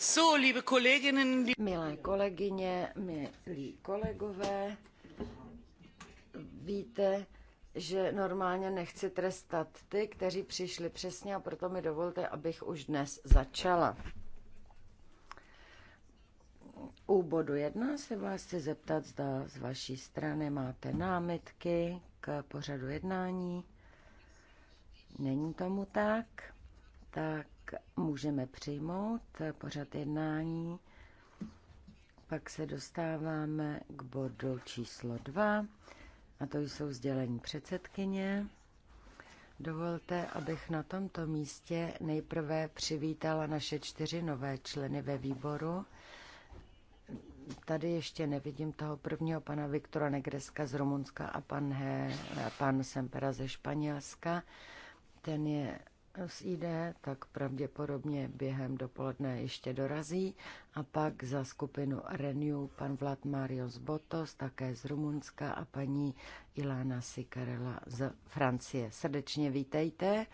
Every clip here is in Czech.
So, liebe Kolleginnen, Milé kolegyně, milí kolegové, víte, že normálně nechci trestat ty, kteří přišli přesně a proto mi dovolte, abych už dnes začala. U bodu jedna se vás chci zeptat, zda z vaší strany máte námitky k pořadu jednání. Není tomu tak? Tak můžeme přijmout pořad jednání. Pak se dostáváme k bodu číslo 2, a to jsou sdělení předsedkyně. Dovolte, abych na tomto místě nejprve přivítala naše čtyři nové členy ve výboru. Tady ještě nevidím toho prvního, pana Viktora Negreska z Rumunska a pan, He, pan Sempera ze Španělska. Ten je SID, tak pravděpodobně během dopoledne ještě dorazí. A pak za skupinu Renew pan Vlad Marios Botos, také z Rumunska a paní Ilana Sikarela z Francie. Srdečně vítejte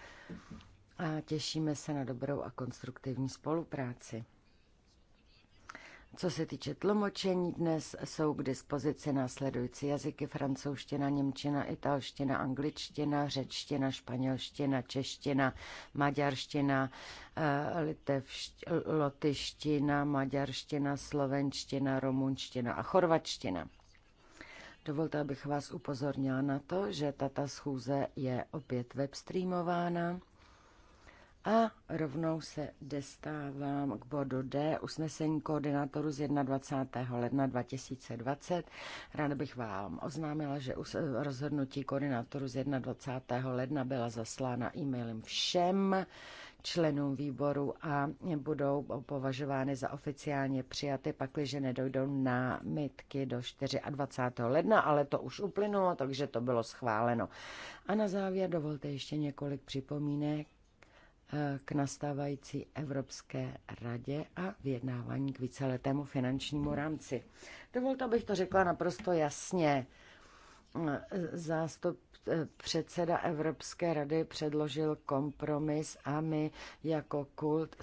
a těšíme se na dobrou a konstruktivní spolupráci. Co se týče tlumočení, dnes jsou k dispozici následující jazyky francouzština, němčina, italština, angličtina, řečtina, španělština, čeština, maďarština, eh, litevšt, lotyština, maďarština, slovenština, rumunština a chorvačtina. Dovolte, abych vás upozornila na to, že tato schůze je opět webstreamována a rovnou se dostávám k bodu D, usnesení koordinátoru z 21. ledna 2020. Ráda bych vám oznámila, že rozhodnutí koordinátoru z 21. ledna byla zaslána e-mailem všem členům výboru a budou považovány za oficiálně přijaty, pakliže nedojdou námitky do 24. ledna, ale to už uplynulo, takže to bylo schváleno. A na závěr dovolte ještě několik připomínek k nastávající Evropské radě a vyjednávání k víceletému finančnímu rámci. Dovolte, abych to řekla naprosto jasně. Zástup eh, předseda Evropské rady předložil kompromis a my jako kult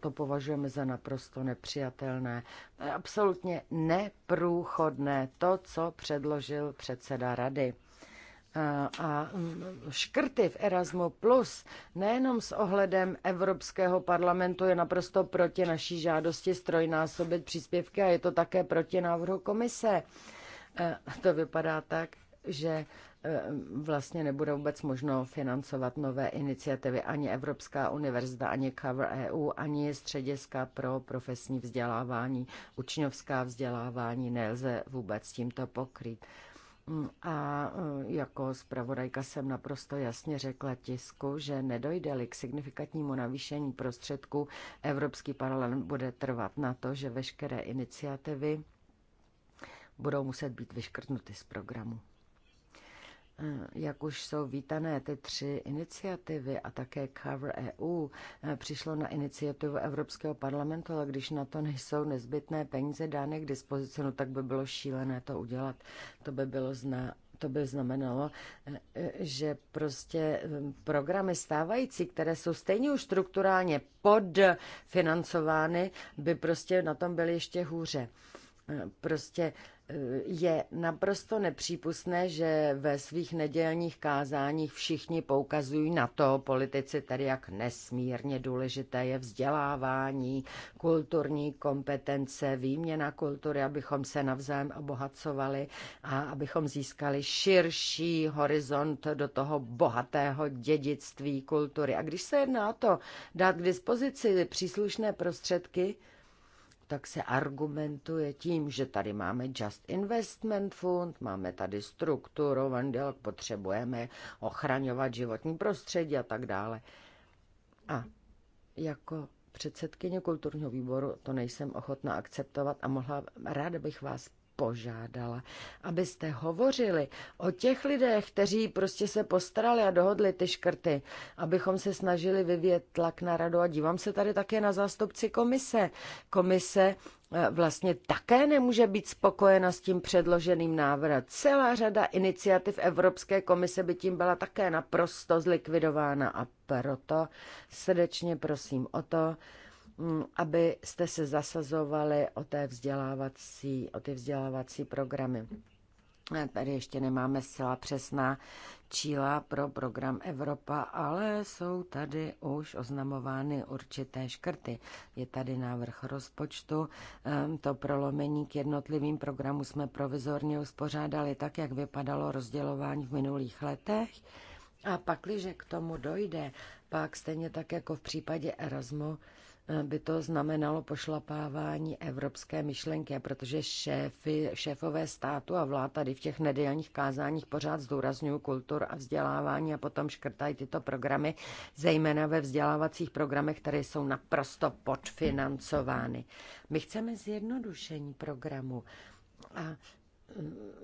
to považujeme za naprosto nepřijatelné. Absolutně neprůchodné to, co předložil předseda rady. Eh, a škrty v Erasmu Plus nejenom s ohledem Evropského parlamentu je naprosto proti naší žádosti strojnásobit příspěvky a je to také proti návrhu komise. Eh, to vypadá tak, že eh, vlastně nebude vůbec možno financovat nové iniciativy ani Evropská univerzita, ani Cover EU, ani střediska pro profesní vzdělávání, učňovská vzdělávání nelze vůbec tímto pokrýt. A e, jako zpravodajka jsem naprosto jasně řekla tisku, že nedojde-li k signifikantnímu navýšení prostředků, Evropský parlament bude trvat na to, že veškeré iniciativy budou muset být vyškrtnuty z programu. Eh, jak už jsou vítané ty tři iniciativy a také Cover EU, eh, přišlo na iniciativu Evropského parlamentu, ale když na to nejsou nezbytné peníze dány k dispozici, no tak by bylo šílené to udělat. To by bylo zná, to by znamenalo, eh, že prostě programy stávající, které jsou stejně už strukturálně podfinancovány, by prostě na tom byly ještě hůře. Prostě eh, je naprosto nepřípustné, že ve svých nedělních kázáních všichni poukazují na to, politici tady, jak nesmírně důležité je vzdělávání, kulturní kompetence, výměna kultury, abychom se navzájem obohacovali a abychom získali širší horizont do toho bohatého dědictví kultury. A když se jedná o to dát k dispozici příslušné prostředky, tak se argumentuje tím, že tady máme Just Investment Fund, máme tady strukturu, dialog, potřebujeme ochraňovat životní prostředí a tak dále. A jako předsedkyně kulturního výboru to nejsem ochotná akceptovat a mohla, ráda bych vás požádala, abyste hovořili o těch lidech, kteří prostě se postarali a dohodli ty škrty, abychom se snažili vyvět tlak na radu. A dívám se tady také na zástupci komise. Komise eh, vlastně také nemůže být spokojena s tím předloženým návrhem. Celá řada iniciativ Evropské komise by tím byla také naprosto zlikvidována a proto srdečně prosím o to, Mm, abyste se zasazovali o, té vzdělávací, o ty vzdělávací programy. Eh, tady ještě nemáme zcela přesná číla pro program Evropa, ale jsou tady už oznamovány určité škrty. Je tady návrh rozpočtu. Ehm, to prolomení k jednotlivým programům jsme provizorně uspořádali tak, jak vypadalo rozdělování v minulých letech. A pakliže k tomu dojde, pak stejně tak jako v případě Erasmu, by to znamenalo pošlapávání evropské myšlenky, protože šéfy, šéfové státu a vlád tady v těch nedělních kázáních pořád zdůrazňují kultur a vzdělávání a potom škrtají tyto programy, zejména ve vzdělávacích programech, které jsou naprosto podfinancovány. My chceme zjednodušení programu a mm,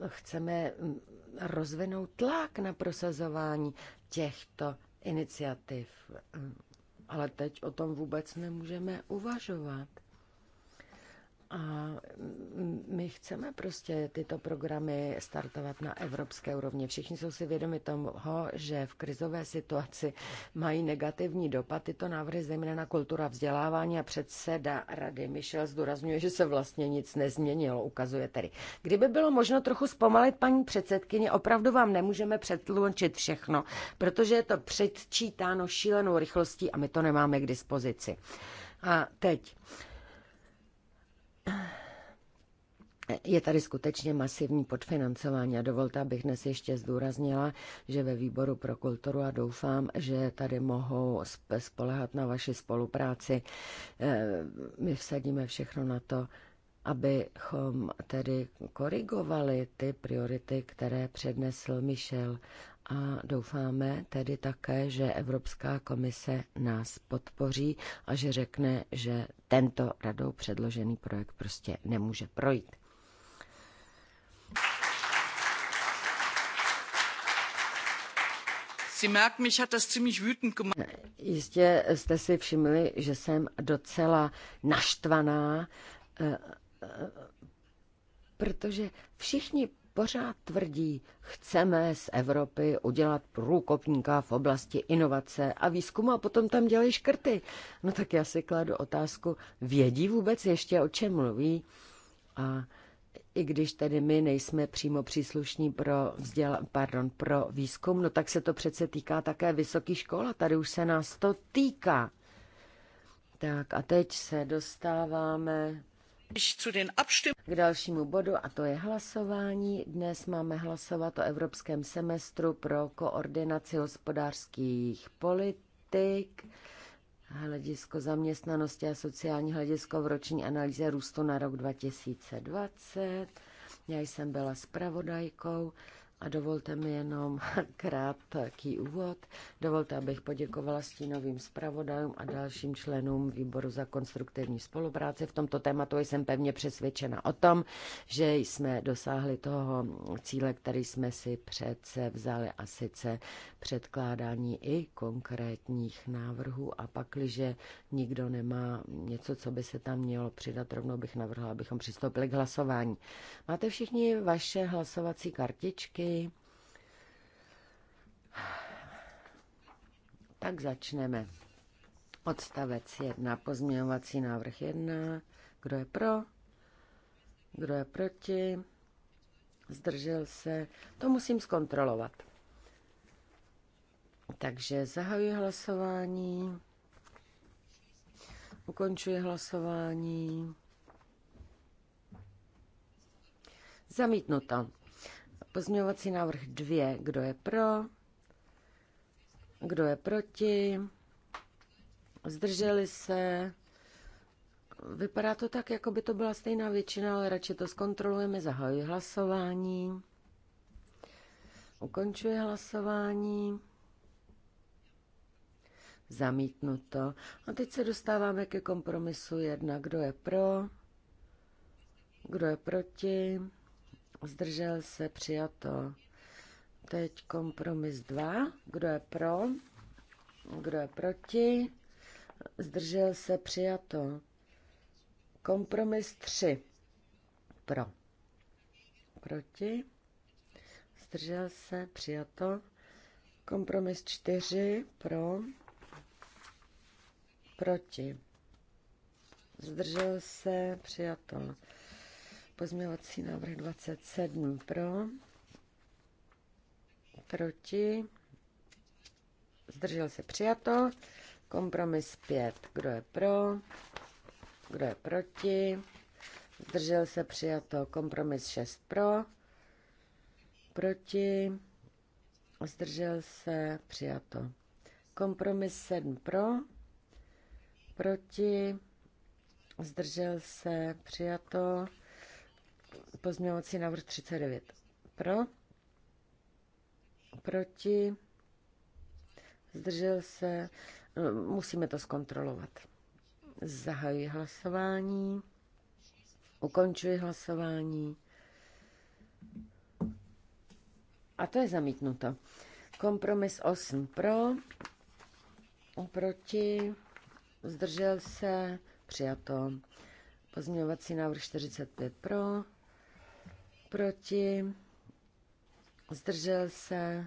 chceme mm, rozvinout tlak na prosazování těchto iniciativ. Ale teď o tom vůbec nemůžeme uvažovat. A my chceme prostě tyto programy startovat na evropské úrovni. Všichni jsou si vědomi toho, že v krizové situaci mají negativní dopad tyto návrhy zejména na kultura vzdělávání a předseda Rady Michel zdůrazňuje, že se vlastně nic nezměnilo, ukazuje tedy. Kdyby bylo možno trochu zpomalit, paní předsedkyně, opravdu vám nemůžeme přetlumočit všechno, protože je to předčítáno šílenou rychlostí a my to nemáme k dispozici. A teď je tady skutečně masivní podfinancování a dovolte, abych dnes ještě zdůraznila, že ve výboru pro kulturu a doufám, že tady mohou spolehat na vaši spolupráci. Eh, my vsadíme všechno na to, abychom tedy korigovali ty priority, které přednesl Michel a doufáme tedy také, že Evropská komise nás podpoří a že řekne, že tento radou předložený projekt prostě nemůže projít. Jistě jste si všimli, že jsem docela naštvaná, eh, eh, protože všichni pořád tvrdí, chceme z Evropy udělat průkopníka v oblasti inovace a výzkumu a potom tam dělají škrty. No tak já si kladu otázku, vědí vůbec ještě o čem mluví? A i když tedy my nejsme přímo příslušní pro, vzděla, pardon, pro výzkum, no tak se to přece týká také vysoké škol a tady už se nás to týká. Tak a teď se dostáváme k dalšímu bodu, a to je hlasování. Dnes máme hlasovat o Evropském semestru pro koordinaci hospodářských politik, hledisko zaměstnanosti a sociální hledisko v roční analýze růstu na rok 2020. Já jsem byla spravodajkou. A dovolte mi jenom krátký úvod. Dovolte, abych poděkovala stínovým zpravodajům a dalším členům výboru za konstruktivní spolupráci. V tomto tématu jsem pevně přesvědčena o tom, že jsme dosáhli toho cíle, který jsme si přece vzali a sice předkládání i konkrétních návrhů a pakliže nikdo nemá něco, co by se tam mělo přidat, rovnou bych navrhla, abychom přistoupili k hlasování. Máte všichni vaše hlasovací kartičky? Tak začneme. Odstavec 1, pozměňovací návrh 1. Kdo je pro? Kdo je proti? Zdržel se? To musím zkontrolovat. Takže zahajuji hlasování. Ukončuji hlasování. Zamítnuto. Pozměňovací návrh 2. Kdo je pro? Kdo je proti? Zdrželi se? Vypadá to tak, jako by to byla stejná většina, ale radši to zkontrolujeme. Zahajuji hlasování. Ukončuji hlasování. Zamítnuto. A teď se dostáváme ke kompromisu 1. Kdo je pro? Kdo je proti? zdržel se, přijato. Teď kompromis 2, kdo je pro, kdo je proti, zdržel se, přijato. Kompromis 3, pro, proti, zdržel se, přijato. Kompromis 4, pro, proti. Zdržel se, přijato pozměvací návrh 27 pro, proti, zdržel se přijato. Kompromis 5, kdo je pro, kdo je proti, zdržel se přijato. Kompromis 6 pro, proti, zdržel se přijato. Kompromis 7 pro, proti, zdržel se přijato. Pozměňovací návrh 39. Pro? Proti? Zdržel se? Musíme to zkontrolovat. Zahajuji hlasování. Ukončuji hlasování. A to je zamítnuto. Kompromis 8 pro, proti, zdržel se, přijato. Pozměňovací návrh 45 pro, proti, zdržel se,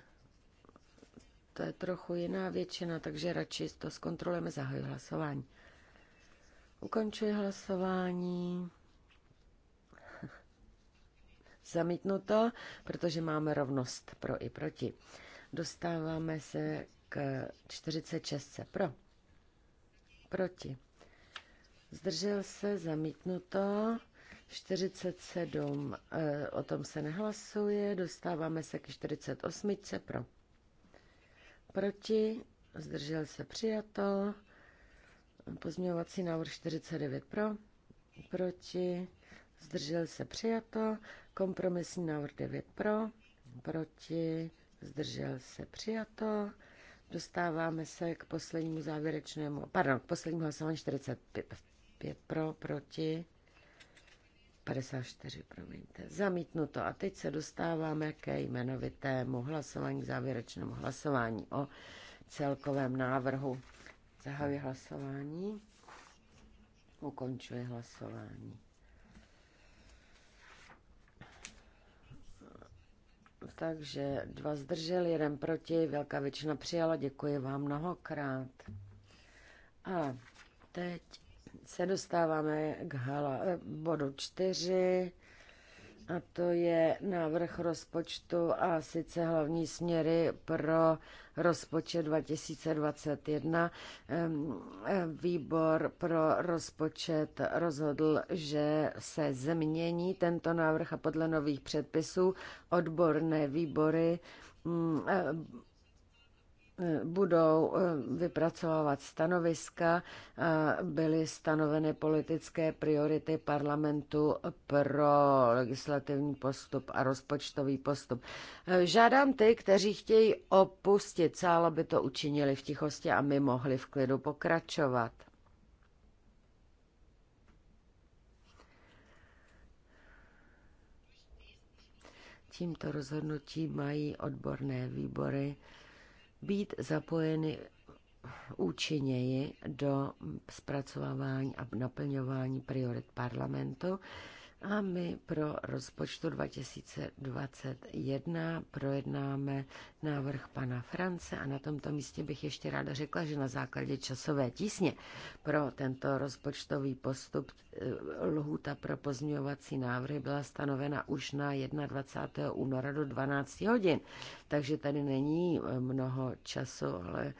to je trochu jiná většina, takže radši to zkontrolujeme, zahoj hlasování. Ukončuji hlasování. Zamítnuto, protože máme rovnost pro i proti. Dostáváme se k 46. Pro. Proti. Zdržel se, zamítnuto. 47, eh, o tom se nehlasuje, dostáváme se k 48, pro. Proti, zdržel se přijato, pozměňovací návrh 49 pro, proti, zdržel se přijato, kompromisní návrh 9 pro, proti, zdržel se přijato, dostáváme se k poslednímu závěrečnému, pardon, k poslednímu hlasování 45 pro, proti, 54, promiňte, zamítnuto. A teď se dostáváme ke jmenovitému hlasování, k závěrečnému hlasování o celkovém návrhu. Zahajuji hlasování, ukončuji hlasování. Takže dva zdrželi, jeden proti, velká většina přijala, děkuji vám mnohokrát. A teď se dostáváme k hala, eh, bodu čtyři a to je návrh rozpočtu a sice hlavní směry pro rozpočet 2021. Eh, výbor pro rozpočet rozhodl, že se změní tento návrh a podle nových předpisů odborné výbory mm, eh, Eh, budou eh, vypracovávat stanoviska. Eh, byly stanoveny politické priority parlamentu pro legislativní postup a rozpočtový postup. Žádám ty, kteří chtějí opustit sál, aby to učinili v tichosti a my mohli v klidu pokračovat. Tímto rozhodnutí mají odborné výbory být zapojeny účinněji do zpracovávání a naplňování priorit parlamentu a my pro rozpočtu 2021 projednáme návrh pana France a na tomto místě bych ještě ráda řekla, že na základě časové tísně pro tento rozpočtový postup eh, lhůta pro pozměňovací návrhy byla stanovena už na 21. února do 12 hodin. Takže tady není eh, mnoho času, ale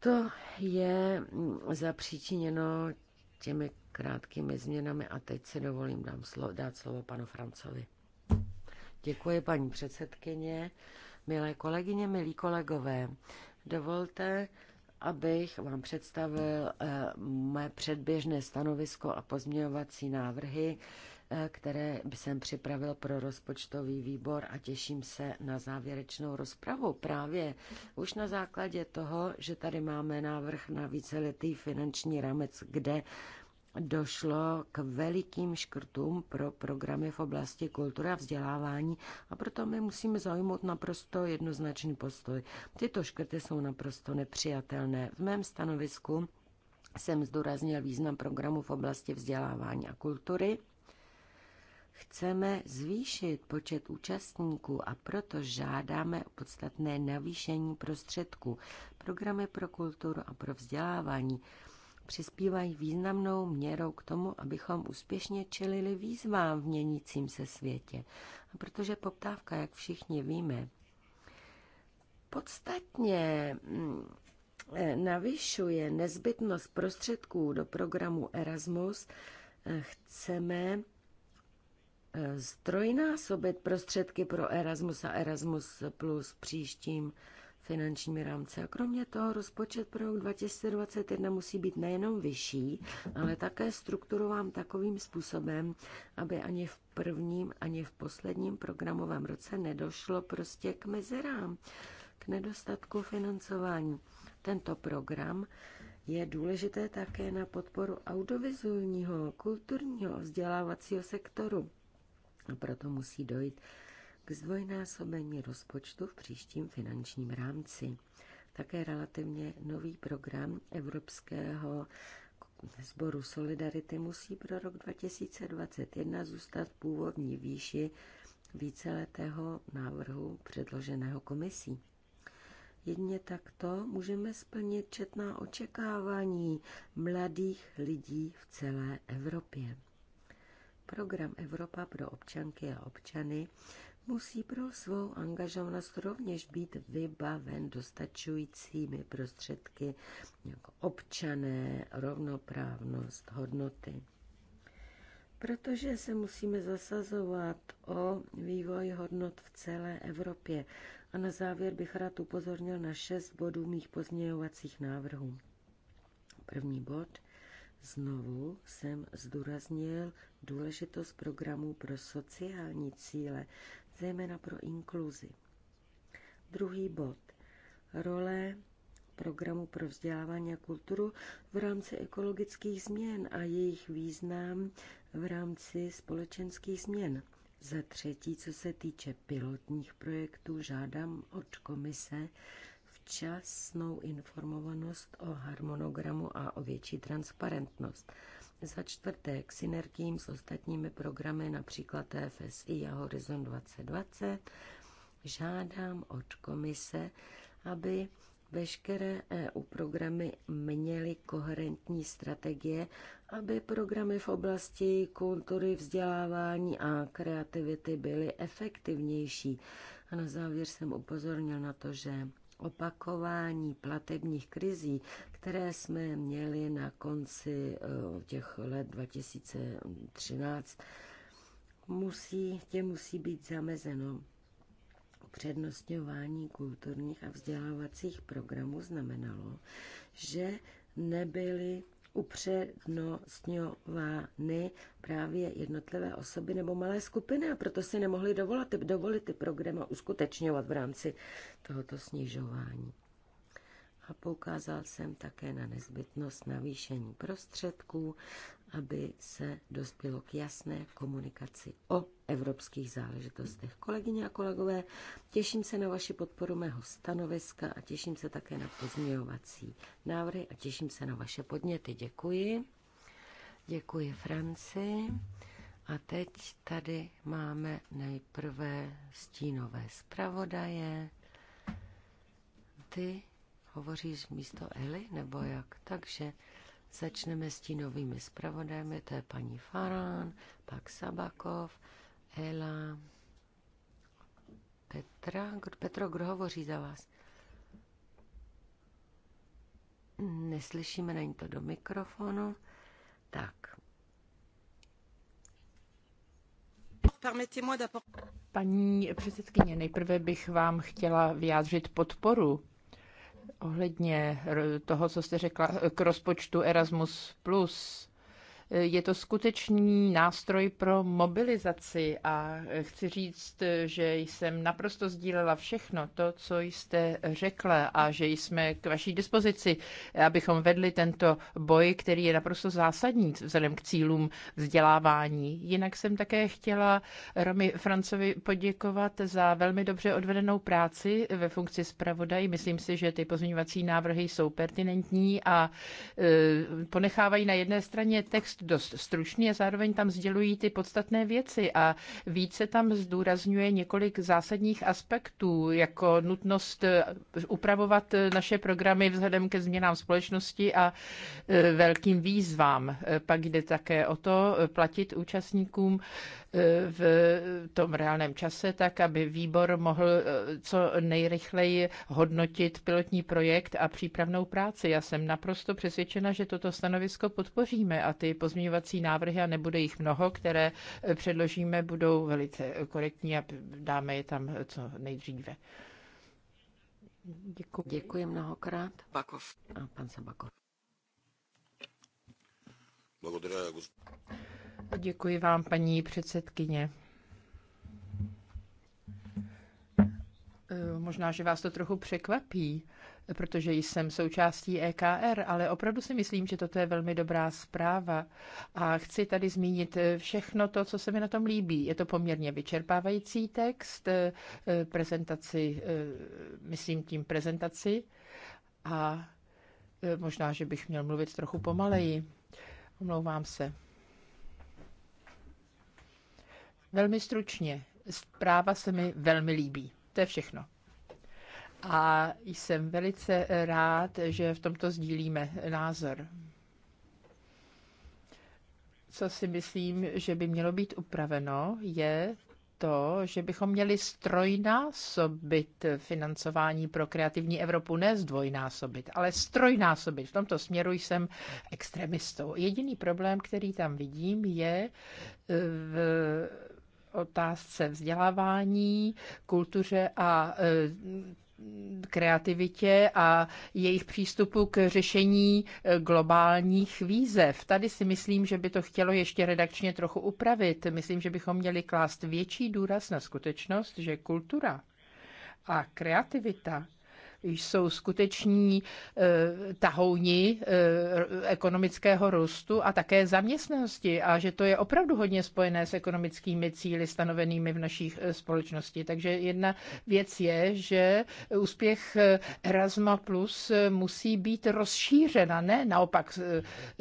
to je mm, zapříčiněno těmi krátkými změnami a teď si dovolím dám slo dát slovo panu Francovi. Děkuji, paní předsedkyně, milé kolegyně, milí kolegové. Dovolte, abych vám představil eh, mé předběžné stanovisko a pozměňovací návrhy Eh, které jsem připravil pro rozpočtový výbor a těším se na závěrečnou rozpravu právě už na základě toho, že tady máme návrh na víceletý finanční rámec, kde došlo k velikým škrtům pro programy v oblasti kultury a vzdělávání a proto my musíme zaujmout naprosto jednoznačný postoj. Tyto škrty jsou naprosto nepřijatelné. V mém stanovisku jsem zdůraznil význam programu v oblasti vzdělávání a kultury Chceme zvýšit počet účastníků a proto žádáme o podstatné navýšení prostředků. Programy pro kulturu a pro vzdělávání přispívají významnou měrou k tomu, abychom úspěšně čelili výzvám v měnícím se světě. A protože poptávka, jak všichni víme, podstatně mm, eh, navyšuje nezbytnost prostředků do programu Erasmus, eh, chceme strojnásobit prostředky pro Erasmus a Erasmus plus příštím finančním rámci. A kromě toho rozpočet pro rok 2021 musí být nejenom vyšší, ale také strukturován takovým způsobem, aby ani v prvním, ani v posledním programovém roce nedošlo prostě k mezerám, k nedostatku financování. Tento program je důležité také na podporu audiovizuálního, kulturního a vzdělávacího sektoru a proto musí dojít k zdvojnásobení rozpočtu v příštím finančním rámci. Také relativně nový program Evropského sboru Solidarity musí pro rok 2021 zůstat v původní výši víceletého návrhu předloženého komisí. Jedně takto můžeme splnit četná očekávání mladých lidí v celé Evropě. Program Evropa pro občanky a občany musí pro svou angažovanost rovněž být vybaven dostačujícími prostředky jako občané, rovnoprávnost, hodnoty. Protože se musíme zasazovat o vývoj hodnot v celé Evropě. A na závěr bych rád upozornil na šest bodů mých pozměňovacích návrhů. První bod. Znovu jsem zdůraznil důležitost programů pro sociální cíle, zejména pro inkluzi. Druhý bod. Role programu pro vzdělávání a kulturu v rámci ekologických změn a jejich význam v rámci společenských změn. Za třetí, co se týče pilotních projektů, žádám od komise včasnou informovanost o harmonogramu a o větší transparentnost. Za čtvrté k synergiím s ostatními programy, například TFSI a Horizon 2020, žádám od komise, aby veškeré EU programy měly koherentní strategie, aby programy v oblasti kultury, vzdělávání a kreativity byly efektivnější. A na závěr jsem upozornil na to, že opakování platebních krizí, které jsme měli na konci eh, těch let 2013, musí, tě musí být zamezeno. Přednostňování kulturních a vzdělávacích programů znamenalo, že nebyly upřednostňovány právě jednotlivé osoby nebo malé skupiny a proto si nemohli dovolit, dovolit ty programy uskutečňovat v rámci tohoto snižování. A poukázal jsem také na nezbytnost navýšení prostředků aby se dospělo k jasné komunikaci o evropských záležitostech. Kolegyně a kolegové, těším se na vaši podporu mého stanoviska a těším se také na pozměňovací návrhy a těším se na vaše podněty. Děkuji. Děkuji Franci. A teď tady máme nejprve stínové zpravodaje. Ty hovoříš místo Eli, nebo jak? Takže Začneme s tím novými zpravodajmi, to je paní Farán, pak Sabakov, Ela, Petra. Petro, kdo hovoří za vás? Neslyšíme, není to do mikrofonu. Tak. Paní předsedkyně, nejprve bych vám chtěla vyjádřit podporu Ohledně toho, co jste řekla k rozpočtu Erasmus+, plus, je to skutečný nástroj pro mobilizaci a chci říct, že jsem naprosto sdílela všechno to, co jste řekla a že jsme k vaší dispozici, abychom vedli tento boj, který je naprosto zásadní vzhledem k cílům vzdělávání. Jinak jsem také chtěla Romy Francovi poděkovat za velmi dobře odvedenou práci ve funkci zpravodaj. Myslím si, že ty pozměňovací návrhy jsou pertinentní a e, ponechávají na jedné straně text dost stručný a zároveň tam sdělují ty podstatné věci a více tam zdůrazňuje několik zásadních aspektů, jako nutnost eh, upravovat eh, naše programy vzhledem ke změnám společnosti a eh, velkým výzvám. Pak jde také o to platit účastníkům v tom reálném čase, tak aby výbor mohl eh, co nejrychleji hodnotit pilotní projekt a přípravnou práci. Já jsem naprosto přesvědčena, že toto stanovisko podpoříme a ty pozměňovací návrhy, a nebude jich mnoho, které eh, předložíme, budou velice korektní a dáme je tam eh, co nejdříve. Děkuji. Děkuji mnohokrát. Bakov. A pan Sabakov. Děkuji vám, paní předsedkyně. Možná, že vás to trochu překvapí, protože jsem součástí EKR, ale opravdu si myslím, že toto je velmi dobrá zpráva. A chci tady zmínit e, všechno to, co se mi na tom líbí. Je to poměrně vyčerpávající text, e, prezentaci, e, myslím tím prezentaci, a možná, že bych měl mluvit trochu pomaleji. Omlouvám se. Velmi stručně. Zpráva se mi velmi líbí. To je všechno. A jsem velice rád, že v tomto sdílíme názor. Co si myslím, že by mělo být upraveno, je to, že bychom měli strojnásobit financování pro kreativní Evropu, ne zdvojnásobit, ale strojnásobit. V tomto směru jsem extremistou. Jediný problém, který tam vidím, je e, v otázce vzdělávání, kultuře a e, kreativitě a jejich přístupu k řešení eh, globálních výzev. Tady si myslím, že by to chtělo ještě redakčně trochu upravit. Myslím, že bychom měli klást větší důraz na skutečnost, že kultura a kreativita jsou skuteční eh, tahouni eh, ekonomického růstu a také zaměstnanosti a že to je opravdu hodně spojené s ekonomickými cíly stanovenými v naší eh, společnosti. Takže jedna věc je, že úspěch Erasma Plus musí být rozšířen a ne naopak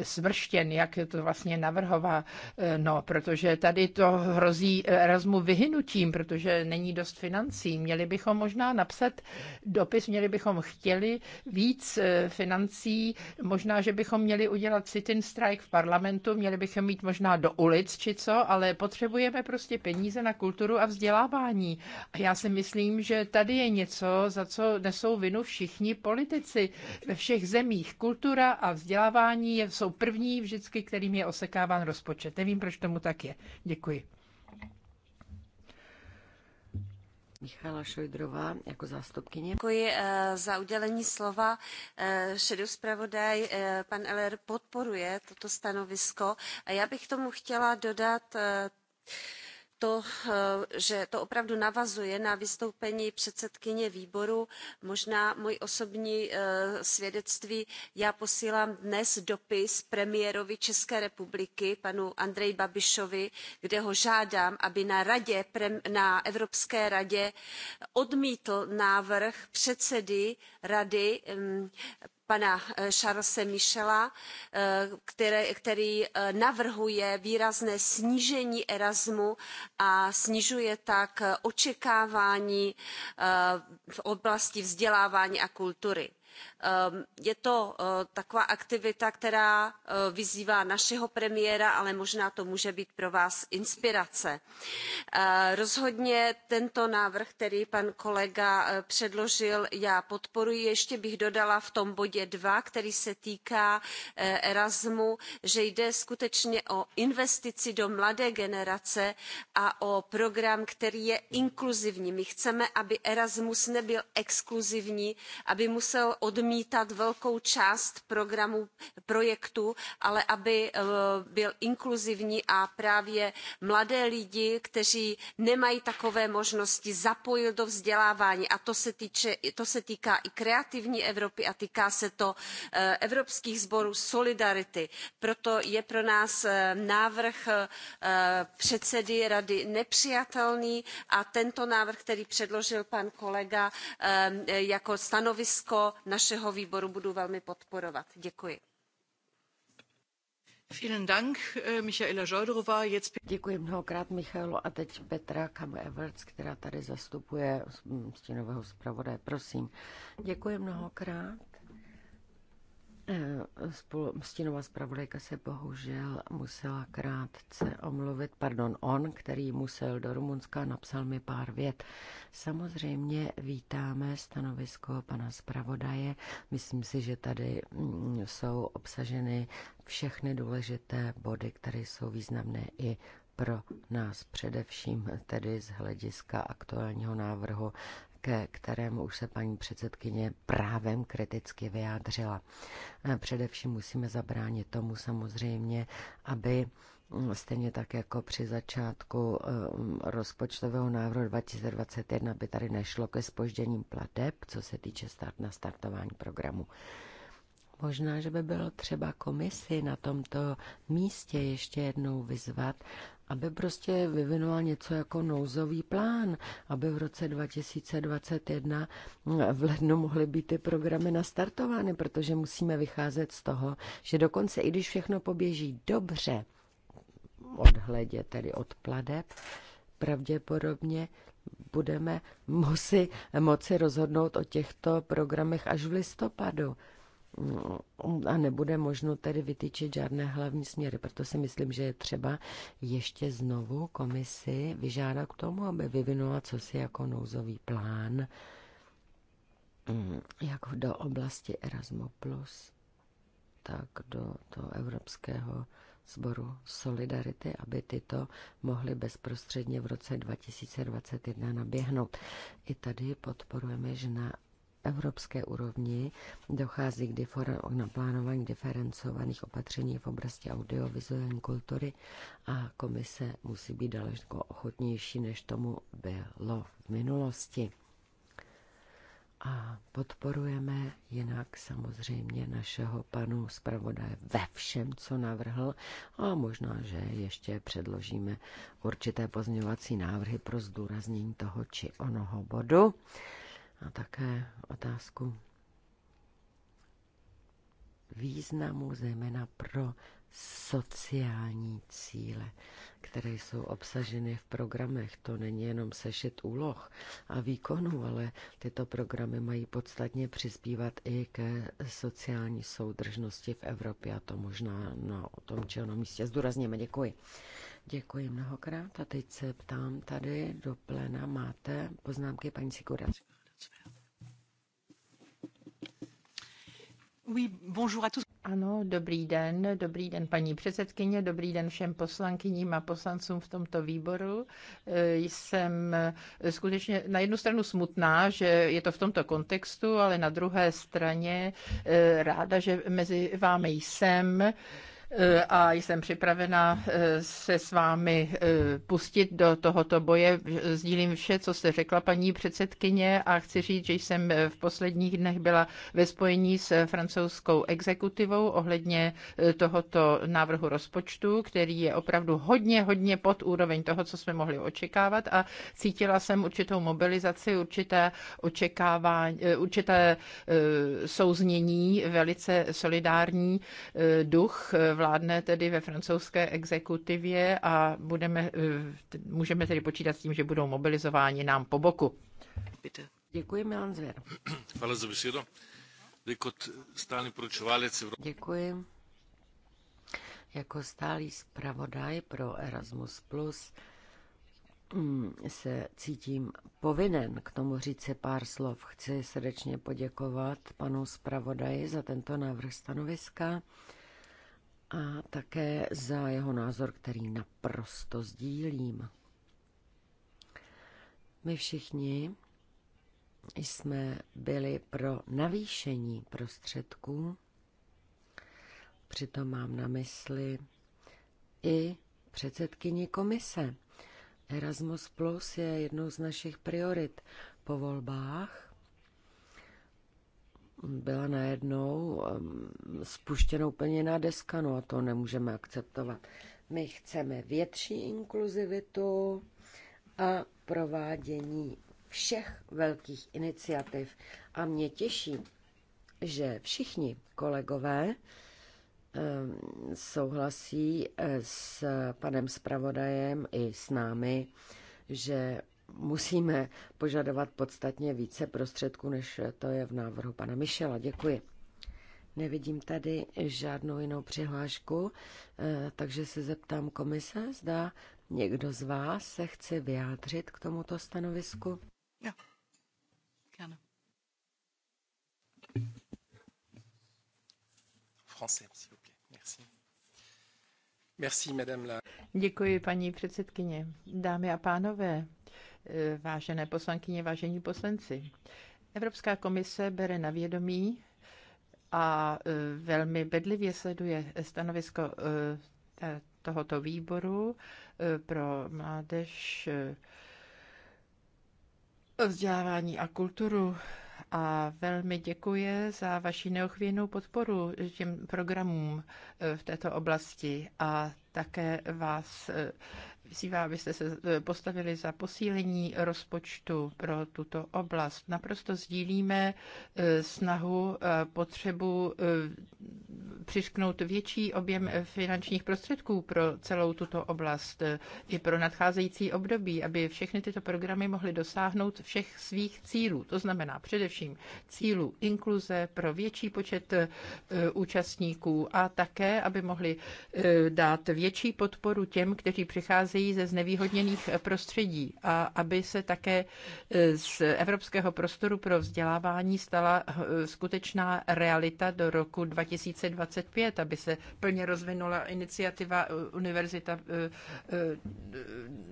svrštěn, jak to vlastně navrhová, no, protože tady to hrozí Erasmu vyhynutím, protože není dost financí. Měli bychom možná napsat dopis, měli bychom chtěli víc eh, financí, možná, že bychom měli udělat sit-in strike v parlamentu, měli bychom mít možná do ulic či co, ale potřebujeme prostě peníze na kulturu a vzdělávání. A já si myslím, že tady je něco, za co nesou vinu všichni politici ve všech zemích. Kultura a vzdělávání jsou první vždycky, kterým je osekáván rozpočet. Nevím, proč tomu tak je. Děkuji. Michala Šojdrová jako zástupkyně. Děkuji eh, za udělení slova. Eh, šedou zpravodaj, eh, pan Eller podporuje toto stanovisko a já bych tomu chtěla dodat to, eh, že to opravdu navazuje na vystoupení předsedkyně výboru. Možná můj osobní eh, svědectví. Já posílám dnes dopis premiérovi České republiky, panu Andreji Babišovi, kde ho žádám, aby na, radě, na Evropské radě odmítl návrh předsedy rady mm, pana eh, charlese michela eh, který, eh, navrhuje výrazné snížení erasmu a snižuje tak očekávání v oblasti vzdělávání a kultury Ehm, je to eh, taková aktivita která eh, vyzývá našeho premiéra ale možná to může být pro vás inspirace. Eh, rozhodně tento návrh který pan kolega předložil já podporuji ještě bych dodala v tom bodě two který se týká erasmu že jde skutečně o investici do mladé generace a o program který je inkluzivní. my chceme aby erasmus nebyl exkluzivní aby musel odmítat velkou část programu projektů, ale aby eh, byl inkluzivní a právě mladé lidi, kteří nemají takové možnosti, zapojil do vzdělávání. A to se, týče, to se týká i kreativní Evropy a týká se to eh, Evropských sborů Solidarity. Proto je pro nás eh, návrh předsedy rady nepřijatelný a tento návrh, který předložil pan kolega jako stanovisko naší našeho výboru budu velmi podporovat. děkuji. Eh, děkuji mnohokrát, Michailo. A teď Petra Kam-Everts, která tady zastupuje stínového zpravodaje. Prosím. Děkuji mnohokrát. Eh, spolu, zpravodajka se bohužel musela krátce omluvit, pardon, on, který musel do Rumunska, napsal mi pár vět. Samozřejmě vítáme stanovisko pana zpravodaje. Myslím si, že tady mm, jsou obsaženy všechny důležité body, které jsou významné i pro nás především tedy z hlediska aktuálního návrhu ke kterému už se paní předsedkyně právem kriticky vyjádřila. Především musíme zabránit tomu samozřejmě, aby mm, Stejně tak jako při začátku mm, rozpočtového návrhu 2021 by tady nešlo ke spožděním plateb, co se týče start na startování programu. Možná, že by bylo třeba komisi na tomto místě ještě jednou vyzvat, aby prostě vyvinula něco jako nouzový plán, aby v roce 2021 mm, v lednu mohly být ty programy nastartovány, protože musíme vycházet z toho, že dokonce i když všechno poběží dobře, odhledě tedy od pladeb, pravděpodobně budeme moci, moci rozhodnout o těchto programech až v listopadu a nebude možno tedy vytyčit žádné hlavní směry. Proto si myslím, že je třeba ještě znovu komisi vyžádat k tomu, aby vyvinula cosi jako nouzový plán, jako do oblasti Erasmus+, tak do toho evropského sboru Solidarity, aby tyto mohly bezprostředně v roce 2021 naběhnout. I tady podporujeme na evropské úrovni dochází k, k naplánování diferencovaných opatření v oblasti audiovizuální kultury a komise musí být daleko ochotnější, než tomu bylo v minulosti. A podporujeme jinak samozřejmě našeho panu zpravodaje ve všem, co navrhl a možná, že ještě předložíme určité pozměňovací návrhy pro zdůraznění toho či onoho bodu a také otázku významu zejména pro sociální cíle, které jsou obsaženy v programech. To není jenom sešit úloh a výkonů, ale tyto programy mají podstatně přispívat i ke sociální soudržnosti v Evropě a to možná no, o tom či ono místě zdůrazněme. Děkuji. Děkuji mnohokrát a teď se ptám tady do plena. Máte poznámky, paní Sikurac? Ano, dobrý den, dobrý den paní předsedkyně, dobrý den všem poslankyním a poslancům v tomto výboru. Eh, jsem eh, skutečně na jednu stranu smutná, že je to v tomto kontextu, ale na druhé straně eh, ráda, že mezi vámi jsem. E, a jsem připravena e, se s vámi e, pustit do tohoto boje. Sdílím vše, co jste řekla, paní předsedkyně, a chci říct, že jsem v posledních dnech byla ve spojení s francouzskou exekutivou ohledně tohoto návrhu rozpočtu, který je opravdu hodně, hodně pod úroveň toho, co jsme mohli očekávat a cítila jsem určitou mobilizaci, určité očekávání, určité souznění, velice solidární duch vládne tedy ve francouzské exekutivě a budeme, eh, můžeme tedy počítat s tím, že budou mobilizováni nám po boku. Děkuji, Milan Zvěr. Hvala za besedo. Kot stálý poročevalec Evropy. Děkuji. Jako stálý zpravodaj pro Erasmus+, Plus mm, se cítím povinen k tomu říct si pár slov. Chci srdečně poděkovat panu zpravodaji za tento návrh stanoviska a také za jeho názor, který naprosto sdílím. My všichni jsme byli pro navýšení prostředků, přitom mám na mysli i předsedkyni komise. Erasmus Plus je jednou z našich priorit po volbách byla najednou spuštěna úplně na deska, no a to nemůžeme akceptovat. My chceme větší inkluzivitu a provádění všech velkých iniciativ. A mě těší, že všichni kolegové souhlasí eh, s panem zpravodajem i s námi, že musíme požadovat podstatně více prostředků, než to je v návrhu pana Michela. Děkuji. Nevidím tady žádnou jinou přihlášku, eh, takže se zeptám komise, zda někdo z vás se chce vyjádřit k tomuto stanovisku. Jo, Děkuji, paní předsedkyně. Dámy a pánové, Eh, vážené poslankyně, vážení poslanci, Evropská komise bere na vědomí a eh, velmi bedlivě sleduje stanovisko eh, tohoto výboru pro mládež, vzdělávání a kulturu a velmi děkuji za vaši neochvějnou podporu těm programům v této oblasti a také vás vyzývá, abyste se e, postavili za posílení rozpočtu pro tuto oblast. Naprosto sdílíme e, snahu, potřebu e, přišknout větší objem finančních prostředků pro celou tuto oblast i pro nadcházející období, aby všechny tyto programy mohly dosáhnout všech svých cílů. To znamená především cílů inkluze pro větší počet účastníků a také, aby mohli dát větší podporu těm, kteří přicházejí pocházejí ze znevýhodněných eh, prostředí a aby se také eh, z evropského prostoru pro vzdělávání stala eh, skutečná realita do roku 2025, aby se plně rozvinula iniciativa Univerzita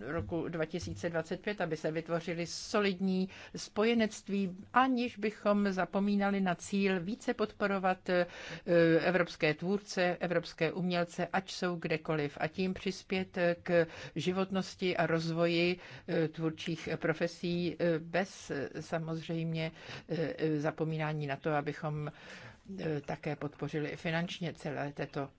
roku 2025, aby se vytvořili solidní spojenectví, aniž bychom zapomínali na cíl více podporovat evropské tvůrce, evropské umělce, ať jsou kdekoliv a tím přispět k životnosti a rozvoji e, tvůrčích e, profesí e, bez samozřejmě zapomínání na to, abychom také podpořili finančně celé této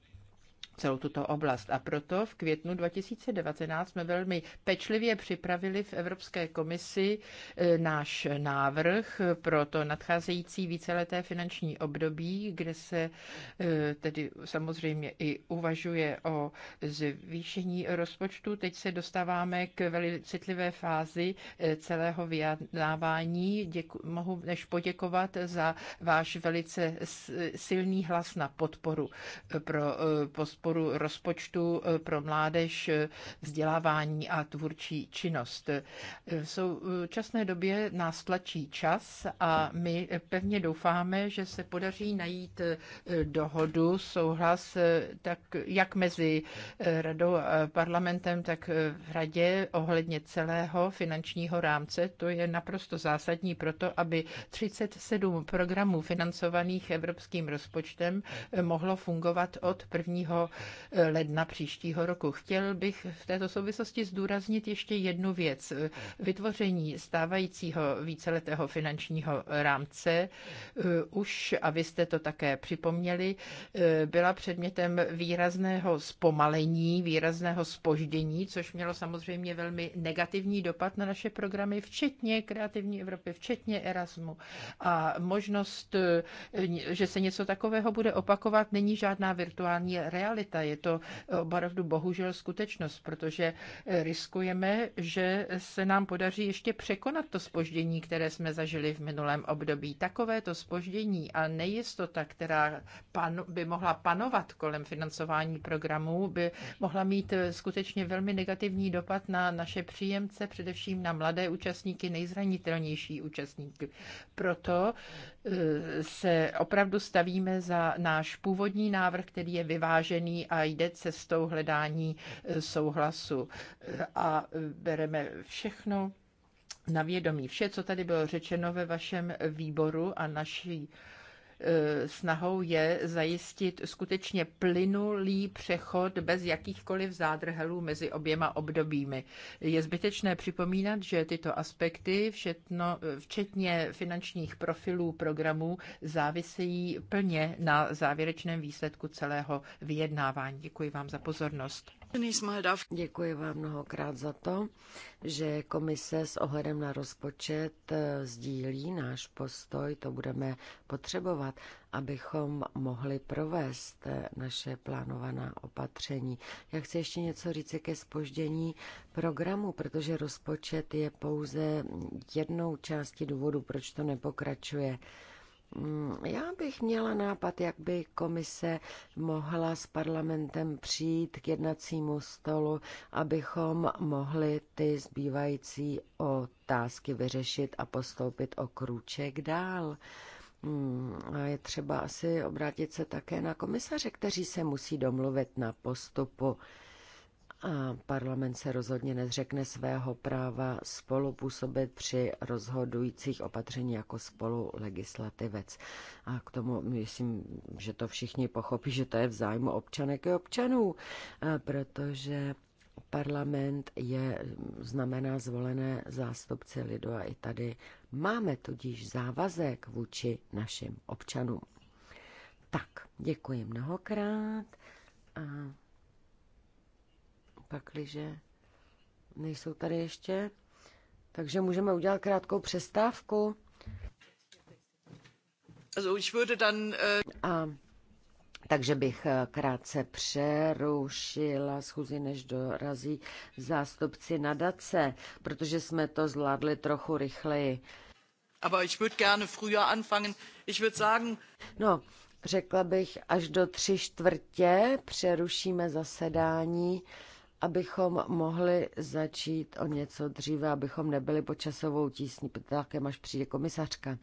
celou tuto oblast. A proto v květnu 2019 jsme velmi pečlivě připravili v Evropské komisi e, náš návrh pro to nadcházející víceleté finanční období, kde se e, tedy samozřejmě i uvažuje o zvýšení rozpočtu. Teď se dostáváme k velice citlivé fázi e, celého vyjednávání. Děku, mohu než poděkovat za váš velice silný hlas na podporu pro pospo podporu rozpočtu eh, pro mládež, eh, vzdělávání a tvůrčí činnost. Eh, v současné době nás tlačí čas a my pevně doufáme, že se podaří najít dohodu, souhlas, tak jak mezi radou a parlamentem, tak v radě ohledně celého finančního rámce. To je naprosto zásadní proto, aby 37 programů financovaných evropským rozpočtem mohlo fungovat od 1 ledna příštího roku. Chtěl bych v této souvislosti zdůraznit ještě jednu věc. Vytvoření stávajícího víceletého finančního rámce eh, už, a vy jste to také připomněli, eh, byla předmětem výrazného zpomalení, výrazného spoždění, což mělo samozřejmě velmi negativní dopad na naše programy, včetně Kreativní Evropy, včetně Erasmu. A možnost, eh, že se něco takového bude opakovat, není žádná virtuální realita realita. Je to eh, opravdu bohužel skutečnost, protože eh, riskujeme, že se nám podaří ještě překonat to spoždění, které jsme zažili v minulém období. Takové to spoždění a nejistota, která pan, by mohla panovat kolem financování programů, by mohla mít eh, skutečně velmi negativní dopad na naše příjemce, především na mladé účastníky, nejzranitelnější účastníky. Proto se opravdu stavíme za náš původní návrh, který je vyvážený a jde cestou hledání eh, souhlasu. Eh, a bereme všechno na vědomí. Vše, co tady bylo řečeno ve vašem výboru a naší Eh, snahou je zajistit skutečně plynulý přechod bez jakýchkoliv zádrhelů mezi oběma obdobími. Je zbytečné připomínat, že tyto aspekty, všetno, včetně finančních profilů programů, závisejí plně na závěrečném výsledku celého vyjednávání. Děkuji vám za pozornost. Děkuji vám mnohokrát za to, že komise s ohledem na rozpočet eh, sdílí náš postoj. To budeme potřebovat, abychom mohli provést eh, naše plánovaná opatření. Já chci ještě něco říct ke spoždění programu, protože rozpočet je pouze jednou částí důvodu, proč to nepokračuje. Mm, já bych měla nápad, jak by komise mohla s parlamentem přijít k jednacímu stolu, abychom mohli ty zbývající otázky vyřešit a postoupit o krůček dál. Mm, a je třeba asi obrátit se také na komisaře, kteří se musí domluvit na postupu a parlament se rozhodně nezřekne svého práva spolupůsobit při rozhodujících opatření jako spolulegislativec. A k tomu myslím, že to všichni pochopí, že to je v zájmu občanek i občanů, protože parlament je, znamená zvolené zástupce lidu a i tady máme tudíž závazek vůči našim občanům. Tak, děkuji mnohokrát pakliže nejsou tady ještě. Takže můžeme udělat krátkou přestávku. Äh, A takže bych äh, krátce přerušila schůzi, než dorazí zástupci nadace, protože jsme to zvládli trochu rychleji. Aber ich würde gerne früher anfangen. Ich würde sagen... No, řekla bych, až do tři čtvrtě přerušíme zasedání abychom mohli začít o něco dříve, abychom nebyli počasovou tísní, tak až přijde komisařka.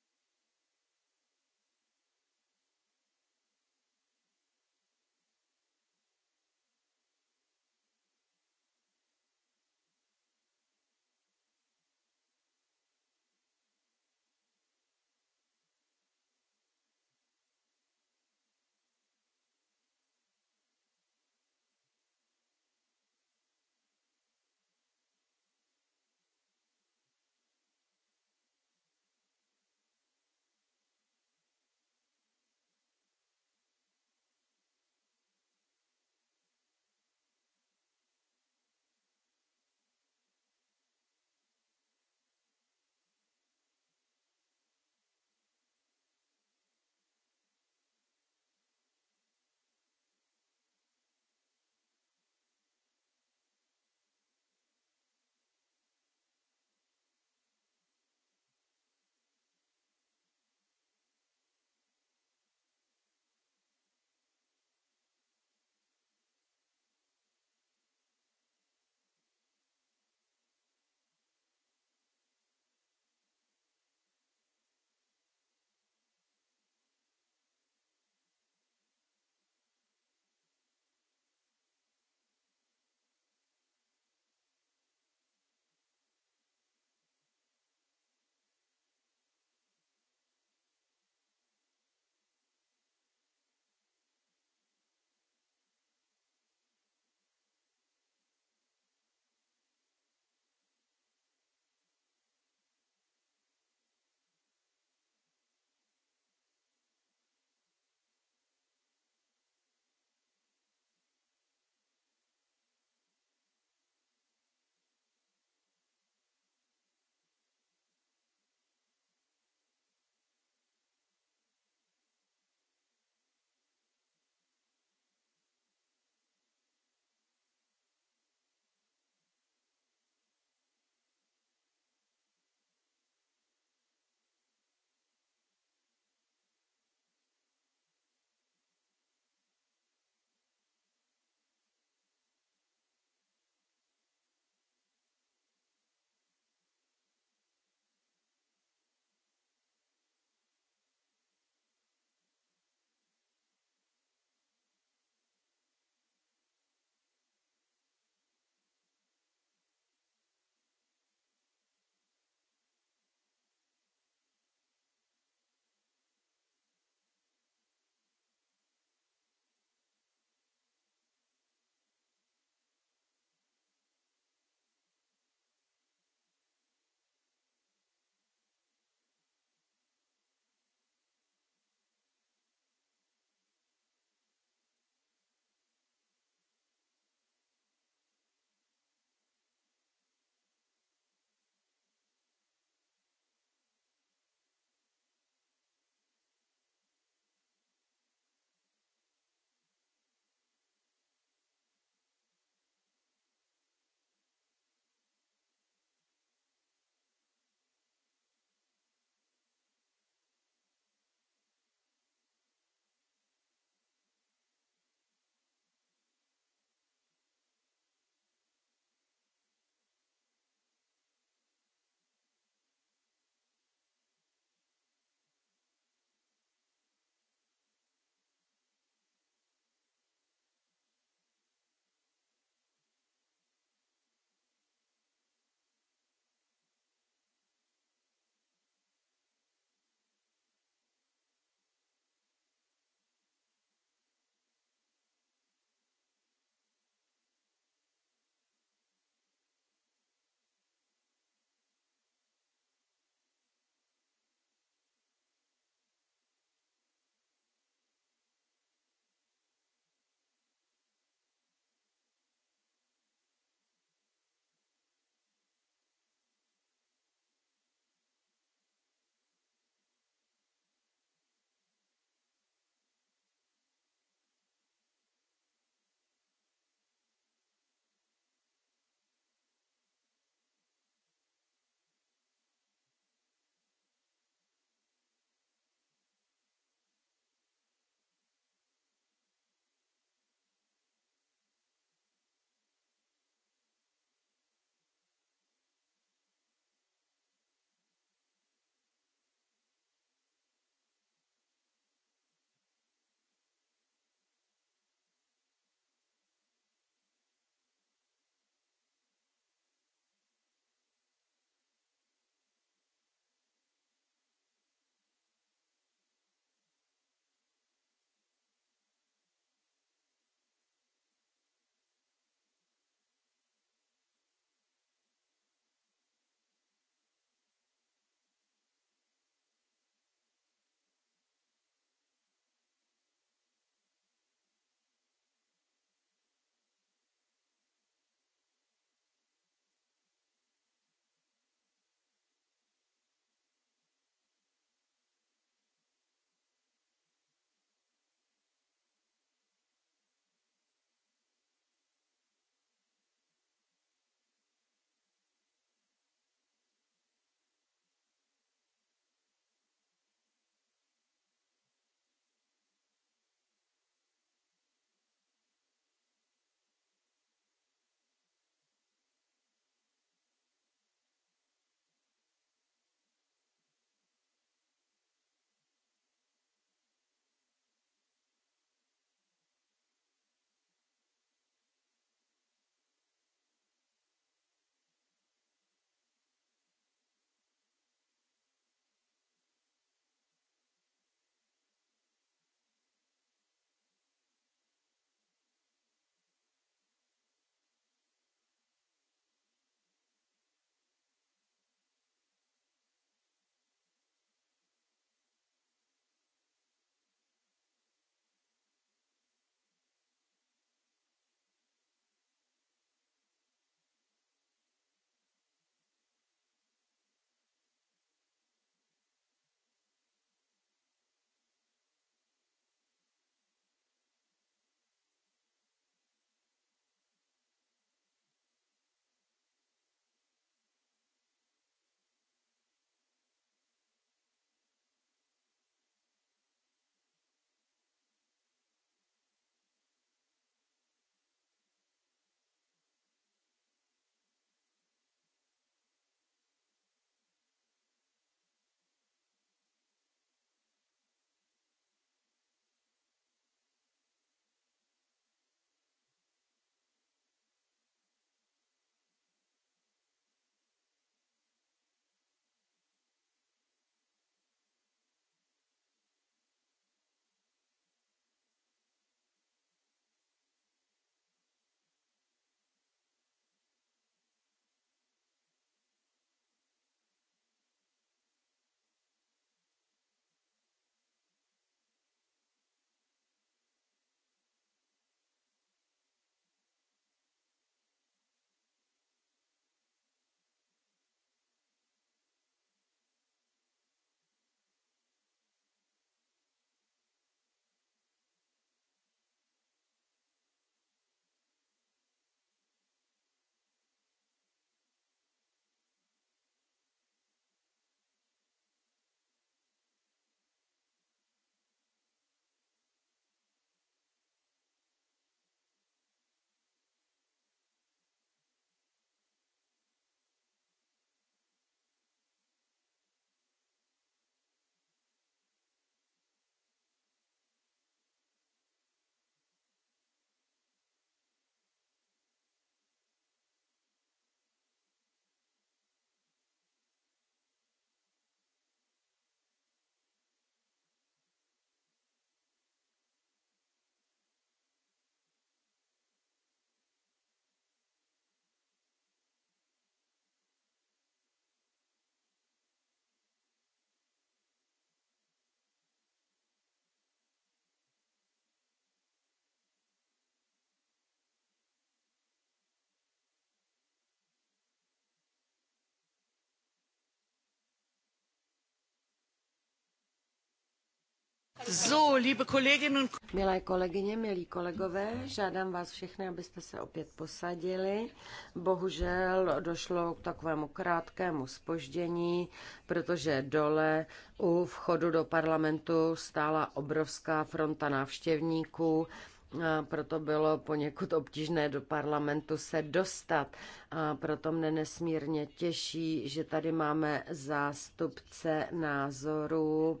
Milé kolegyně, milí kolegové, žádám vás všechny, abyste se opět posadili. Bohužel došlo k takovému krátkému spoždění, protože dole u vchodu do parlamentu stála obrovská fronta návštěvníků. A proto bylo poněkud obtížné do parlamentu se dostat. A proto mne nesmírně těší, že tady máme zástupce názorů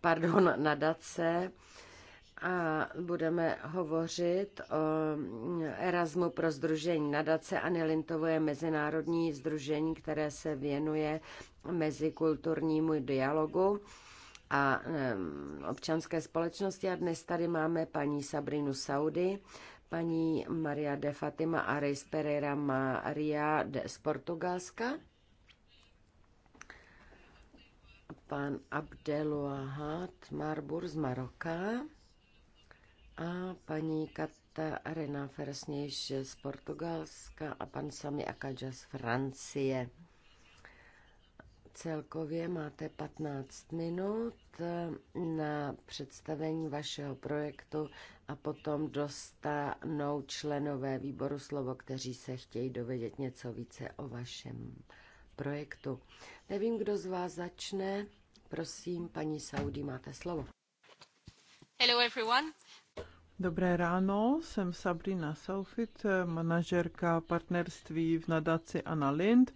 pardon, nadace a budeme hovořit o Erasmu pro združení nadace. Anny Lintovo je mezinárodní združení, které se věnuje mezikulturnímu dialogu a občanské společnosti. A dnes tady máme paní Sabrinu Saudy, paní Maria de Fatima a Pereira Maria de, z Portugalska pan Abdeluahat Marbur z Maroka a paní Katarina Fersnějš z Portugalska a pan Sami Akadža z Francie. Celkově máte 15 minut na představení vašeho projektu a potom dostanou členové výboru slovo, kteří se chtějí dovědět něco více o vašem projektu. Nevím, kdo z vás začne. Prosím, paní Saudi, máte slovo. Hello everyone. Dobré ráno, jsem Sabrina Saufit, manažerka partnerství v nadaci Anna Lind.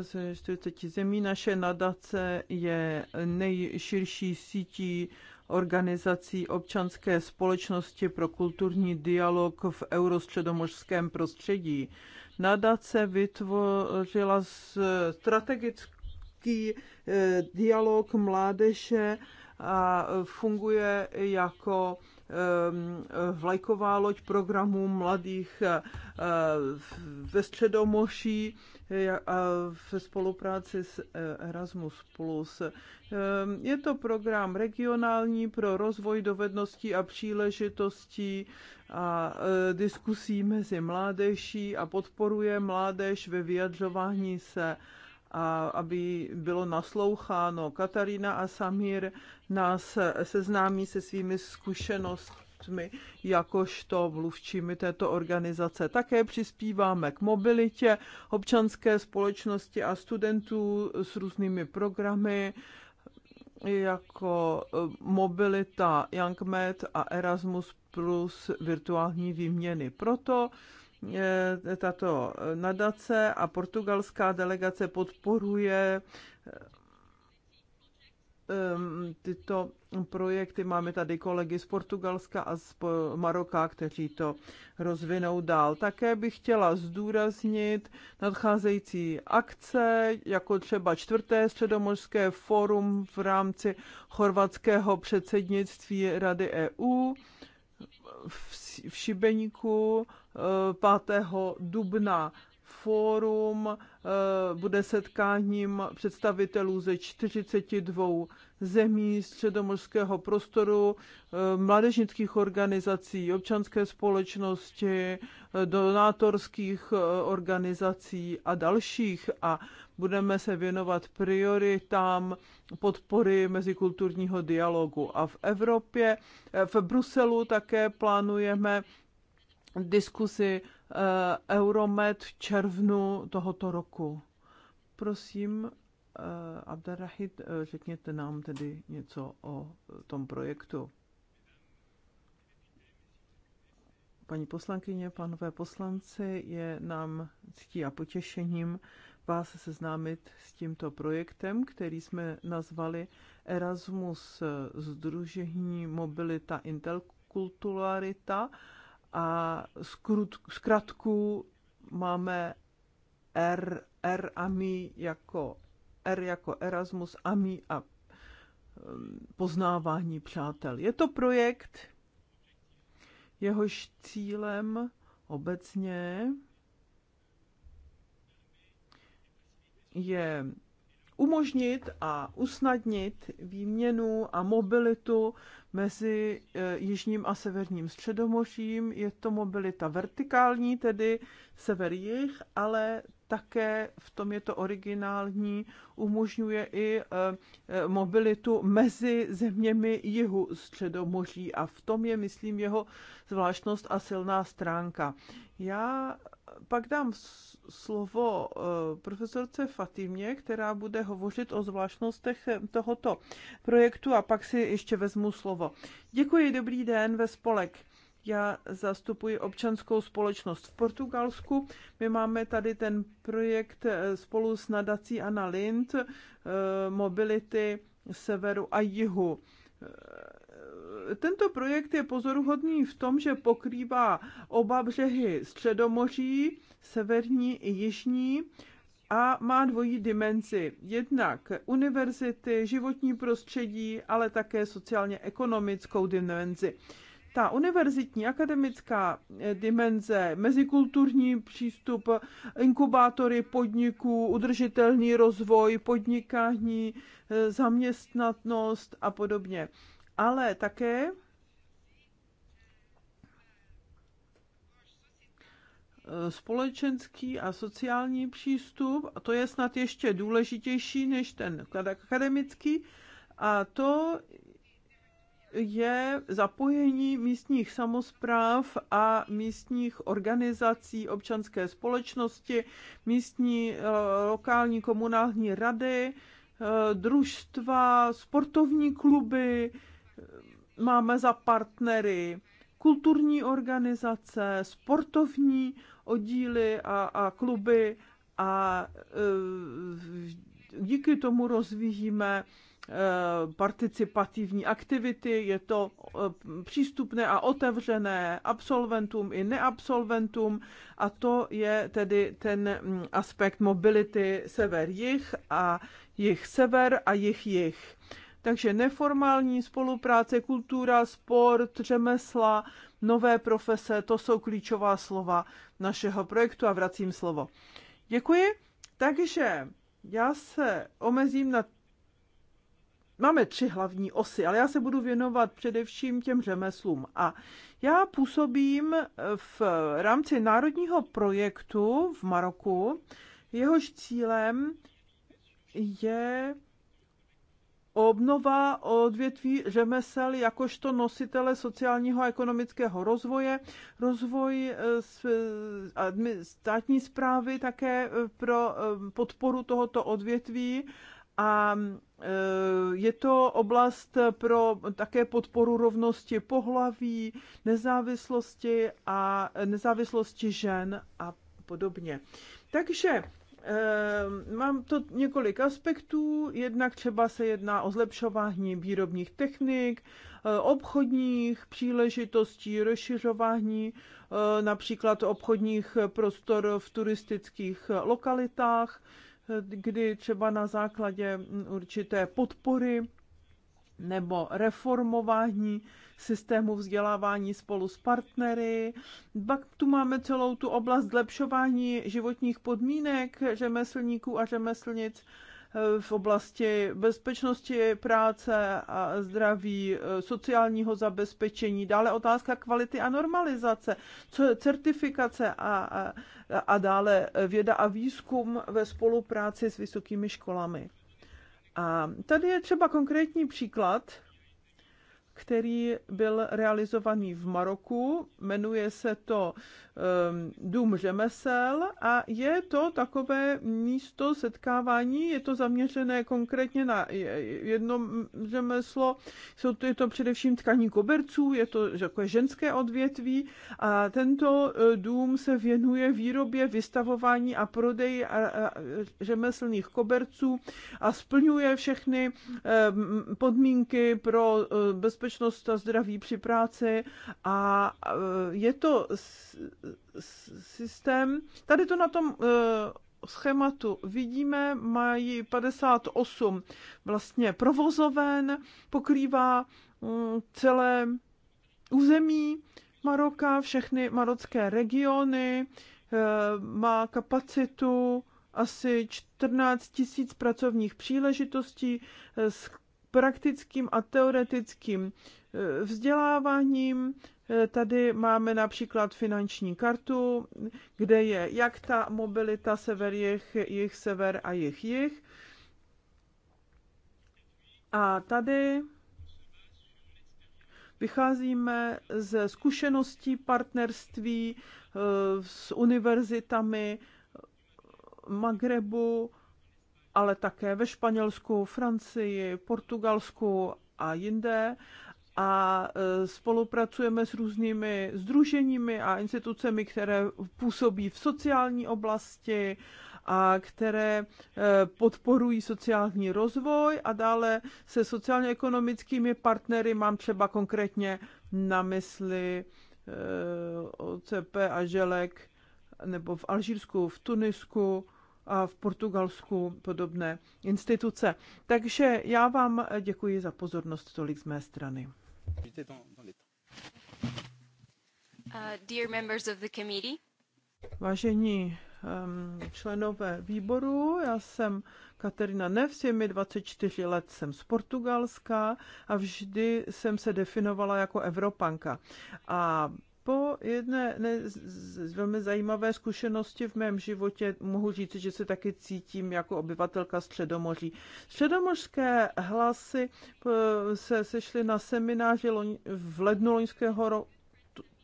Ze 40 zemí naše nadace je nejširší sítí organizací občanské společnosti pro kulturní dialog v eurostředomořském prostředí. Nadace vytvořila strategickou Evropský eh, dialog mládeže a funguje jako ehm, vlajková loď programů mladých eh, ve Středomoší eh, ve spolupráci s Erasmus+. Ehm, je to program regionální pro rozvoj dovedností a příležitostí a diskusí mezi mládeží a podporuje mládež ve vyjadřování se a aby bylo nasloucháno. Katarína a Samír nás seznámí se svými zkušenostmi jakožto mluvčími této organizace. Také přispíváme k mobilitě občanské společnosti a studentů s různými programy, jako e, mobilita Young Med a Erasmus plus virtuální výměny. Proto Eh, tato nadace a portugalská delegace podporuje eh, mm, tyto projekty. Máme tady kolegy z Portugalska a z Maroka, kteří to rozvinou dál. Také bych chtěla zdůraznit nadcházející akce, jako třeba čtvrté středomořské fórum v rámci chorvatského předsednictví Rady EU v Šibeníku 5. dubna fórum eh, bude setkáním představitelů ze 42 zemí středomořského prostoru, eh, mládežnických organizací, občanské společnosti, eh, donátorských organizací a dalších a budeme se věnovat prioritám podpory mezikulturního dialogu. A v Evropě, v Bruselu také plánujeme diskusi eh, Euromed v červnu tohoto roku. Prosím, eh, Abderrahid, eh, řekněte nám tedy něco o tom projektu. Paní poslankyně, panové poslanci, je nám ctí a potěšením vás seznámit s tímto projektem, který jsme nazvali Erasmus Združení Mobilita Interkulturalita a zkrátku máme R, R a my jako R jako Erasmus, a my a um, poznávání přátel. Je to projekt, jehož cílem obecně je umožnit a usnadnit výměnu a mobilitu mezi eh, Jižním a Severním středomořím. Je to mobilita vertikální, tedy sever-jih, ale také v tom je to originální, umožňuje i eh, eh, mobilitu mezi zeměmi jihu středomoří a v tom je, myslím, jeho zvláštnost a silná stránka. Já pak dám slovo eh, profesorce Fatimě, která bude hovořit o zvláštnostech eh, tohoto projektu a pak si ještě vezmu slovo. Děkuji, dobrý den ve spolek. Já zastupuji občanskou společnost v Portugalsku. My máme tady ten projekt eh, spolu s nadací Ana Lind, Mobility severu a jihu tento projekt je pozoruhodný v tom, že pokrývá oba břehy Středomoří, severní i jižní, a má dvojí dimenzi. Jednak univerzity, životní prostředí, ale také sociálně-ekonomickou dimenzi. Ta univerzitní akademická eh, dimenze, mezikulturní přístup, inkubátory podniků, udržitelný rozvoj, podnikání, eh, zaměstnatnost a podobně ale také společenský a sociální přístup, a to je snad ještě důležitější než ten akademický, a to je zapojení místních samozpráv a místních organizací občanské společnosti, místní eh, lokální komunální rady, eh, družstva, sportovní kluby, máme za partnery kulturní organizace, sportovní oddíly a, a kluby a e, díky tomu rozvíjíme e, participativní aktivity, je to e, přístupné a otevřené absolventům i neabsolventům a to je tedy ten aspekt mobility sever jich a jich sever a jich jich. Takže neformální spolupráce, kultura, sport, řemesla, nové profese, to jsou klíčová slova našeho projektu a vracím slovo. Děkuji. Takže já se omezím na máme tři hlavní osy, ale já se budu věnovat především těm řemeslům. A já působím v rámci národního projektu v Maroku. Jehož cílem je obnova odvětví řemesel jakožto nositele sociálního a ekonomického rozvoje, rozvoj eh, eh, státní zprávy také eh, pro podporu tohoto odvětví a je to oblast pro také podporu rovnosti pohlaví, nezávislosti a nezávislosti žen a podobně. Takže Eh, mám to několik aspektů, jednak třeba se jedná o zlepšování výrobních technik, eh, obchodních příležitostí, rozšiřování eh, například obchodních prostor v turistických lokalitách, kdy třeba na základě mm, určité podpory nebo reformování systému vzdělávání spolu s partnery. Pak tu máme celou tu oblast zlepšování životních podmínek řemeslníků a řemeslnic eh, v oblasti bezpečnosti práce a zdraví, eh, sociálního zabezpečení, dále otázka kvality a normalizace, co je certifikace a, a, a dále věda a výzkum ve spolupráci s vysokými školami. A tady je třeba konkrétní příklad který byl realizovaný v Maroku. Jmenuje se to um, Dům řemesel a je to takové místo setkávání. Je to zaměřené konkrétně na jedno řemeslo. Jsou to, je to především tkaní koberců, je to jako ženské odvětví a tento e, dům se věnuje výrobě, vystavování a prodeji a, a řemeslných koberců a splňuje všechny um, podmínky pro e, bezpečnost bezpečnost a zdraví při práci a eh, je to systém, tady to na tom eh, schématu vidíme, mají 58 vlastně provozoven, pokrývá mm, celé území Maroka, všechny marocké regiony, eh, má kapacitu asi 14 000 pracovních příležitostí, praktickým a teoretickým eh, vzděláváním. Eh, tady máme například finanční kartu, kde je jak ta mobilita sever, jich, jich sever a jich, jich. A tady vycházíme ze zkušeností partnerství eh, s univerzitami Magrebu, ale také ve Španělsku, Francii, Portugalsku a jinde a e, spolupracujeme s různými združeními a institucemi, které působí v sociální oblasti a které e, podporují sociální rozvoj a dále se sociálně-ekonomickými partnery mám třeba konkrétně na mysli e, OCP a Želek nebo v Alžírsku, v Tunisku, a v Portugalsku podobné instituce. Takže já vám děkuji za pozornost, tolik z mé strany. Uh, Vážení um, členové výboru, já jsem Katerina Nevs, je mi 24 let, jsem z Portugalska a vždy jsem se definovala jako Evropanka. A po jedné ne, z velmi zajímavé zkušenosti v mém životě mohu říct, že se taky cítím jako obyvatelka Středomoří. Středomořské hlasy eh, se sešly na semináři v lednu loňského ro,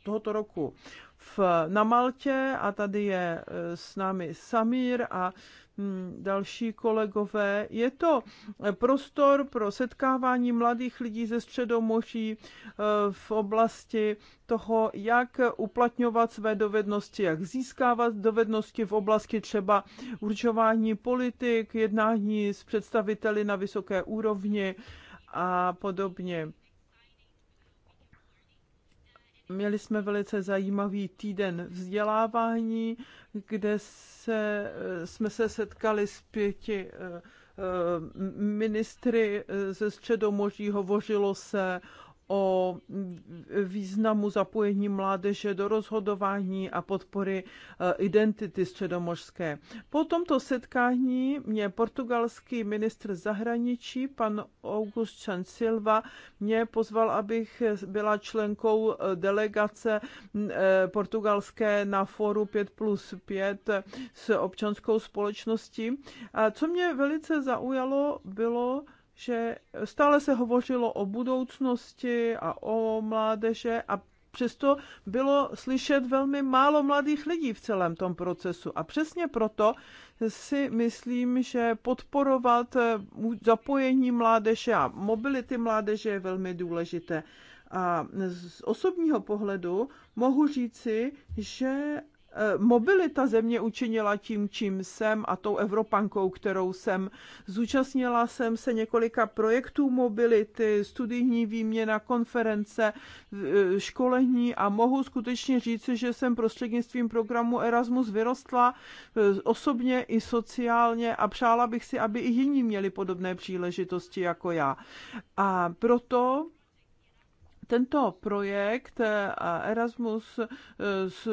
tohoto roku v, na Maltě a tady je eh, s námi Samír a Hm, další kolegové. Je to eh, prostor pro setkávání mladých lidí ze středomoří eh, v oblasti toho, jak uplatňovat své dovednosti, jak získávat dovednosti v oblasti třeba určování politik, jednání s představiteli na vysoké úrovni a podobně. Měli jsme velice zajímavý týden vzdělávání, kde se, eh, jsme se setkali s pěti eh, eh, ministry ze Středomoří, hovořilo se o významu zapojení mládeže do rozhodování a podpory eh, identity středomořské. Po tomto setkání mě portugalský ministr zahraničí, pan Augustin Silva, mě pozval, abych byla členkou eh, delegace mm, eh, portugalské na fóru 5 plus 5 s občanskou společností. A co mě velice zaujalo, bylo, že stále se hovořilo o budoucnosti a o mládeže a přesto bylo slyšet velmi málo mladých lidí v celém tom procesu. A přesně proto si myslím, že podporovat zapojení mládeže a mobility mládeže je velmi důležité. A z osobního pohledu mohu říci, že Eh, mobilita země učinila tím, čím jsem a tou Evropankou, kterou jsem. Zúčastnila jsem se několika projektů mobility, studijní výměna, konference, eh, školení a mohu skutečně říci, že jsem prostřednictvím programu Erasmus vyrostla eh, osobně i sociálně a přála bych si, aby i jiní měli podobné příležitosti jako já. A proto tento projekt eh, a Erasmus eh, s eh,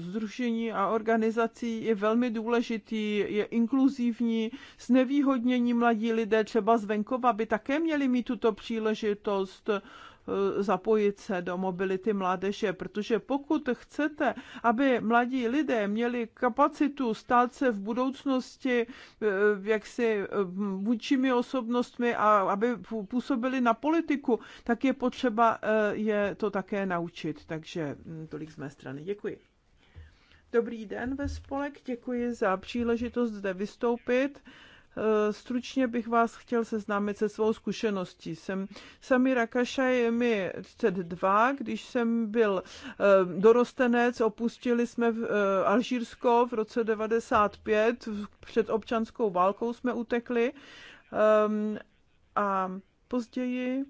združení a organizací je velmi důležitý, je inkluzivní, nevýhodnění mladí lidé třeba z venkova by také měli mít tuto příležitost Eh, zapojit se do mobility mládeže, protože pokud chcete, aby mladí lidé měli kapacitu stát se v budoucnosti eh, jaksi eh, vůčími osobnostmi a aby působili na politiku, tak je potřeba je to také naučit. Takže hm, tolik z mé strany. Děkuji. Dobrý den ve spolek, děkuji za příležitost zde vystoupit. Eh, stručně bych vás chtěl seznámit se svou zkušeností. Jsem Sami Rakaša je mi 32, když jsem byl eh, dorostenec, opustili jsme eh, Alžírsko v roce 95, před občanskou válkou jsme utekli ehm, a později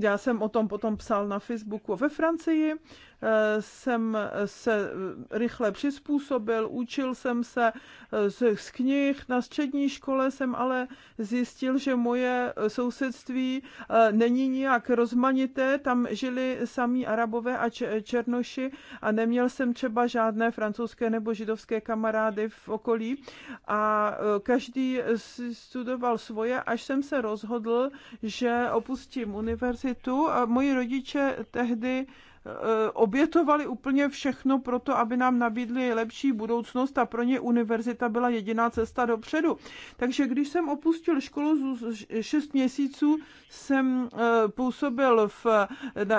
já jsem o tom potom psal na Facebooku ve Francii Eh, jsem eh, se eh, rychle přizpůsobil, učil jsem se z knih. Na střední škole jsem ale zjistil, že moje sousedství není nijak rozmanité. Tam žili samí arabové a černoši a neměl jsem třeba žádné francouzské nebo židovské kamarády v okolí. A každý studoval svoje, až jsem se rozhodl, že opustím univerzitu. A moji rodiče tehdy Eh, obětovali úplně všechno pro to, aby nám nabídli lepší budoucnost a pro ně univerzita byla jediná cesta dopředu. Takže když jsem opustil školu z 6 měsíců, jsem eh, působil v,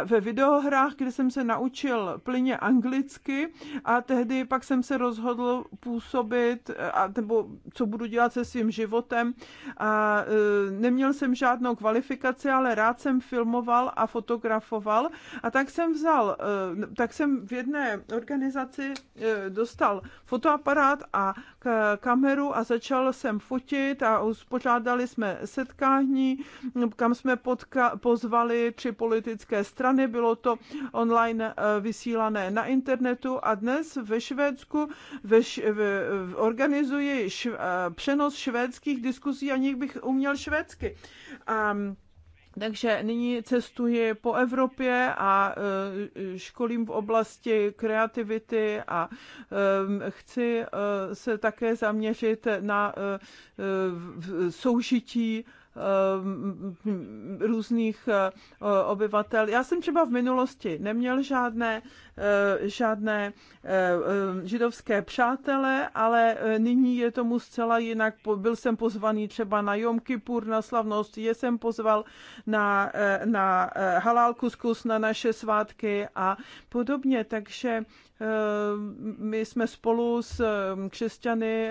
ve videohrách, kde jsem se naučil plyně anglicky a tehdy pak jsem se rozhodl působit, eh, a, nebo co budu dělat se svým životem. A, neměl jsem žádnou kvalifikaci, ale rád jsem filmoval a fotografoval a tak jsem vzal dostal, eh, tak jsem v jedné organizaci eh, dostal fotoaparát a kameru a začal jsem fotit a uspořádali jsme setkání, kam jsme potka, pozvali tři politické strany, bylo to online eh, vysílané na internetu a dnes ve Švédsku ve, v, organizuji přenos švédských diskuzí, aniž bych uměl švédsky. A, takže nyní cestuji po Evropě a e, školím v oblasti kreativity a e, chci e, se také zaměřit na soužití různých obyvatel. Já jsem třeba v minulosti neměl žádné Eh, žádné eh, eh, židovské přátele, ale nyní je tomu zcela jinak. Byl jsem pozvaný třeba na Jom Kippur, na slavnost, je jsem pozval na, na halál kuskus, na naše svátky a podobně. Takže my jsme spolu s křesťany,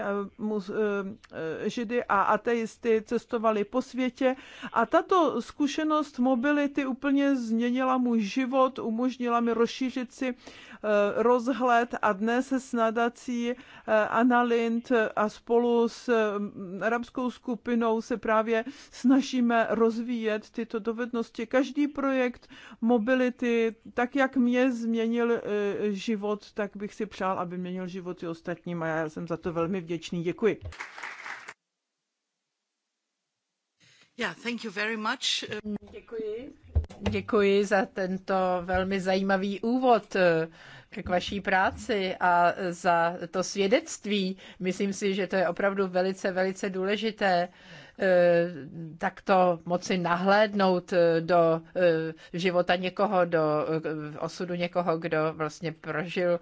židy a ateisty cestovali po světě a tato zkušenost mobility úplně změnila můj život, umožnila mi rozšířit si Eh, rozhled a dnes s nadací eh, Analind a spolu s eh, arabskou skupinou se právě snažíme rozvíjet tyto dovednosti. Každý projekt mobility, tak jak mě změnil život, tak bych si přál, aby měnil život i ostatním a já jsem za to velmi vděčný. Děkuji. Yeah, thank you very much. Děkuji. Děkuji za tento velmi zajímavý úvod eh, k vaší práci a za to svědectví. Myslím si, že to je opravdu velice, velice důležité eh, takto moci nahlédnout eh, do života někoho, do osudu někoho, kdo vlastně prožil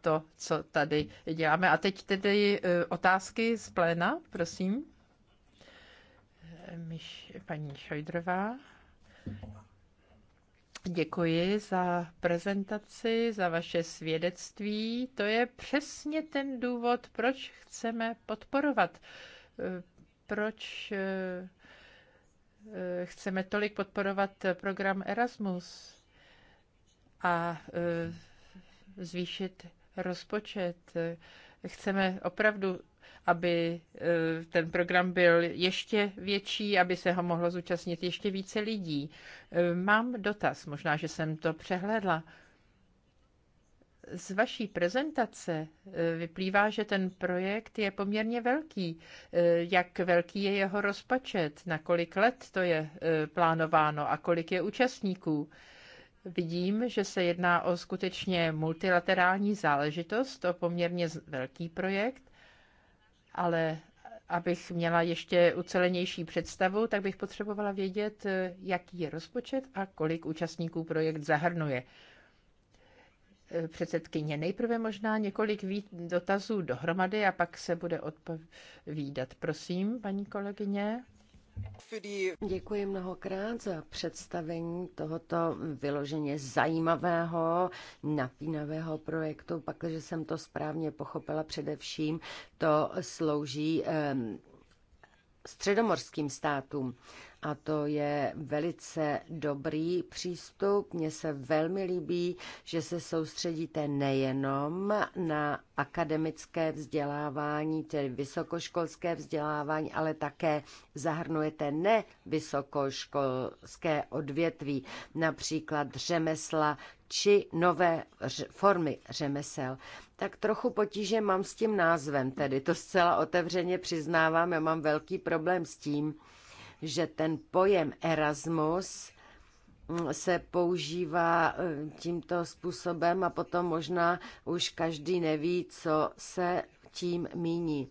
to, co tady děláme. A teď tedy otázky z pléna, prosím. Paní Šojdrová. Děkuji za prezentaci, za vaše svědectví. To je přesně ten důvod, proč chceme podporovat. Eh, proč eh, chceme tolik podporovat program Erasmus a eh, zvýšit rozpočet. Chceme opravdu aby eh, ten program byl ještě větší, aby se ho mohlo zúčastnit ještě více lidí. Eh, mám dotaz, možná, že jsem to přehlédla. Z vaší prezentace eh, vyplývá, že ten projekt je poměrně velký. Jak velký je jeho rozpočet? Na kolik let to je plánováno a kolik je účastníků? Vidím, že se jedná o skutečně multilaterální záležitost, o poměrně velký projekt ale abych měla ještě ucelenější představu, tak bych potřebovala vědět, jaký je rozpočet a kolik účastníků projekt zahrnuje. Předsedkyně, nejprve možná několik dotazů dohromady a pak se bude odpovídat. Prosím, paní kolegyně. Děkuji mnohokrát za představení tohoto vyloženě zajímavého, napínavého projektu. Pak, že jsem to správně pochopila, především to slouží ehm, středomorským státům a to je velice dobrý přístup. Mně se velmi líbí, že se soustředíte nejenom na akademické vzdělávání, tedy vysokoškolské vzdělávání, ale také zahrnujete ne vysokoškolské odvětví, například řemesla či nové formy řemesel. Tak trochu potíže mám s tím názvem, tedy to zcela otevřeně přiznávám, já mám velký problém s tím, že ten pojem Erasmus se používá eh, tímto způsobem a potom možná už každý neví, co se tím míní.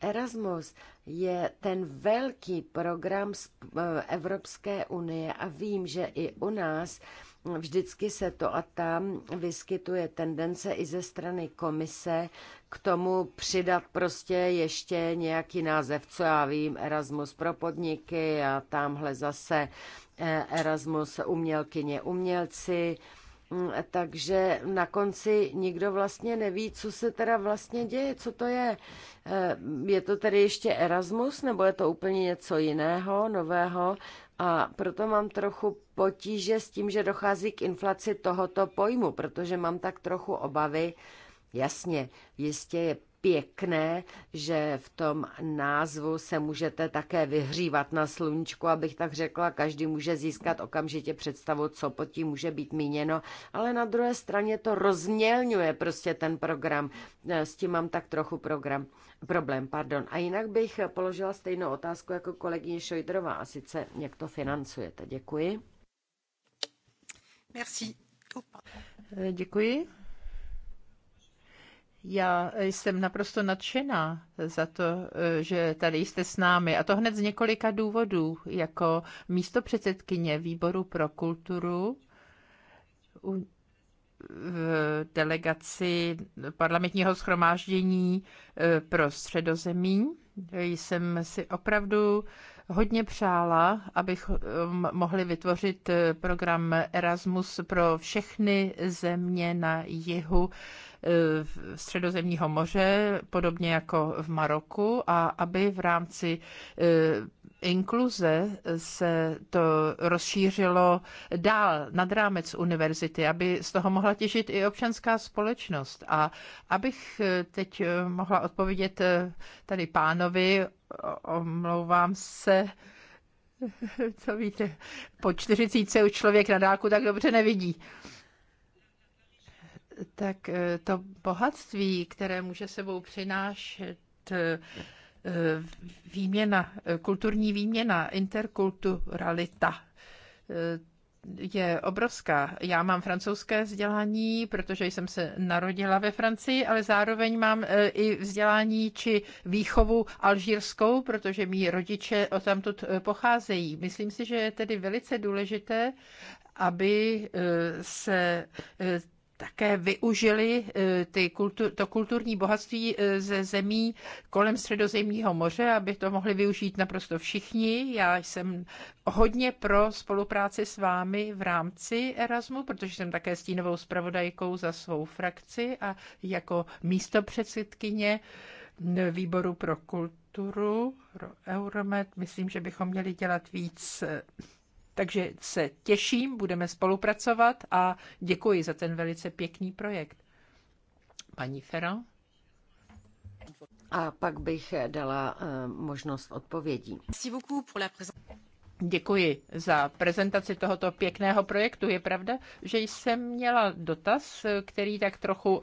Erasmus je ten velký program eh, Evropské unie a vím, že i u nás Vždycky se to a tam vyskytuje tendence i ze strany komise k tomu přidat prostě ještě nějaký název, co já vím, Erasmus pro podniky a tamhle zase eh, Erasmus umělkyně umělci. Mm, takže na konci nikdo vlastně neví, co se teda vlastně děje, co to je. Eh, je to tedy ještě Erasmus, nebo je to úplně něco jiného, nového? A proto mám trochu potíže s tím, že dochází k inflaci tohoto pojmu, protože mám tak trochu obavy. Jasně, jistě je pěkné, že v tom názvu se můžete také vyhřívat na sluníčku, abych tak řekla, každý může získat okamžitě představu, co pod tím může být míněno, ale na druhé straně to rozmělňuje prostě ten program. S tím mám tak trochu program, problém. Pardon. A jinak bych položila stejnou otázku jako kolegyně Šojdrová, a sice jak to financujete. Děkuji. Já jsem naprosto nadšená za to, že tady jste s námi a to hned z několika důvodů. Jako místo předsedkyně výboru pro kulturu v delegaci parlamentního schromáždění eh, pro středozemí jsem si opravdu hodně přála, abych um, mohli vytvořit eh, program Erasmus pro všechny země na jihu Eh, Středozemního moře, podobně jako v Maroku, a aby v rámci eh, inkluze se to rozšířilo dál nad rámec univerzity, aby z toho mohla těžit i občanská společnost. A abych eh, teď mohla odpovědět tady pánovi, omlouvám se, co víte, po čtyřicíce už člověk na dálku tak dobře nevidí tak eh, to bohatství, které může sebou přinášet eh, výměna, kulturní výměna, interkulturalita, eh, je obrovská. Já mám francouzské vzdělání, protože jsem se narodila ve Francii, ale zároveň mám i vzdělání či výchovu alžírskou, protože mý rodiče o tamtud pocházejí. Myslím si, že je tedy velice důležité, aby se také využili eh, ty kultur, to kulturní bohatství eh, ze zemí kolem Středozemního moře, aby to mohli využít naprosto všichni. Já jsem hodně pro spolupráci s vámi v rámci Erasmu, protože jsem také stínovou zpravodajkou za svou frakci a jako místopředsedkyně výboru pro kulturu, pro Euromed, myslím, že bychom měli dělat víc eh, takže se těším, budeme spolupracovat a děkuji za ten velice pěkný projekt. Paní Fera? A pak bych dala eh, možnost odpovědí. Děkuji za prezentaci tohoto pěkného projektu. Je pravda, že jsem měla dotaz, eh, který tak trochu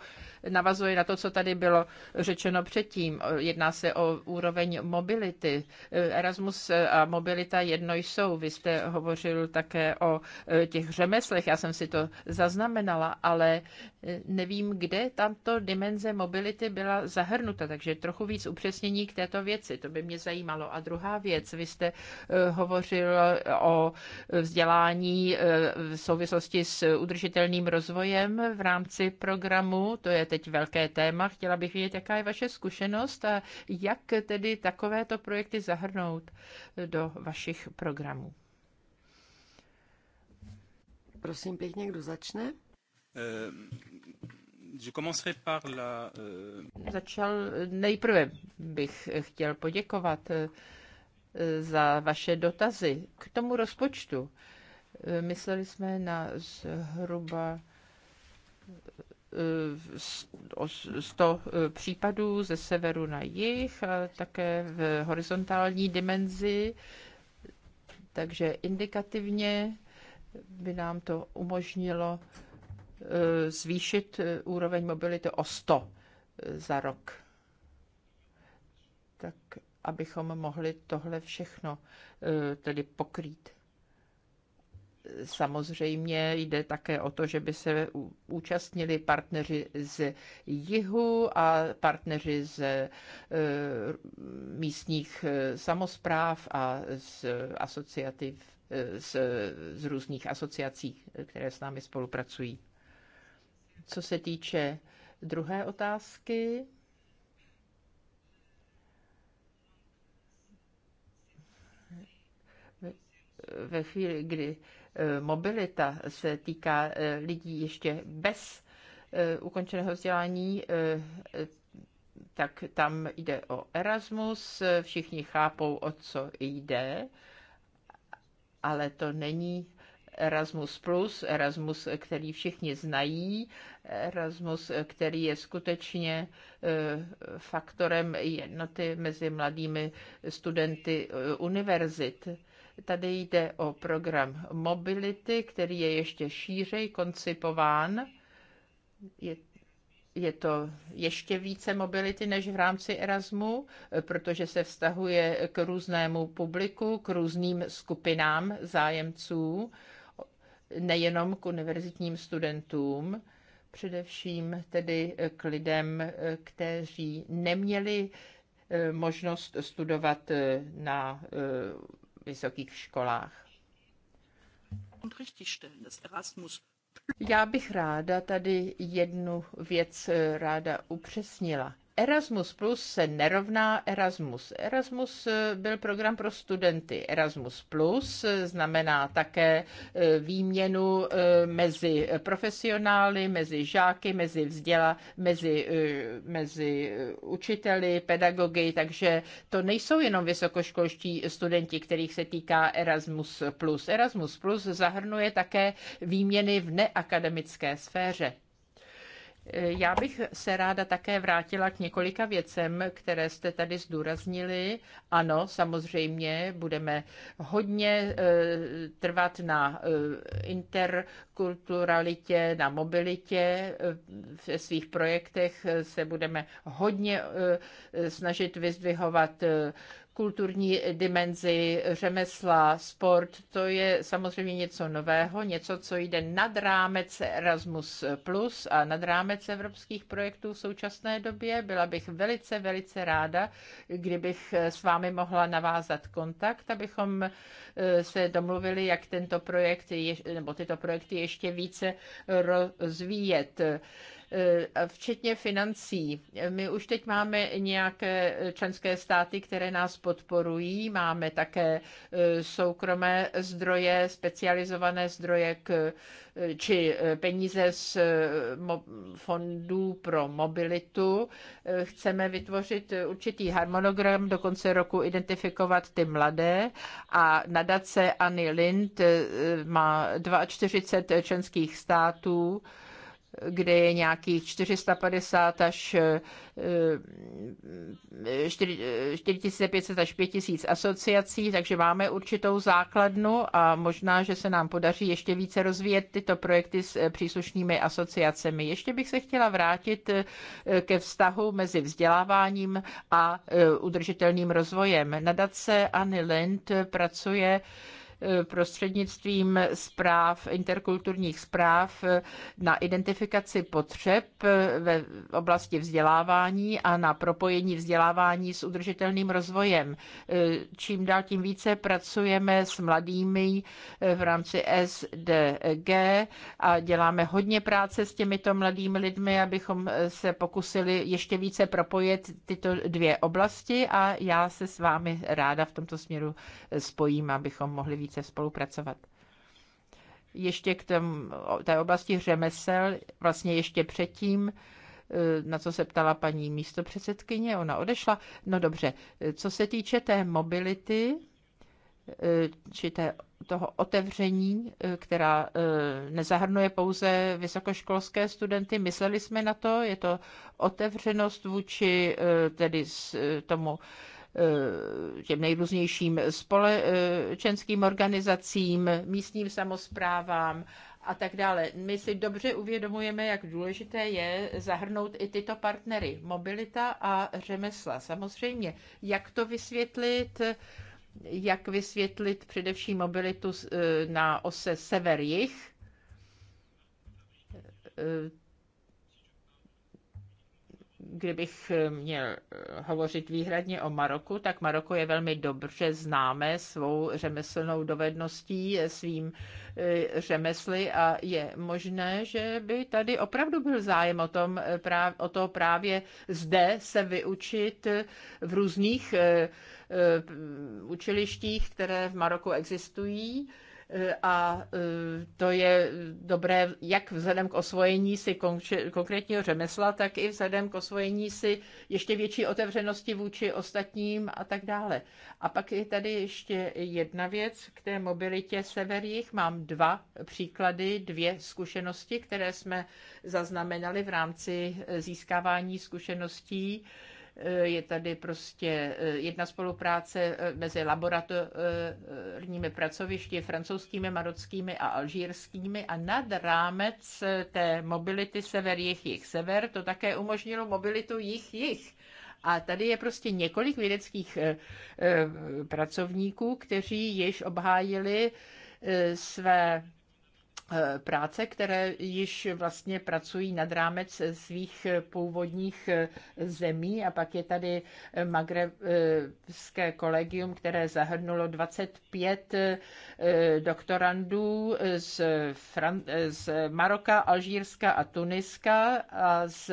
navazuje na to, co tady bylo řečeno předtím. Jedná se o úroveň mobility. Erasmus a mobilita jedno jsou. Vy jste hovořil také o eh, těch řemeslech, já jsem si to zaznamenala, ale eh, nevím, kde tamto dimenze mobility byla zahrnuta, takže trochu víc upřesnění k této věci, to by mě zajímalo. A druhá věc, vy jste eh, hovořil o vzdělání v souvislosti s udržitelným rozvojem v rámci programu, to je teď teď velké téma. Chtěla bych vědět, jaká je vaše zkušenost a jak tedy takovéto projekty zahrnout do vašich programů. Prosím pěkně, kdo začne? Eh, je commencerai par la... Eh, Začal nejprve bych chtěl poděkovat eh, za vaše dotazy k tomu rozpočtu. Mysleli jsme na zhruba 100 eh, případů ze severu na jih, a také v horizontální dimenzi, takže indikativně by nám to umožnilo eh, zvýšit eh, úroveň mobility o 100 za rok. Tak abychom mohli tohle všechno tedy pokrýt. Samozřejmě jde také o to, že by se účastnili partneři z jihu a partneři z e, místních e, samozpráv a z asociativ, e, z, z různých asociací, které s námi spolupracují. Co se týče druhé otázky, ve chvíli, kdy Eh, mobilita se týká eh, lidí ještě bez eh, ukončeného vzdělání, tak tam jde o Erasmus, všichni chápou, o co jde, ale to není Erasmus+, plus, Erasmus, který všichni znají, Erasmus, který je skutečně faktorem jednoty mezi mladými studenty univerzit. Tady jde o program mobility, který je ještě šířej koncipován. Je je to ještě více mobility než v rámci Erasmu, protože se vztahuje k různému publiku, k různým skupinám zájemců, nejenom k univerzitním studentům, především tedy k lidem, kteří neměli eh, možnost studovat eh, na eh, vysokých školách. Já bych ráda tady jednu věc eh, ráda upřesnila. Erasmus Plus se nerovná Erasmus. Erasmus eh, byl program pro studenty. Erasmus Plus eh, znamená také eh, výměnu mezi profesionály, mezi žáky, mezi vzděla, mezi, mezi učiteli, pedagogy, takže to nejsou jenom vysokoškolští studenti, kterých se týká Erasmus Plus. Erasmus Plus zahrnuje také výměny v neakademické sféře. Já bych se ráda také vrátila k několika věcem, které jste tady zdůraznili. Ano, samozřejmě budeme hodně eh, trvat na eh, interkulturalitě, na mobilitě. Eh, ve svých projektech se budeme hodně snažit vyzdvihovat kulturní dimenzi, řemesla, sport, to je samozřejmě něco nového, něco, co jde nad rámec Erasmus Plus a nad rámec evropských projektů v současné době. Byla bych velice, velice ráda, kdybych s vámi mohla navázat kontakt, abychom eh, se domluvili, jak tento projekt, nebo tyto projekty ještě více rozvíjet. Eh, včetně financí. My už teď máme nějaké členské státy, které nás podporují, máme také eh, soukromé zdroje, specializované zdroje k, eh, či peníze z fondů pro mobilitu. Chceme vytvořit určitý harmonogram, do konce roku identifikovat ty mladé a nadace Anny Lind má 42 členských států, kde je nějakých 450 až 4500 eh, eh, až 5000 asociací, takže máme určitou základnu a možná, že se nám podaří ještě více rozvíjet tyto projekty s eh, příslušnými asociacemi. Ještě bych se chtěla vrátit ke vztahu mezi vzděláváním a udržitelným rozvojem. Nadace Anny Lind pracuje Eh, prostřednictvím zpráv, interkulturních zpráv eh, na identifikaci potřeb eh, ve oblasti vzdělávání a na propojení vzdělávání s udržitelným rozvojem. Čím dál tím více pracujeme s mladými v rámci SDG a děláme hodně práce s těmito mladými lidmi, abychom se pokusili ještě více propojit tyto dvě oblasti a já se s vámi ráda v tomto směru spojím, abychom mohli více spolupracovat. Ještě k tom, té oblasti řemesel, vlastně ještě předtím, e, na co se ptala paní místopředsedkyně, ona odešla. No dobře, e, co se týče té mobility, e, či té, toho otevření, která nezahrnuje pouze vysokoškolské studenty. Mysleli jsme na to, je to otevřenost vůči tedy tomu Eh, těm nejrůznějším společenským organizacím, místním samozprávám a tak dále. My si dobře uvědomujeme, jak důležité je zahrnout i tyto partnery. Mobilita a řemesla. Samozřejmě, jak to vysvětlit, jak vysvětlit především mobilitu na ose sever-jih, kdybych eh, měl eh, hovořit výhradně o Maroku, tak Maroko je velmi dobře známé svou řemeslnou dovedností, svým eh, řemesly a je možné, že by tady opravdu byl zájem o, tom, o to právě zde se vyučit v různých učilištích, které v Maroku existují a e, to je dobré jak vzhledem k osvojení si konkrétního řemesla, tak i vzhledem k osvojení si ještě větší otevřenosti vůči ostatním a tak dále. A pak je tady ještě jedna věc k té mobilitě severích. Mám dva příklady, dvě zkušenosti, které jsme zaznamenali v rámci e, získávání zkušeností Eh, je tady prostě eh, jedna spolupráce eh, mezi laboratorními pracovišti, francouzskými, marockými a alžírskými a nad rámec té mobility sever jich jich sever to také umožnilo mobilitu jich jich. A tady je prostě několik vědeckých pracovníků, kteří již obhájili své Eh, práce, které již vlastně pracují nad rámec svých původních eh, zemí. A pak je tady eh, Magrebské kolegium, které zahrnulo 25 doktorandů z, Fran- z Maroka, Alžírska a Tuniska a s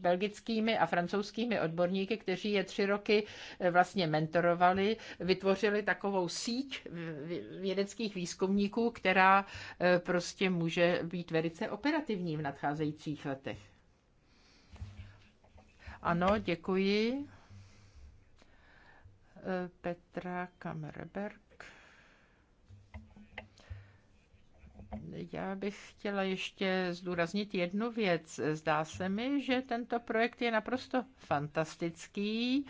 belgickými a francouzskými odborníky, kteří je tři roky vlastně mentorovali, vytvořili takovou síť vědeckých výzkumníků, která prostě prostě může být velice operativní v nadcházejících letech. Ano, děkuji. Eh, Petra Kamerberg. Já bych chtěla ještě zdůraznit jednu věc. Zdá se mi, že tento projekt je naprosto fantastický.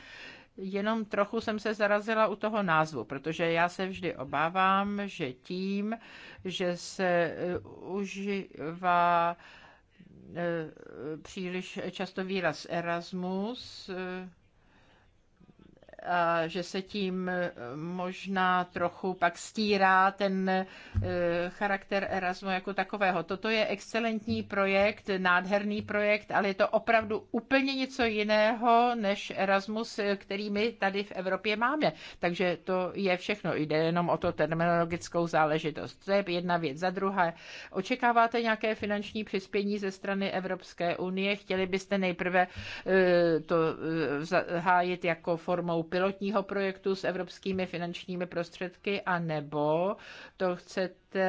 Jenom trochu jsem se zarazila u toho názvu, protože já se vždy obávám, že tím, že se eh, užívá eh, příliš často výraz Erasmus, eh, že se tím e, možná trochu pak stírá ten e, charakter Erasmu jako takového. Toto je excelentní projekt, nádherný projekt, ale je to opravdu úplně něco jiného než Erasmus, e, který my tady v Evropě máme. Takže to je všechno. Jde jenom o to terminologickou záležitost. To je jedna věc. Za druhé, očekáváte nějaké finanční přispění ze strany Evropské unie? Chtěli byste nejprve to zahájit jako formou pilotního projektu s evropskými finančními prostředky, a nebo to chcete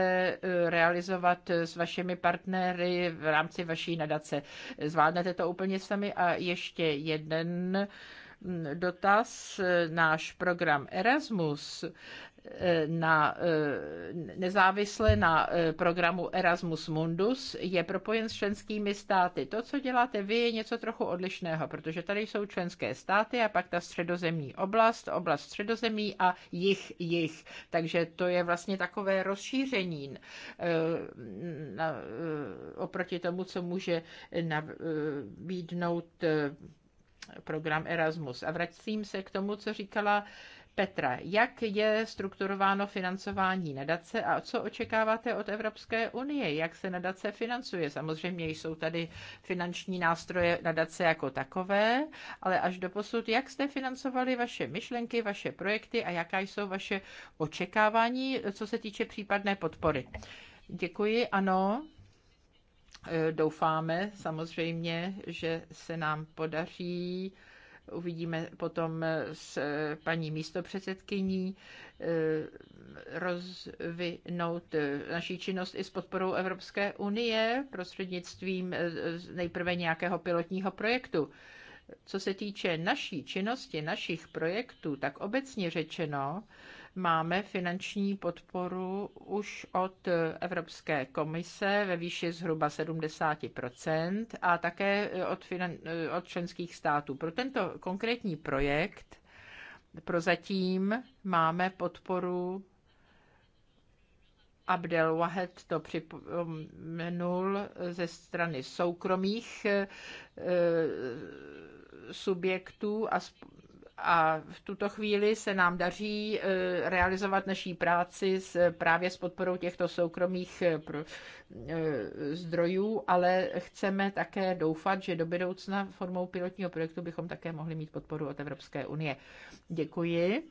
eh, realizovat s vašimi partnery v rámci vaší nadace. Zvládnete to úplně sami? A ještě jeden mm, dotaz. Náš program Erasmus Eh, na, eh, nezávisle na eh, programu Erasmus Mundus je propojen s členskými státy. To, co děláte vy, je něco trochu odlišného, protože tady jsou členské státy a pak ta středozemní oblast, oblast středozemí a jich, jich. Takže to je vlastně takové rozšíření oproti tomu, co může nabídnout program Erasmus. A vracím se k tomu, co říkala Petra, jak je strukturováno financování nadace a co očekáváte od Evropské unie? Jak se nadace financuje? Samozřejmě jsou tady finanční nástroje nadace jako takové, ale až do posud, jak jste financovali vaše myšlenky, vaše projekty a jaká jsou vaše očekávání, co se týče případné podpory? Děkuji, ano. E, doufáme samozřejmě, že se nám podaří Uvidíme potom s eh, paní místopředsedkyní eh, rozvinout eh, naší činnost i s podporou Evropské unie prostřednictvím nejprve nějakého pilotního projektu. Co se týče naší činnosti, našich projektů, tak obecně řečeno, máme finanční podporu už od Evropské komise ve výši zhruba 70 a také od, finan- od členských států. Pro tento konkrétní projekt prozatím máme podporu Abdel Wahed to připomenul ze strany soukromých eh, subjektů a a v tuto chvíli se nám daří eh, realizovat naší práci s, právě s podporou těchto soukromých eh, eh, zdrojů, ale chceme také doufat, že do budoucna formou pilotního projektu bychom také mohli mít podporu od Evropské unie. Děkuji.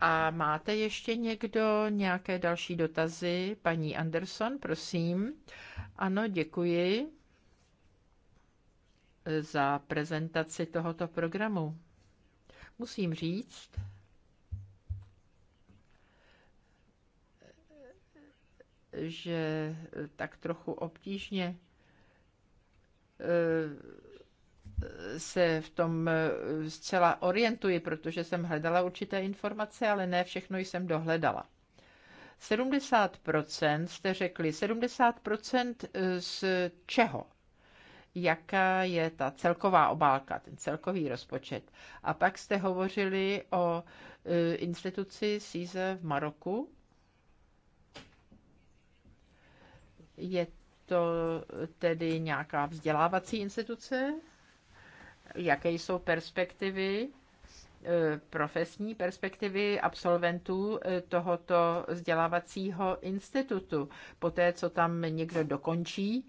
A máte ještě někdo nějaké další dotazy? Paní Anderson, prosím. Ano, děkuji za prezentaci tohoto programu. Musím říct, že tak trochu obtížně eh, se v tom eh, zcela orientuji, protože jsem hledala určité informace, ale ne všechno jsem dohledala. 70% jste řekli, 70% z čeho? jaká je ta celková obálka, ten celkový rozpočet. A pak jste hovořili o e, instituci SISE v Maroku. Je to tedy nějaká vzdělávací instituce? Jaké jsou perspektivy, e, profesní perspektivy absolventů e, tohoto vzdělávacího institutu? Poté, co tam někdo dokončí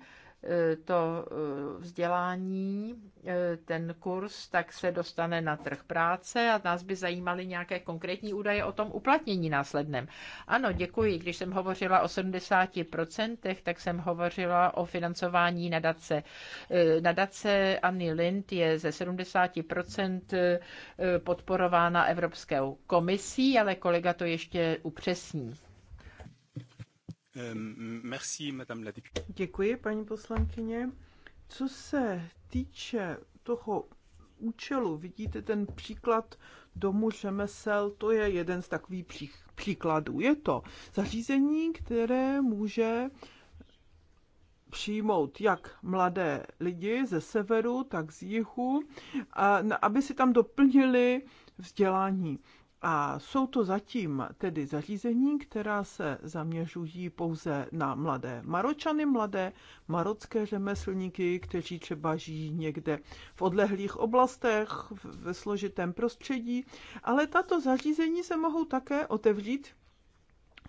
to eh, vzdělání, eh, ten kurz, tak se dostane na trh práce a nás by zajímaly nějaké konkrétní údaje o tom uplatnění následném. Ano, děkuji. Když jsem hovořila o 70%, tak jsem hovořila o financování nadace. Eh, nadace Anny Lind je ze 70% podporována Evropskou komisí, ale kolega to ještě upřesní. Eh, merci, madame la Děkuji, paní poslankyně. Co se týče toho účelu, vidíte ten příklad domu řemesel, to je jeden z takových příkladů. Je to zařízení, které může přijmout jak mladé lidi ze severu, tak z jihu, a, aby si tam doplnili vzdělání. A jsou to zatím tedy zařízení, která se zaměřují pouze na mladé Maročany, mladé marocké řemeslníky, kteří třeba žijí někde v odlehlých oblastech, ve složitém prostředí, ale tato zařízení se mohou také otevřít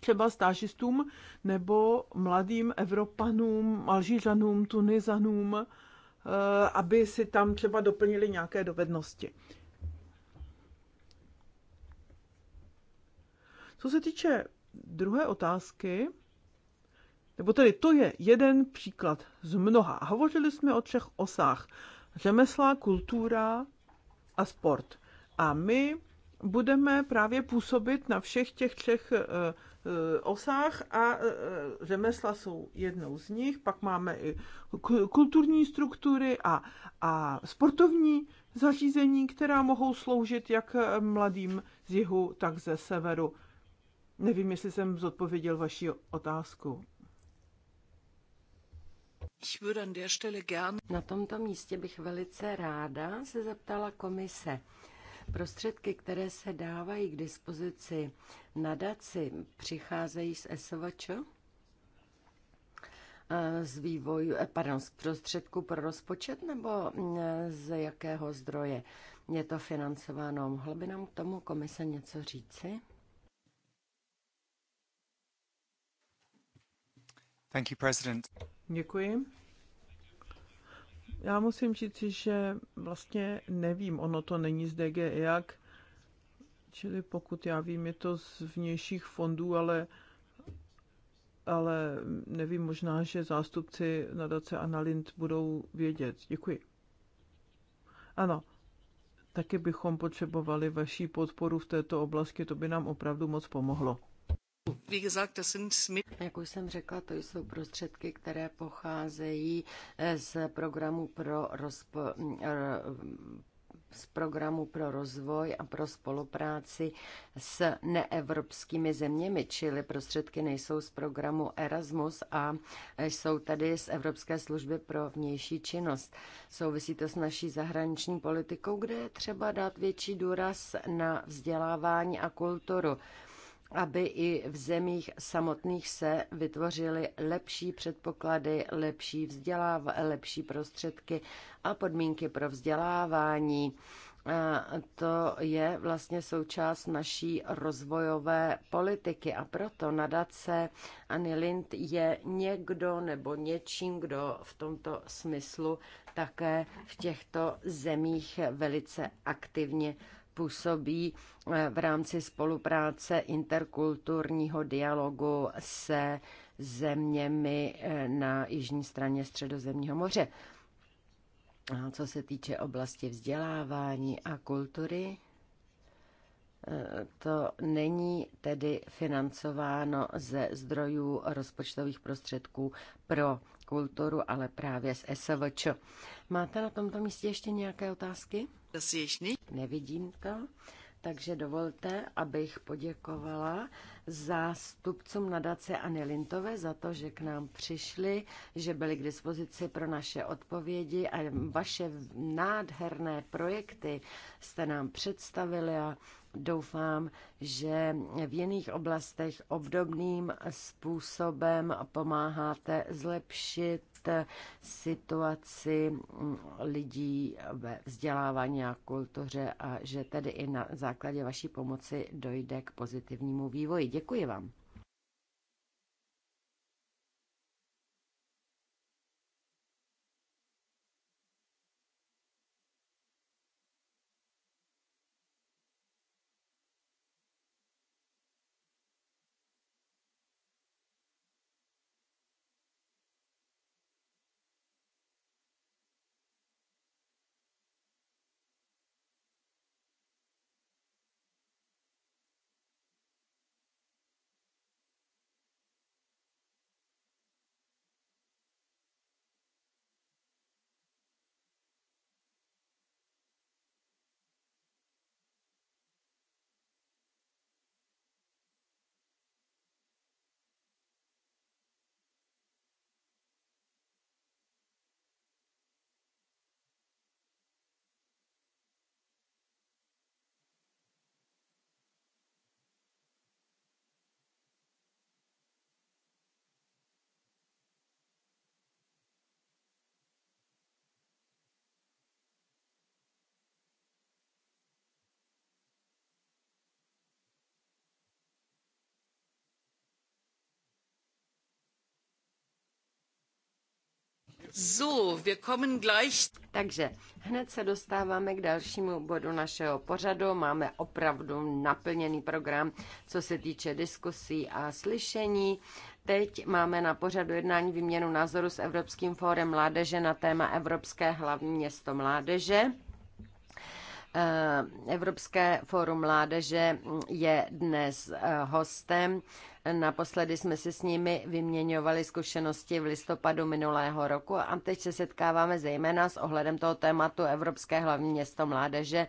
třeba stážistům nebo mladým Evropanům, Alžířanům, Tunizanům, eh, aby si tam třeba doplnili nějaké dovednosti. Co se týče druhé otázky, nebo tedy to je jeden příklad z mnoha. Hovořili jsme o třech osách. Řemesla, kultura a sport. A my budeme právě působit na všech těch třech eh, eh, osách a eh, řemesla jsou jednou z nich, pak máme i kulturní struktury a, a sportovní zařízení, která mohou sloužit jak mladým z jihu, tak ze severu Nevím, jestli jsem zodpověděl vaši otázku. Na tomto místě bych velice ráda se zeptala komise. Prostředky, které se dávají k dispozici nadaci, přicházejí z SVČ? Z vývoju, eh, pardon, z prostředku pro rozpočet nebo mm, z jakého zdroje je to financováno? Mohla by nám k tomu komise něco říci? Thank you, President. Děkuji. Já musím říct, že vlastně nevím, ono to není z DG jak, čili pokud já vím, je to z vnějších fondů, ale, ale nevím, možná, že zástupci nadace Analint budou vědět. Děkuji. Ano, taky bychom potřebovali vaší podporu v této oblasti, to by nám opravdu moc pomohlo. Jak už jsem řekla, to jsou prostředky, které pocházejí eh, z programu pro rozpo, eh, z programu pro rozvoj a pro spolupráci s neevropskými zeměmi, čili prostředky nejsou z programu Erasmus a eh, jsou tady z Evropské služby pro vnější činnost. Souvisí to s naší zahraniční politikou, kde je třeba dát větší důraz na vzdělávání a kulturu aby i v zemích samotných se vytvořily lepší předpoklady, lepší, vzděláv- lepší prostředky a podmínky pro vzdělávání. A to je vlastně součást naší rozvojové politiky a proto nadace Anny Lind je někdo nebo něčím, kdo v tomto smyslu také v těchto zemích velice aktivně působí eh, v rámci spolupráce interkulturního dialogu se zeměmi eh, na jižní straně Středozemního moře. A co se týče oblasti vzdělávání a kultury, eh, to není tedy financováno ze zdrojů rozpočtových prostředků pro kulturu, ale právě z SVČ. Máte na tomto místě ještě nějaké otázky? Nevidím to. Takže dovolte, abych poděkovala zástupcům nadace Anny Lintové za to, že k nám přišli, že byli k dispozici pro naše odpovědi a vaše nádherné projekty jste nám představili a doufám, že v jiných oblastech obdobným způsobem pomáháte zlepšit situaci lidí ve vzdělávání a kultuře a že tedy i na základě vaší pomoci dojde k pozitivnímu vývoji. Děkuji vám. So, wir kommen gleich. Takže hned se dostáváme k dalšímu bodu našeho pořadu. Máme opravdu naplněný program, co se týče diskusí a slyšení. Teď máme na pořadu jednání výměnu názoru s Evropským fórem mládeže na téma Evropské hlavní město mládeže. Eh, Evropské fórum mládeže je dnes eh, hostem Naposledy jsme se s nimi vyměňovali zkušenosti v listopadu minulého roku a teď se setkáváme zejména s ohledem toho tématu Evropské hlavní město mládeže.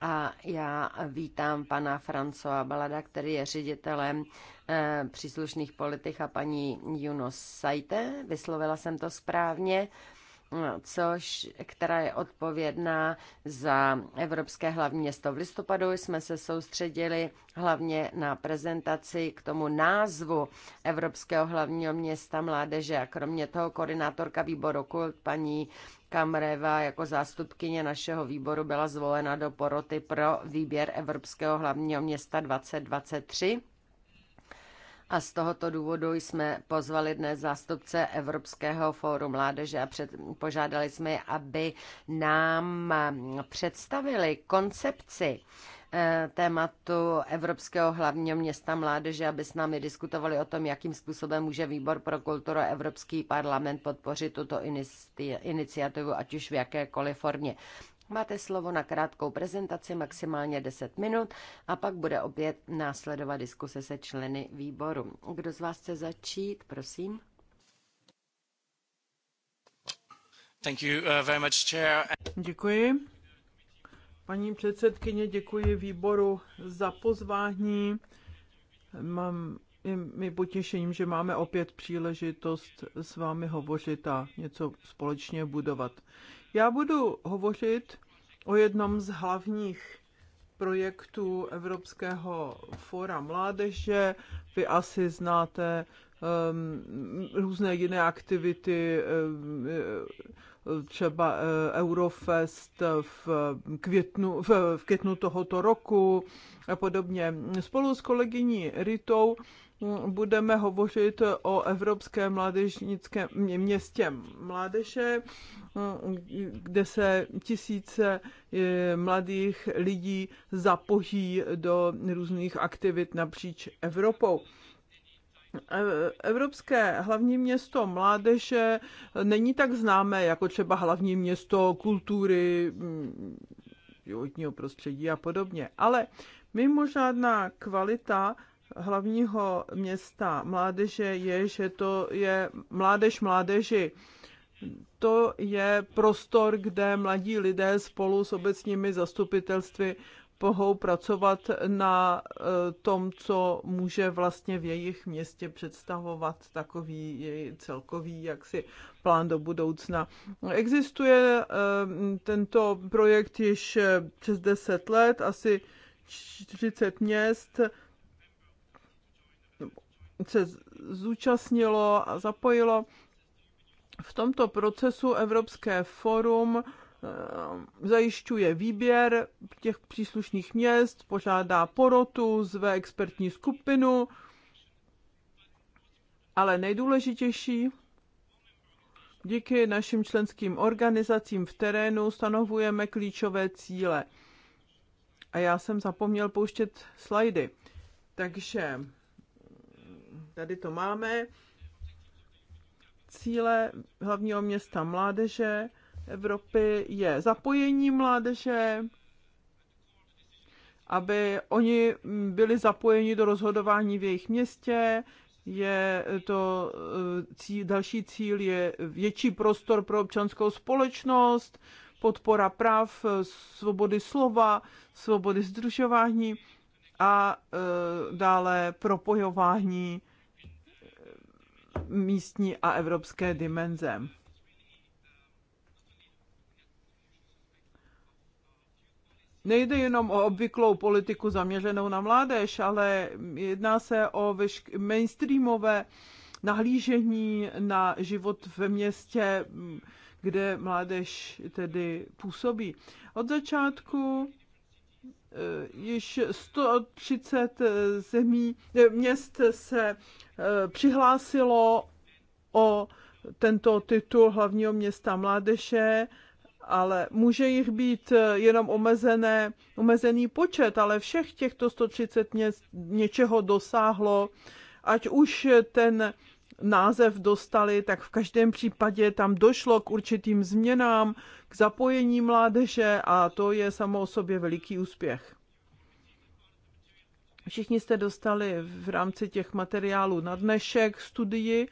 A já vítám pana Francoa Balada, který je ředitelem eh, příslušných politik a paní Juno Saite, vyslovila jsem to správně, což, která je odpovědná za Evropské hlavní město. V listopadu jsme se soustředili hlavně na prezentaci k tomu názvu Evropského hlavního města mládeže a kromě toho koordinátorka výboru KULT paní Kamreva jako zástupkyně našeho výboru byla zvolena do poroty pro výběr Evropského hlavního města 2023 a z tohoto důvodu jsme pozvali dnes zástupce Evropského fóru mládeže a před, požádali jsme je, aby nám představili koncepci eh, tématu Evropského hlavního města mládeže, aby s námi diskutovali o tom, jakým způsobem může výbor pro kulturu Evropský parlament podpořit tuto iniciativu, ať už v jakékoliv formě. Máte slovo na krátkou prezentaci, maximálně 10 minut, a pak bude opět následovat diskuse se členy výboru. Kdo z vás chce začít, prosím? Thank you uh, very much, chair. Děkuji. Paní předsedkyně, děkuji výboru za pozvání. Mám, je mi potěšením, že máme opět příležitost s vámi hovořit a něco společně budovat. Já budu hovořit o jednom z hlavních projektů Evropského fóra mládeže. Vy asi znáte um, různé jiné aktivity, um, třeba eh, Eurofest v květnu, v, v květnu tohoto roku a podobně. Spolu s kolegyní Ritou budeme hovořit o evropské mládežnické městě mládeže, kde se tisíce eh, mladých lidí zapojí do různých aktivit napříč Evropou. Eh, evropské hlavní město mládeže není tak známé jako třeba hlavní město kultury, mm, životního prostředí a podobně. Ale mimo žádná kvalita hlavního města mládeže je, že to je mládež mládeži. To je prostor, kde mladí lidé spolu s obecními zastupitelstvy mohou pracovat na eh, tom, co může vlastně v jejich městě představovat takový celkový jaksi plán do budoucna. Existuje eh, tento projekt již eh, přes 10 let, asi 40 měst se zúčastnilo a zapojilo. V tomto procesu Evropské forum eh, zajišťuje výběr těch příslušných měst, pořádá porotu, zve expertní skupinu, ale nejdůležitější, díky našim členským organizacím v terénu stanovujeme klíčové cíle. A já jsem zapomněl pouštět slajdy. Takže Tady to máme. Cíle hlavního města mládeže Evropy je zapojení mládeže, aby oni byli zapojeni do rozhodování v jejich městě, je to eh, cíl, další cíl je větší prostor pro občanskou společnost, podpora práv, svobody slova, svobody združování a e, dále propojování místní a evropské dimenze. Nejde jenom o obvyklou politiku zaměřenou na mládež, ale jedná se o vešk- mainstreamové nahlížení na život ve městě, kde mládež tedy působí. Od začátku Eh, již 130 eh, zemí, eh, měst se přihlásilo o tento titul hlavního města mládeže, ale může jich být jenom omezené, omezený počet, ale všech těchto 130 měst něčeho dosáhlo, ať už ten název dostali, tak v každém případě tam došlo k určitým změnám, k zapojení mládeže a to je samo o sobě veliký úspěch. Všichni jste dostali v rámci těch materiálů na dnešek studii,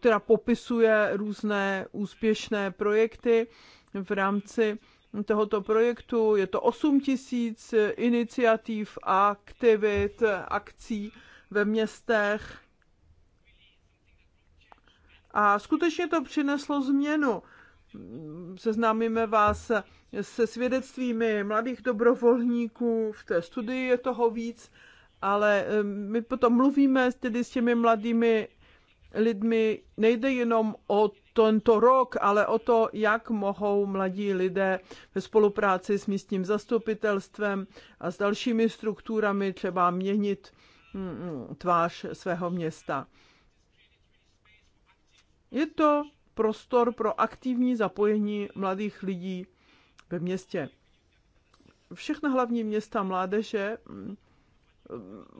která popisuje různé úspěšné projekty v rámci tohoto projektu. Je to 8 tisíc iniciativ aktivit, akcí ve městech. A skutečně to přineslo změnu. Seznámíme vás se svědectvími mladých dobrovolníků, v té studii je toho víc, ale my potom mluvíme tedy s těmi mladými lidmi. Nejde jenom o tento rok, ale o to, jak mohou mladí lidé ve spolupráci s místním zastupitelstvem a s dalšími strukturami třeba měnit tvář svého města. Je to prostor pro aktivní zapojení mladých lidí ve městě. Všechna hlavní města mládeže mm,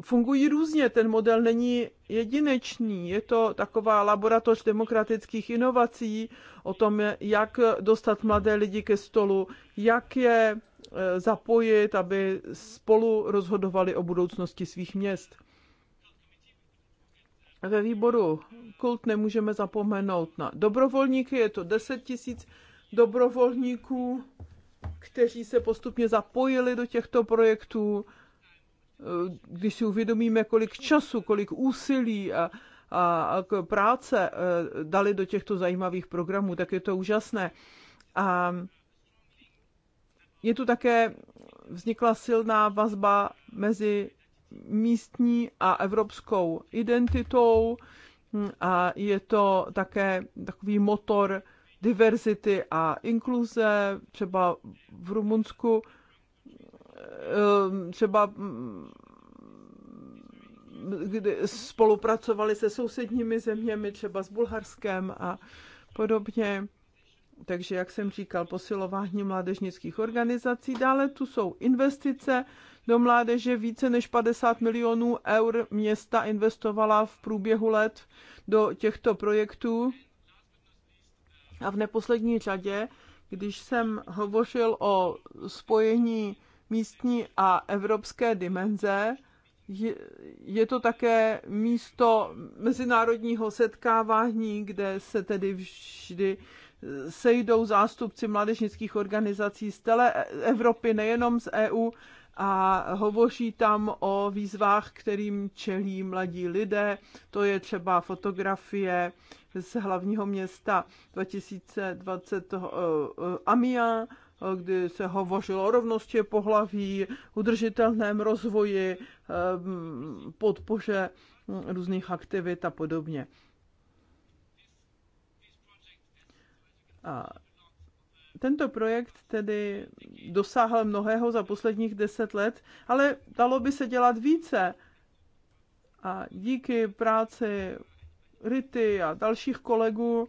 fungují různě, ten model není jedinečný, je to taková laboratoř demokratických inovací o tom, jak dostat mladé lidi ke stolu, jak je e, zapojit, aby spolu rozhodovali o budoucnosti svých měst ve výboru kult nemůžeme zapomenout na dobrovolníky, je to 10 tisíc dobrovolníků, kteří se postupně zapojili do těchto projektů, eh, když si uvědomíme, kolik času, kolik úsilí a, a, a práce eh, dali do těchto zajímavých programů, tak je to úžasné. A je tu také vznikla silná vazba mezi místní a evropskou identitou hm, a je to také takový motor diverzity a inkluze. Třeba v Rumunsku ehm, třeba hm, kdy spolupracovali se sousedními zeměmi, třeba s Bulharskem a podobně. Takže, jak jsem říkal, posilování mládežnických organizací. Dále tu jsou investice do mládeže více než 50 milionů eur města investovala v průběhu let do těchto projektů. A v neposlední řadě, když jsem hovořil o spojení místní a evropské dimenze, je, to také místo mezinárodního setkávání, kde se tedy vždy sejdou zástupci mládežnických organizací z celé e- Evropy, nejenom z EU, a hovoří tam o výzvách, kterým čelí mladí lidé. To je třeba fotografie z hlavního města 2020 eh, eh, Amia, eh, kdy se hovořilo o rovnosti pohlaví, udržitelném rozvoji, podpoře hm, různých aktivit a podobně. Tento projekt tedy dosáhl mnohého za posledních deset let, ale dalo by se dělat více. A díky práci Rity a dalších kolegů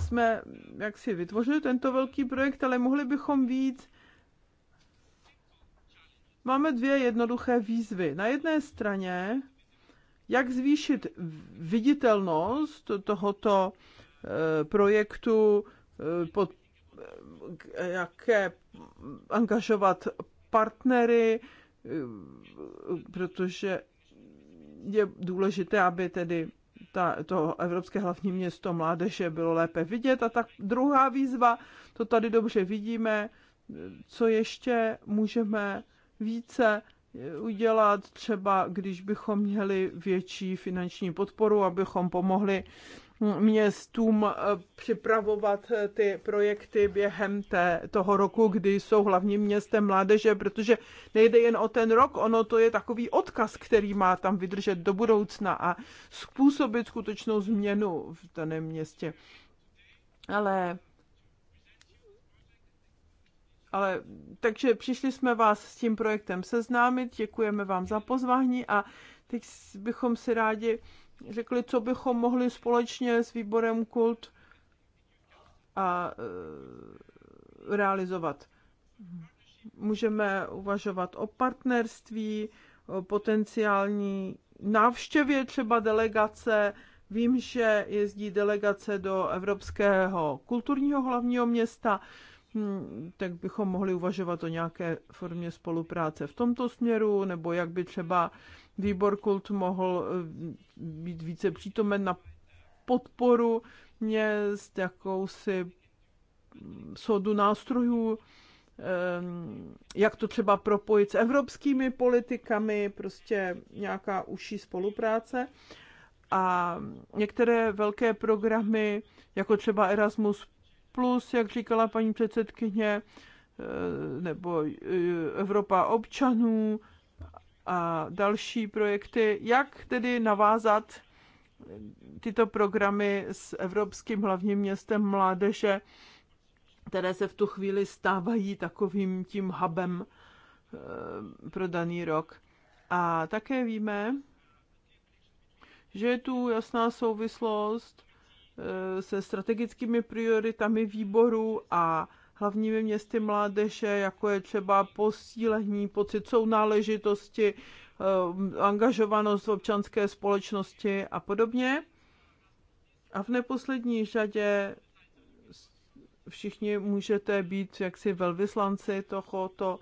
jsme jaksi vytvořili tento velký projekt, ale mohli bychom víc. Máme dvě jednoduché výzvy. Na jedné straně, jak zvýšit viditelnost tohoto eh, projektu Eh, pod, eh, jaké angažovat partnery, eh, protože je důležité, aby tedy ta, to Evropské hlavní město mládeže bylo lépe vidět. A tak druhá výzva, to tady dobře vidíme, co ještě můžeme více udělat, třeba když bychom měli větší finanční podporu, abychom pomohli městům eh, připravovat eh, ty projekty během té, toho roku, kdy jsou hlavním městem mládeže, protože nejde jen o ten rok, ono to je takový odkaz, který má tam vydržet do budoucna a způsobit skutečnou změnu v daném městě. Ale ale takže přišli jsme vás s tím projektem seznámit, děkujeme vám za pozvání a teď bychom si rádi řekli, co bychom mohli společně s výborem kult a e, realizovat. Můžeme uvažovat o partnerství, o potenciální návštěvě třeba delegace. Vím, že jezdí delegace do Evropského kulturního hlavního města, hm, tak bychom mohli uvažovat o nějaké formě spolupráce v tomto směru, nebo jak by třeba výbor kult mohl eh, být více přítomen na podporu měst, jakousi mm, soudu nástrojů, eh, jak to třeba propojit s evropskými politikami, prostě nějaká užší spolupráce. A některé velké programy, jako třeba Erasmus+, plus, jak říkala paní předsedkyně, eh, nebo Evropa občanů, a další projekty, jak tedy navázat tyto programy s Evropským hlavním městem mládeže, které se v tu chvíli stávají takovým tím hubem eh, pro daný rok. A také víme, že je tu jasná souvislost eh, se strategickými prioritami výboru a hlavními městy mládeže, jako je třeba posílení pocit sounáležitosti, eh, angažovanost v občanské společnosti a podobně. A v neposlední řadě všichni můžete být jaksi velvyslanci tohoto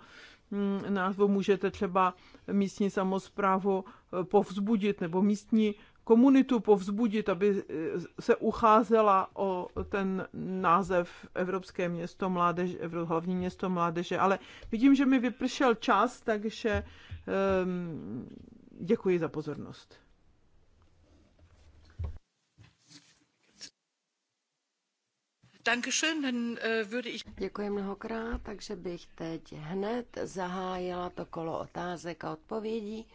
hm, názvu, můžete třeba místní samozprávu eh, povzbudit nebo místní komunitu povzbudit, aby eh, se ucházela o ten název Evropské město mládeže, hlavní město mládeže, ale vidím, že mi vypršel čas, takže um, děkuji za pozornost. Eh, děkuji mnohokrát, takže bych teď hned zahájila to kolo otázek a odpovědí.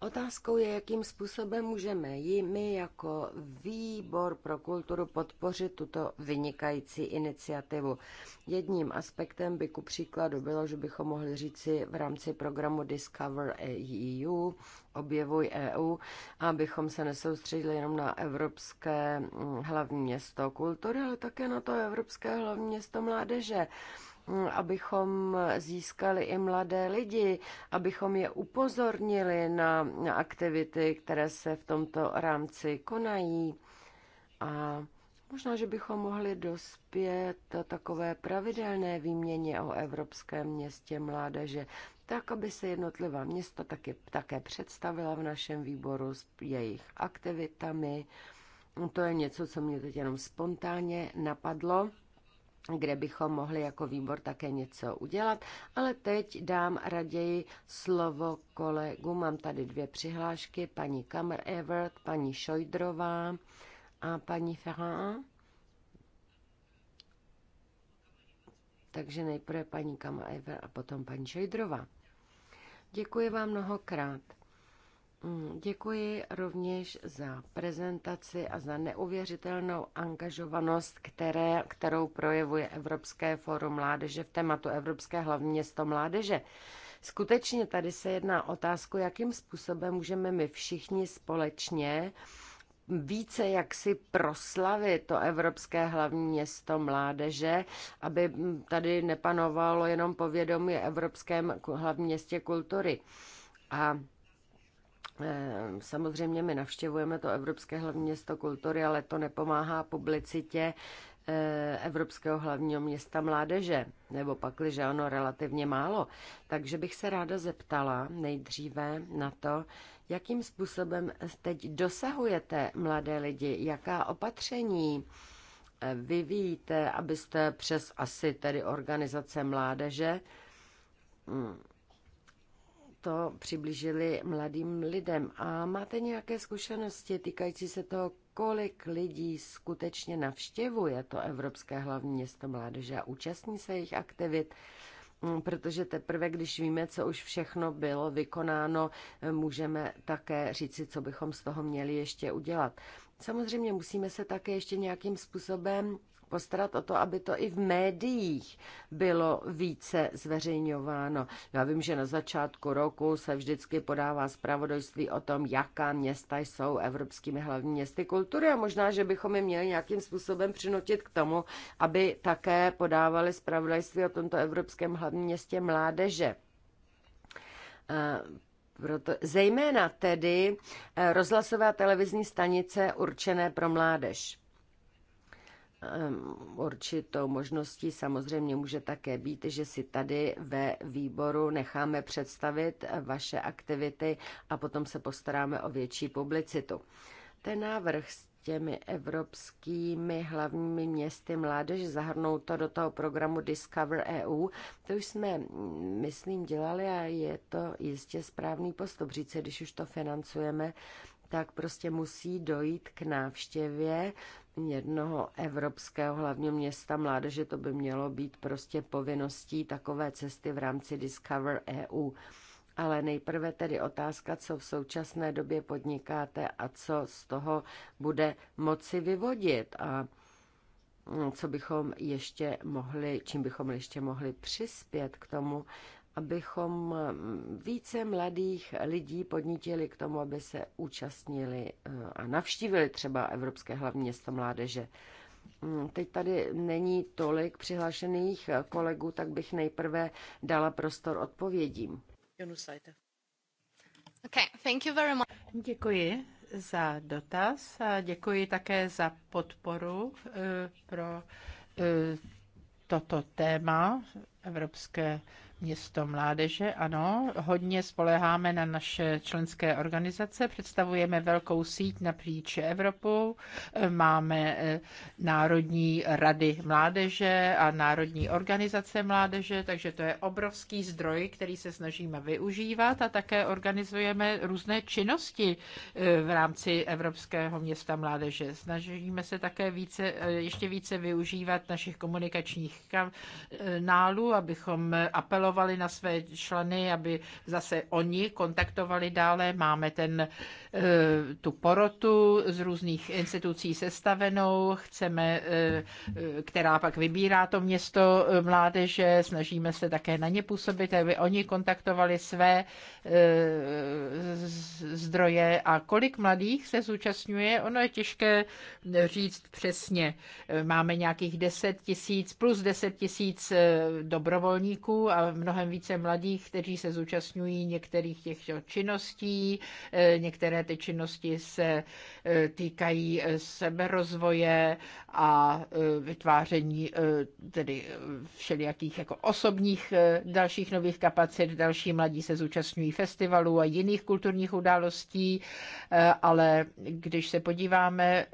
Otázkou je, jakým způsobem můžeme ji my jako výbor pro kulturu podpořit tuto vynikající iniciativu. Jedním aspektem by ku příkladu bylo, že bychom mohli říci v rámci programu Discover EU, objevuj EU, abychom se nesoustředili jenom na evropské mm, hlavní město kultury, ale také na to evropské hlavní město mládeže abychom získali i mladé lidi, abychom je upozornili na, na aktivity, které se v tomto rámci konají. A možná, že bychom mohli dospět takové pravidelné výměně o Evropském městě mládeže, tak, aby se jednotlivá města taky, také představila v našem výboru s jejich aktivitami. To je něco, co mě teď jenom spontánně napadlo kde bychom mohli jako výbor také něco udělat. Ale teď dám raději slovo kolegu. Mám tady dvě přihlášky, paní Kamer Evert, paní Šojdrová a paní Ferrand. Takže nejprve paní Kamer Evert a potom paní Šojdrová. Děkuji vám mnohokrát. Mm, děkuji rovněž za prezentaci a za neuvěřitelnou angažovanost, které, kterou projevuje Evropské fórum mládeže v tématu Evropské hlavní město mládeže. Skutečně tady se jedná otázku, jakým způsobem můžeme my všichni společně více jak si proslavit to Evropské hlavní město mládeže, aby tady nepanovalo jenom povědomí o Evropském hlavním městě kultury. A Ehm, samozřejmě my navštěvujeme to Evropské hlavní město kultury, ale to nepomáhá publicitě eh, Evropského hlavního města mládeže, nebo pakliže ono relativně málo. Takže bych se ráda zeptala nejdříve na to, jakým způsobem teď dosahujete mladé lidi, jaká opatření eh, vyvíjíte, abyste přes asi tedy organizace mládeže hm, to přiblížili mladým lidem. A máte nějaké zkušenosti týkající se toho, kolik lidí skutečně navštěvuje to Evropské hlavní město mládeže a účastní se jejich aktivit? Mm, protože teprve, když víme, co už všechno bylo vykonáno, eh, můžeme také říci, co bychom z toho měli ještě udělat. Samozřejmě musíme se také ještě nějakým způsobem postarat o to, aby to i v médiích bylo více zveřejňováno. Já vím, že na začátku roku se vždycky podává zpravodajství o tom, jaká města jsou evropskými hlavní městy kultury a možná, že bychom je měli nějakým způsobem přinutit k tomu, aby také podávali zpravodajství o tomto evropském hlavním městě mládeže. Proto, zejména tedy eh, rozhlasové a televizní stanice určené pro mládež. Ehm, určitou možností samozřejmě může také být, že si tady ve výboru necháme představit vaše aktivity a potom se postaráme o větší publicitu. Ten návrh s těmi evropskými hlavními městy mládež, zahrnout to do toho programu Discover EU. To už jsme, myslím, dělali a je to jistě správný postup. Říct když už to financujeme, tak prostě musí dojít k návštěvě jednoho evropského hlavního města mládeže, to by mělo být prostě povinností takové cesty v rámci Discover EU. Ale nejprve tedy otázka, co v současné době podnikáte a co z toho bude moci vyvodit a mm, co bychom ještě mohli, čím bychom ještě mohli přispět k tomu, abychom mm, více mladých lidí podnítili k tomu, aby se účastnili eh, a navštívili třeba Evropské hlavní město mládeže. Mm, teď tady není tolik přihlášených eh, kolegů, tak bych nejprve dala prostor odpovědím. thank you very much. Děkuji za dotaz a děkuji také za podporu eh, pro toto téma Evropské Město mládeže, ano, hodně spoleháme na naše členské organizace, představujeme velkou síť napříč Evropou, máme eh, Národní rady mládeže a Národní organizace mládeže, takže to je obrovský zdroj, který se snažíme využívat a také organizujeme různé činnosti eh, v rámci Evropského města mládeže. Snažíme se také více, eh, ještě více využívat našich komunikačních kanálů, abychom apelovali apelovali na své členy, aby zase oni kontaktovali dále. Máme ten, eh, tu porotu z různých institucí sestavenou, chceme, eh, která pak vybírá to město eh, mládeže, snažíme se také na ně působit, aby oni kontaktovali své zdroje a kolik mladých se zúčastňuje, ono je těžké říct přesně. Máme nějakých 10 tisíc, plus 10 tisíc dobrovolníků a mnohem více mladých, kteří se zúčastňují některých těchto činností. E, některé ty činnosti se e, týkají e, seberozvoje a vytváření tedy všelijakých jako osobních dalších nových kapacit. Další mladí se zúčastňují festivalů a jiných kulturních událostí, ale když se podíváme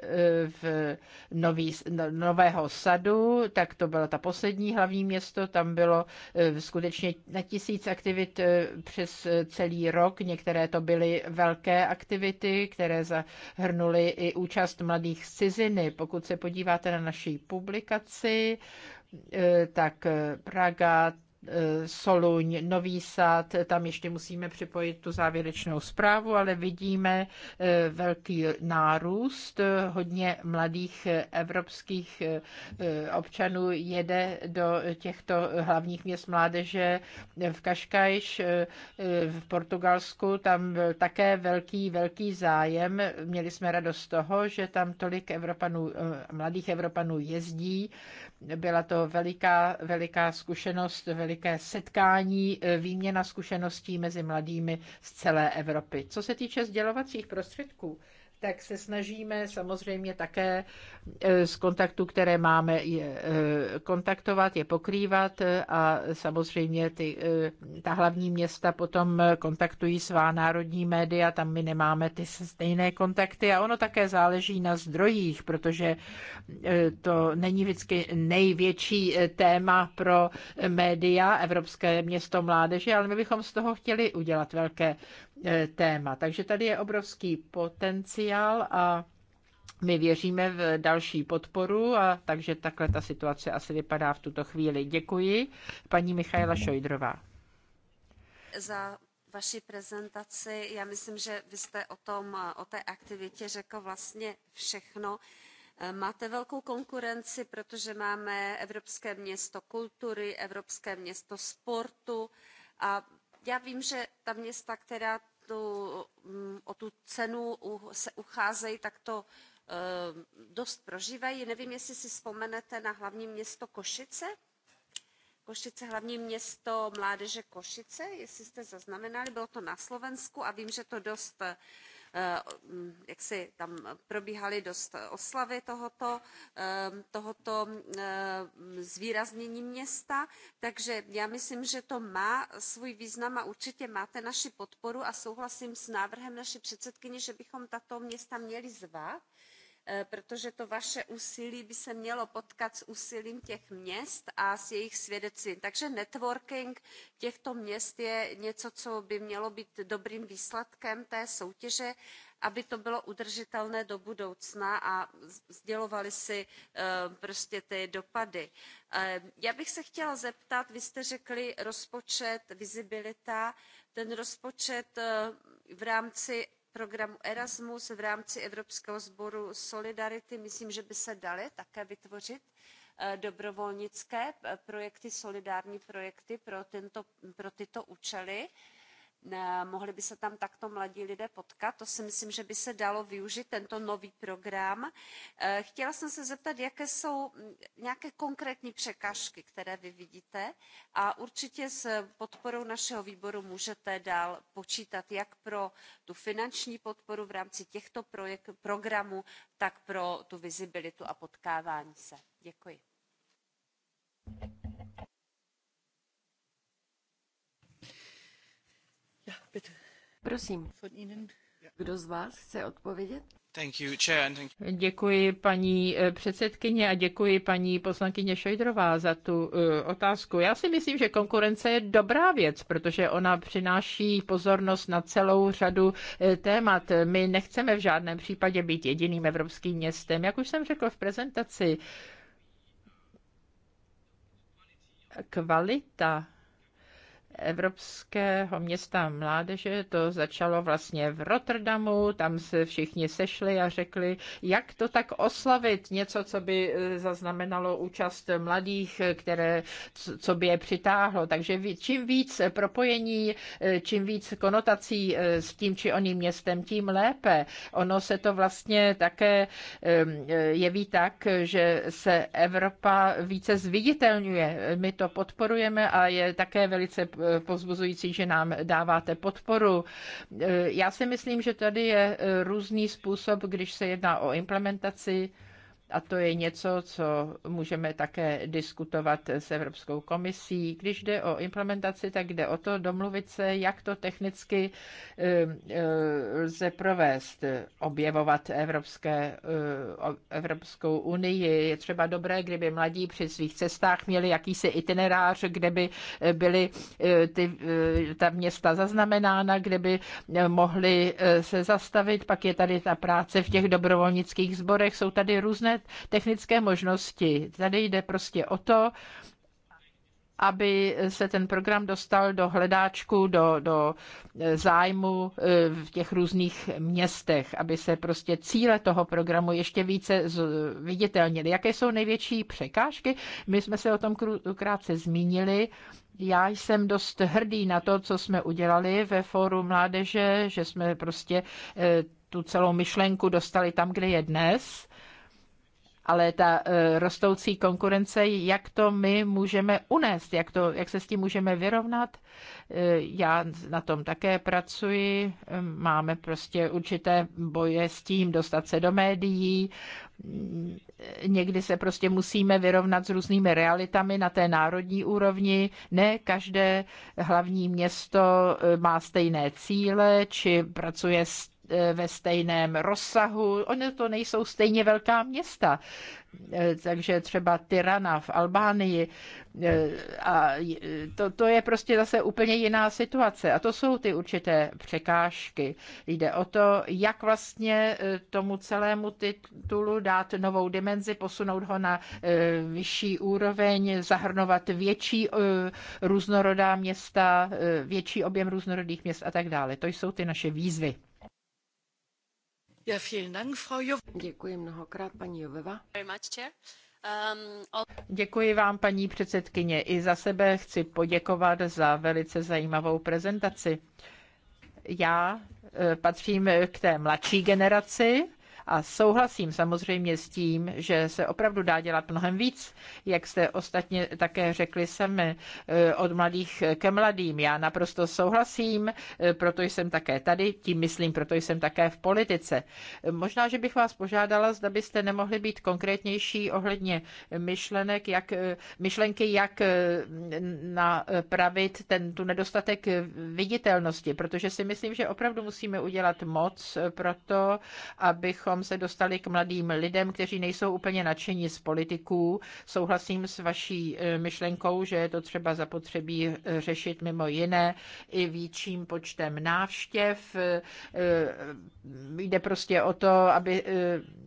v nový, nového sadu, tak to bylo ta poslední hlavní město, tam bylo skutečně skutečně na tisíc aktivit eh, přes eh, celý rok. Některé to byly velké aktivity, které zahrnuly i účast mladých z ciziny. Pokud se podíváte na naší publikaci, eh, tak Praga, Eh, Soluň, Nový Sad, tam ještě musíme připojit tu závěrečnou zprávu, ale vidíme eh, velký nárůst. Hodně mladých eh, evropských občanů jede do těchto hlavních měst mládeže v Kaškajš, v Portugalsku. Tam byl také velký, velký zájem. Měli jsme radost toho, že tam tolik Evropanů, mladých Evropanů jezdí. Byla to veliká, veliká zkušenost, veliká veliké setkání, e, výměna zkušeností mezi mladými z celé Evropy. Co se týče sdělovacích prostředků, tak se snažíme samozřejmě také eh, z kontaktů, které máme, je eh, kontaktovat, je pokrývat eh, a samozřejmě ty, ta hlavní města potom kontaktují svá národní média, tam my nemáme ty stejné kontakty a ono také záleží na zdrojích, protože to není vždycky největší téma pro média Evropské město mládeže, ale my bychom z toho chtěli udělat velké E, téma. Takže tady je obrovský potenciál a my věříme v další podporu, a takže takhle ta situace asi vypadá v tuto chvíli. Děkuji. Paní Michaela Šojdrová. Za vaší prezentaci, já myslím, že vy jste o, tom, o té aktivitě řekl vlastně všechno. E, máte velkou konkurenci, protože máme Evropské město kultury, Evropské město sportu a já vím že ta města která tu, mm, o tu cenu se ucházejí tak to eh, dost prožívají. nevím jestli si vzpomenete na hlavní město košice košice hlavní město mládeže košice jestli jste zaznamenali bylo to na slovensku a vím že to dost eh, Eh, mm, jak si tam probíhaly dost oslavy tohoto, eh, tohoto eh, zvýraznění města, takže já myslím, že to má svůj význam a určitě máte naši podporu a souhlasím s návrhem naší předsedkyně, že bychom tato města měli zvát Eh, protože to vaše úsilí by se mělo potkat s úsilím těch měst a s jejich svědectvím. Takže networking těchto měst je něco, co by mělo být dobrým výsledkem té soutěže, aby to bylo udržitelné do budoucna a sdělovali si eh, prostě ty dopady. Eh, já bych se chtěla zeptat, vy jste řekli rozpočet, vizibilita, ten rozpočet v rámci programu Erasmus v rámci Evropského sboru Solidarity, myslím, že by se daly také vytvořit eh, dobrovolnické eh, projekty, solidární projekty pro, pro tyto účely mohli by se tam takto mladí lidé potkat. To si myslím, že by se dalo využít, tento nový program. Eh, chtěla jsem se zeptat, jaké jsou hm, nějaké konkrétní překážky, které vy vidíte a určitě s podporou našeho výboru můžete dál počítat jak pro tu finanční podporu v rámci těchto programů, tak pro tu vizibilitu a potkávání se. Děkuji. Ja, bitte. Prosím. Kdo z vás chce odpovědět? Děkuji paní eh, předsedkyně a děkuji paní poslankyně Šojdrová za tu eh, otázku. Já si myslím, že konkurence je dobrá věc, protože ona přináší pozornost na celou řadu eh, témat. My nechceme v žádném případě být jediným evropským městem. Jak už jsem řekl v prezentaci, kvalita Evropského města mládeže. To začalo vlastně v Rotterdamu, tam se všichni sešli a řekli, jak to tak oslavit, něco, co by eh, zaznamenalo účast mladých, eh, které, co by je přitáhlo. Takže čím víc propojení, eh, čím víc konotací s tím či oným městem, tím lépe. Ono se to vlastně také jeví tak, že se Evropa více zviditelňuje. My to podporujeme a je také velice pozbuzující, že nám dáváte podporu. E, já si myslím, že tady je e, různý způsob, když se jedná o implementaci a to je něco, co můžeme také diskutovat s Evropskou komisí. Když jde o implementaci, tak jde o to domluvit se, jak to technicky eh, eh, lze provést, objevovat Evropské, eh, Evropskou unii. Je třeba dobré, kdyby mladí při svých cestách měli jakýsi itinerář, kde by byly ty, ta města zaznamenána, kde by mohli se zastavit. Pak je tady ta práce v těch dobrovolnických sborech. Jsou tady různé technické možnosti. Tady jde prostě o to, aby se ten program dostal do hledáčku, do, do e, zájmu e, v těch různých městech, aby se prostě cíle toho programu ještě více viditelnily. Jaké jsou největší překážky? My jsme se o tom krátce zmínili. Já jsem dost hrdý na to, co jsme udělali ve Fóru mládeže, že jsme prostě e, tu celou myšlenku dostali tam, kde je dnes ale ta e, rostoucí konkurence, jak to my můžeme unést, jak, to, jak se s tím můžeme vyrovnat. E, já na tom také pracuji, máme prostě určité boje s tím, dostat se do médií, někdy se prostě musíme vyrovnat s různými realitami na té národní úrovni. Ne každé hlavní město e, má stejné cíle, či pracuje s Eh, ve stejném rozsahu. Oni to nejsou stejně velká města. Eh, takže třeba Tirana v Albánii. Eh, a to, to je prostě zase úplně jiná situace. A to jsou ty určité překážky. Jde o to, jak vlastně tomu celému titulu dát novou dimenzi, posunout ho na vyšší úroveň, zahrnovat větší různorodá města, větší objem různorodých měst a tak dále. To jsou ty naše výzvy. Děkuji mnohokrát, paní Joveva. Um, Děkuji vám, paní předsedkyně. I za sebe chci poděkovat za velice zajímavou prezentaci. Já eh, patřím k té mladší generaci, a souhlasím samozřejmě s tím, že se opravdu dá dělat mnohem víc, jak jste ostatně také řekli sami, eh, od mladých ke mladým. Já naprosto souhlasím, eh, proto jsem také tady, tím myslím, proto jsem také v politice. Eh, možná, že bych vás požádala, zda byste nemohli být konkrétnější ohledně myšlenek, jak, myšlenky, jak napravit ten, tu nedostatek viditelnosti, protože si myslím, že opravdu musíme udělat moc pro to, abychom abychom se dostali k mladým lidem, kteří nejsou úplně nadšení z politiků. Souhlasím s vaší e, myšlenkou, že je to třeba zapotřebí e, řešit mimo jiné i větším počtem návštěv. E, jde prostě o to, aby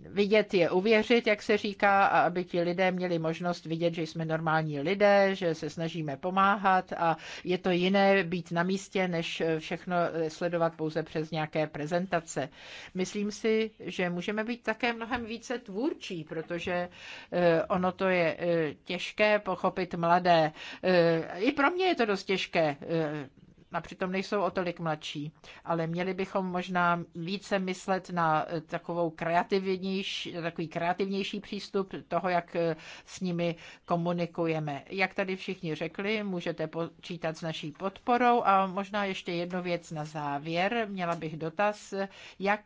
vidět je uvěřit, jak se říká, a aby ti lidé měli možnost vidět, že jsme normální lidé, že se snažíme pomáhat a je to jiné být na místě, než všechno sledovat pouze přes nějaké prezentace. Myslím si, že můžeme být také mnohem více tvůrčí, protože eh, ono to je eh, těžké pochopit mladé. Eh, I pro mě je to dost těžké a přitom nejsou o tolik mladší, ale měli bychom možná více myslet na takovou kreativnější, takový kreativnější přístup toho, jak s nimi komunikujeme. Jak tady všichni řekli, můžete počítat s naší podporou a možná ještě jednu věc na závěr. Měla bych dotaz, jak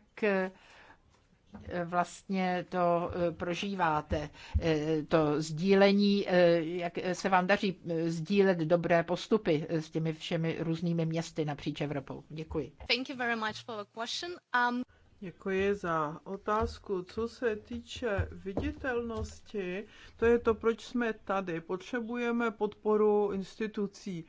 vlastně to e, prožíváte, e, to sdílení, e, jak se vám daří sdílet dobré postupy s těmi všemi různými městy napříč Evropou. Děkuji. Thank you very much for the question. Um... Děkuji za otázku. Co se týče viditelnosti, to je to, proč jsme tady. Potřebujeme podporu institucí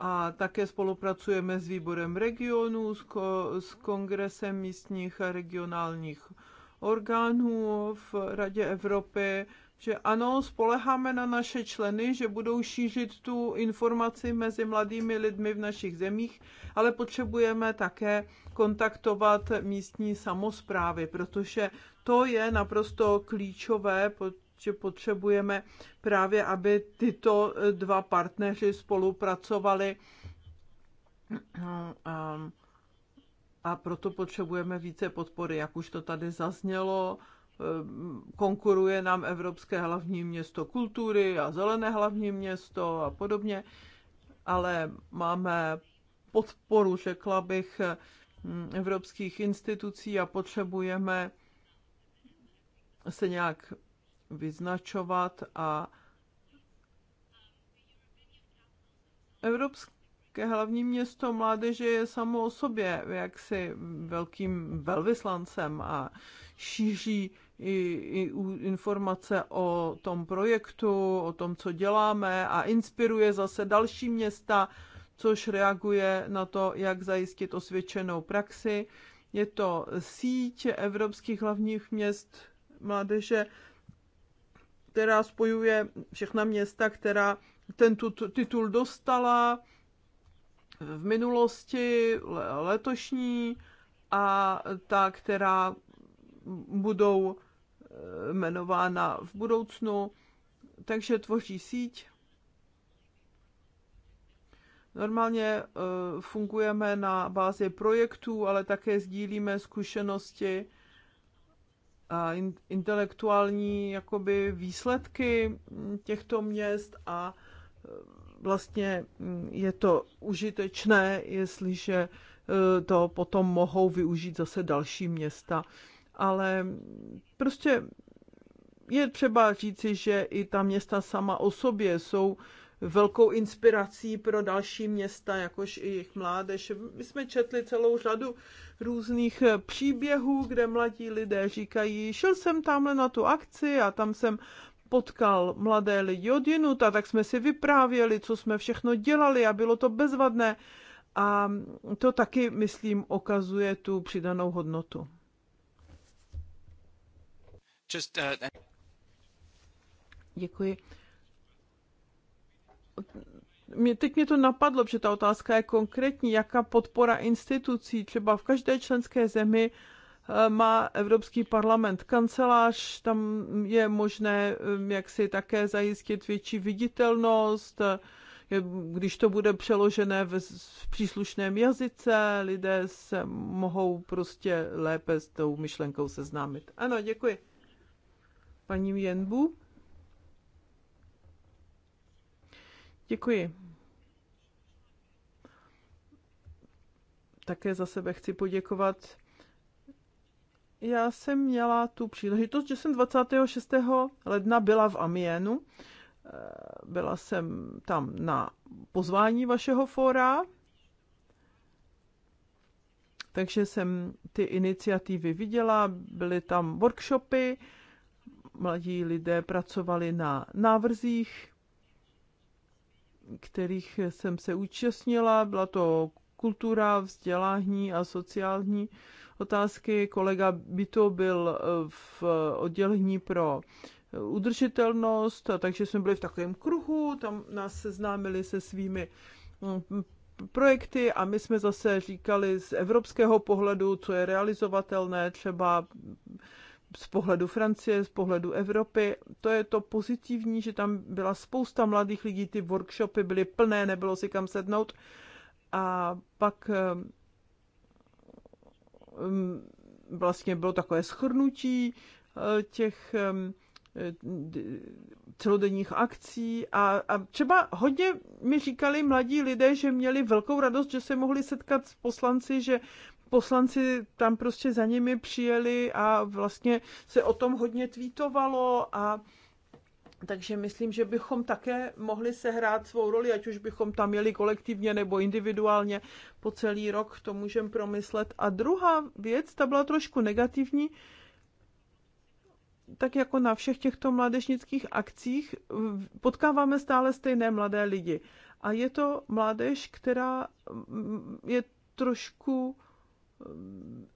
a také spolupracujeme s výborem regionů, s, ko- s kongresem místních a regionálních orgánů v Radě Evropy, že ano, spoleháme na naše členy, že budou šířit tu informaci mezi mladými lidmi v našich zemích, ale potřebujeme také kontaktovat místní samozprávy, protože to je naprosto klíčové, že potřebujeme právě, aby tyto dva partneři spolupracovali a proto potřebujeme více podpory, jak už to tady zaznělo. Eh, konkuruje nám Evropské hlavní město kultury a Zelené hlavní město a podobně, ale máme podporu, řekla bych, mm, evropských institucí a potřebujeme se nějak vyznačovat a Evropský ke hlavní město mládeže je samo o sobě jaksi velkým velvyslancem a šíří i, i informace o tom projektu, o tom, co děláme a inspiruje zase další města, což reaguje na to, jak zajistit osvědčenou praxi. Je to síť evropských hlavních měst mládeže, která spojuje všechna města, která tento titul dostala, v minulosti, letošní a ta, která budou eh, jmenována v budoucnu. Takže tvoří síť. Normálně eh, fungujeme na bázi projektů, ale také sdílíme zkušenosti a intelektuální jakoby výsledky těchto měst a eh, vlastně mm, je to užitečné, jestliže e, to potom mohou využít zase další města. Ale mm, prostě je třeba říci, že i ta města sama o sobě jsou velkou inspirací pro další města, jakož i jejich mládež. My jsme četli celou řadu různých e, příběhů, kde mladí lidé říkají, šel jsem tamhle na tu akci a tam jsem potkal mladé lidi od jinuta, tak jsme si vyprávěli, co jsme všechno dělali a bylo to bezvadné. A to taky, myslím, okazuje tu přidanou hodnotu. Just, uh... Děkuji. Mě, teď mě to napadlo, že ta otázka je konkrétní, jaká podpora institucí třeba v každé členské zemi uh, Eh, má Evropský parlament kancelář, tam je možné eh, jak si také zajistit větší viditelnost, eh, když to bude přeložené v, příslušném jazyce, lidé se mohou prostě lépe s tou myšlenkou seznámit. Ano, děkuji. Paní Jenbu? Děkuji. Také za sebe chci poděkovat já jsem měla tu příležitost, že jsem 26. ledna byla v Amienu. Eh, byla jsem tam na pozvání vašeho fóra, takže jsem ty iniciativy viděla, byly tam workshopy, mladí lidé pracovali na návrzích, kterých jsem se účastnila. Byla to kultura, vzdělání a sociální otázky. Kolega by to byl eh, v oddělení pro udržitelnost, takže jsme byli v takovém kruhu, tam nás seznámili se svými mm, projekty a my jsme zase říkali z evropského pohledu, co je realizovatelné, třeba z pohledu Francie, z pohledu Evropy. To je to pozitivní, že tam byla spousta mladých lidí, ty workshopy byly plné, nebylo si kam sednout. A pak eh, vlastně bylo takové schrnutí eh, těch eh, celodenních akcí a, a třeba hodně mi říkali mladí lidé, že měli velkou radost, že se mohli setkat s poslanci, že poslanci tam prostě za nimi přijeli a vlastně se o tom hodně tweetovalo a takže myslím, že bychom také mohli sehrát svou roli, ať už bychom tam jeli kolektivně nebo individuálně po celý rok, to můžeme promyslet. A druhá věc, ta byla trošku negativní, tak jako na všech těchto mládežnických akcích potkáváme stále stejné mladé lidi. A je to mládež, která mm, je trošku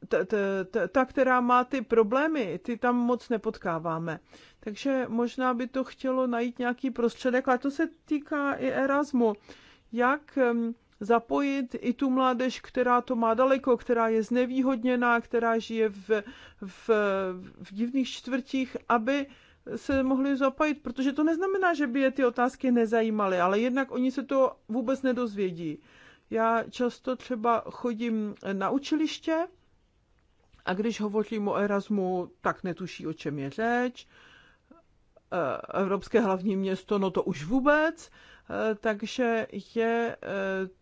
ta, ta, ta, ta, která má ty problémy, ty tam moc nepotkáváme. Takže možná by to chtělo najít nějaký prostředek, ale to se týká i Erasmu. Jak zapojit i tu mládež, která to má daleko, která je znevýhodněná, která žije v, v, v divných čtvrtích, aby se mohli zapojit, protože to neznamená, že by je ty otázky nezajímaly, ale jednak oni se to vůbec nedozvědí. Já často třeba chodím na učiliště a když hovořím o Erasmu, tak netuší, o čem je řeč. Eh, Evropské hlavní město, no to už vůbec. Eh, takže je eh,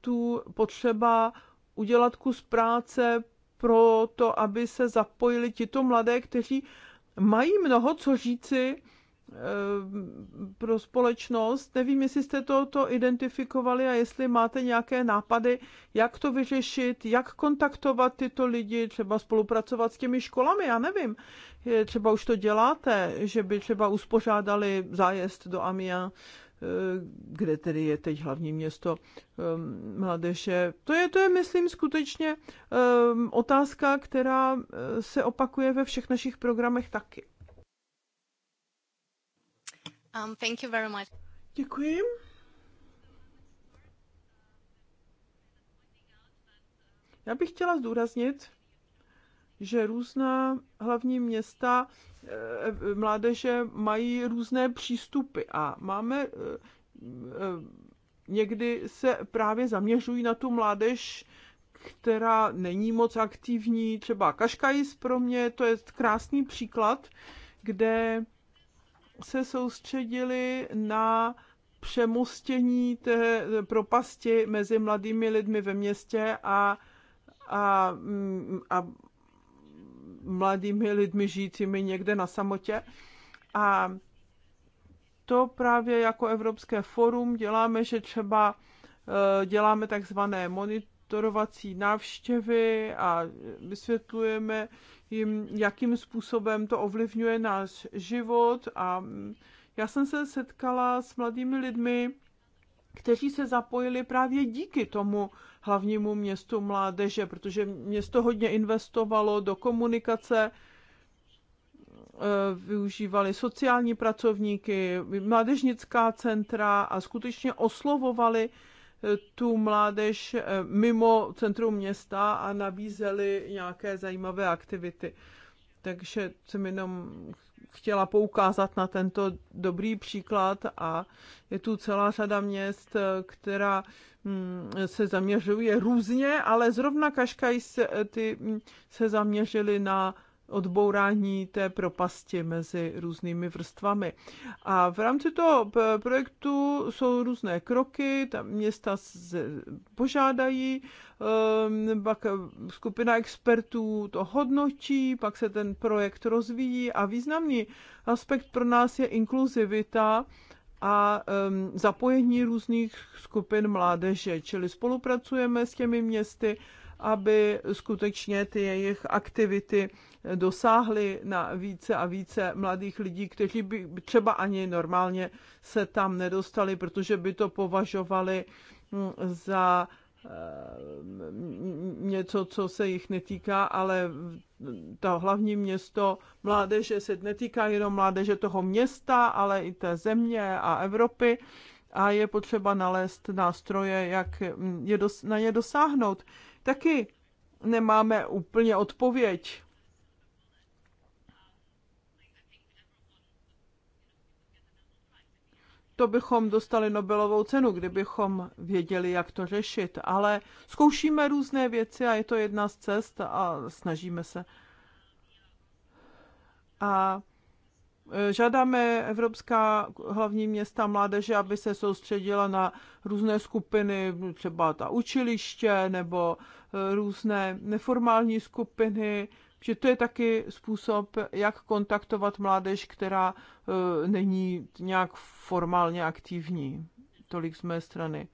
tu potřeba udělat kus práce pro to, aby se zapojili tito mladé, kteří mají mnoho co říci, Eh, pro společnost. Nevím, jestli jste to, to identifikovali a jestli máte nějaké nápady, jak to vyřešit, jak kontaktovat tyto lidi, třeba spolupracovat s těmi školami, já nevím. Třeba už to děláte, že by třeba uspořádali zájezd do Amia, eh, kde tedy je teď hlavní město eh, mladeže. To je, to je myslím, skutečně otázka, která se opakuje ve všech našich programech taky. Um, thank you very much. Děkuji. Já bych chtěla zdůraznit, že různá hlavní města eh, mládeže mají různé přístupy a máme eh, eh, někdy se právě zaměřují na tu mládež, která není moc aktivní. Třeba Kaškajs pro mě to je krásný příklad, kde se soustředili na přemostění té propasti mezi mladými lidmi ve městě a, a, a mladými lidmi žijícími někde na samotě. A to právě jako Evropské forum děláme, že třeba eh, děláme takzvané monitorovací návštěvy a vysvětlujeme jakým způsobem to ovlivňuje náš život. A mm, já jsem se setkala s mladými lidmi, kteří se zapojili právě díky tomu hlavnímu městu mládeže, protože město hodně investovalo do komunikace, e, využívali sociální pracovníky, mládežnická centra a skutečně oslovovali tu mládež eh, mimo centrum města a nabízeli nějaké zajímavé aktivity. Takže jsem jenom chtěla poukázat na tento dobrý příklad a je tu celá řada měst, eh, která mm, se zaměřuje různě, ale zrovna Kaškaj se, eh, ty mm, se zaměřili na odbourání té propasti mezi různými vrstvami. A v rámci toho projektu jsou různé kroky, tam města požádají, ehm, pak skupina expertů to hodnotí, pak se ten projekt rozvíjí a významný aspekt pro nás je inkluzivita, a um, zapojení různých skupin mládeže. Čili spolupracujeme s těmi městy, aby skutečně ty jejich aktivity dosáhli na více a více mladých lidí, kteří by třeba ani normálně se tam nedostali, protože by to považovali mm, za eh, něco, co se jich netýká, ale to hlavní město mládeže se netýká jenom mládeže toho města, ale i té země a Evropy a je potřeba nalézt nástroje, jak je dos- na ně dosáhnout. Taky nemáme úplně odpověď to bychom dostali Nobelovou cenu, kdybychom věděli, jak to řešit. Ale zkoušíme různé věci a je to jedna z cest a snažíme se. A e, Žádáme Evropská hlavní města mládeže, aby se soustředila na různé skupiny, třeba ta učiliště nebo e, různé neformální skupiny, že to je taky způsob, jak kontaktovat mládež, která e, není nějak formálně aktivní. Tolik z mé strany.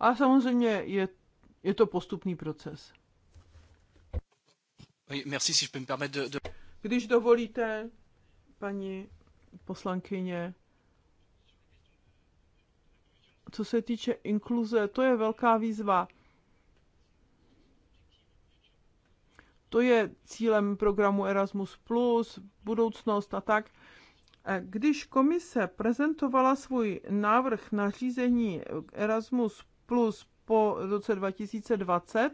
A samozřejmě je, je to postupný proces. Merci, si je de... Když dovolíte, paní poslankyně, co se týče inkluze, to je velká výzva. To je cílem programu Erasmus+, budoucnost a tak. Když komise prezentovala svůj návrh na řízení Erasmus Plus po roce 2020,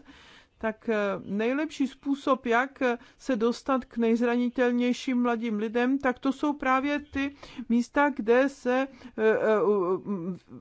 tak eh, nejlepší způsob, jak eh, se dostat k nejzranitelnějším mladým lidem, tak to jsou právě ty místa, kde se eh,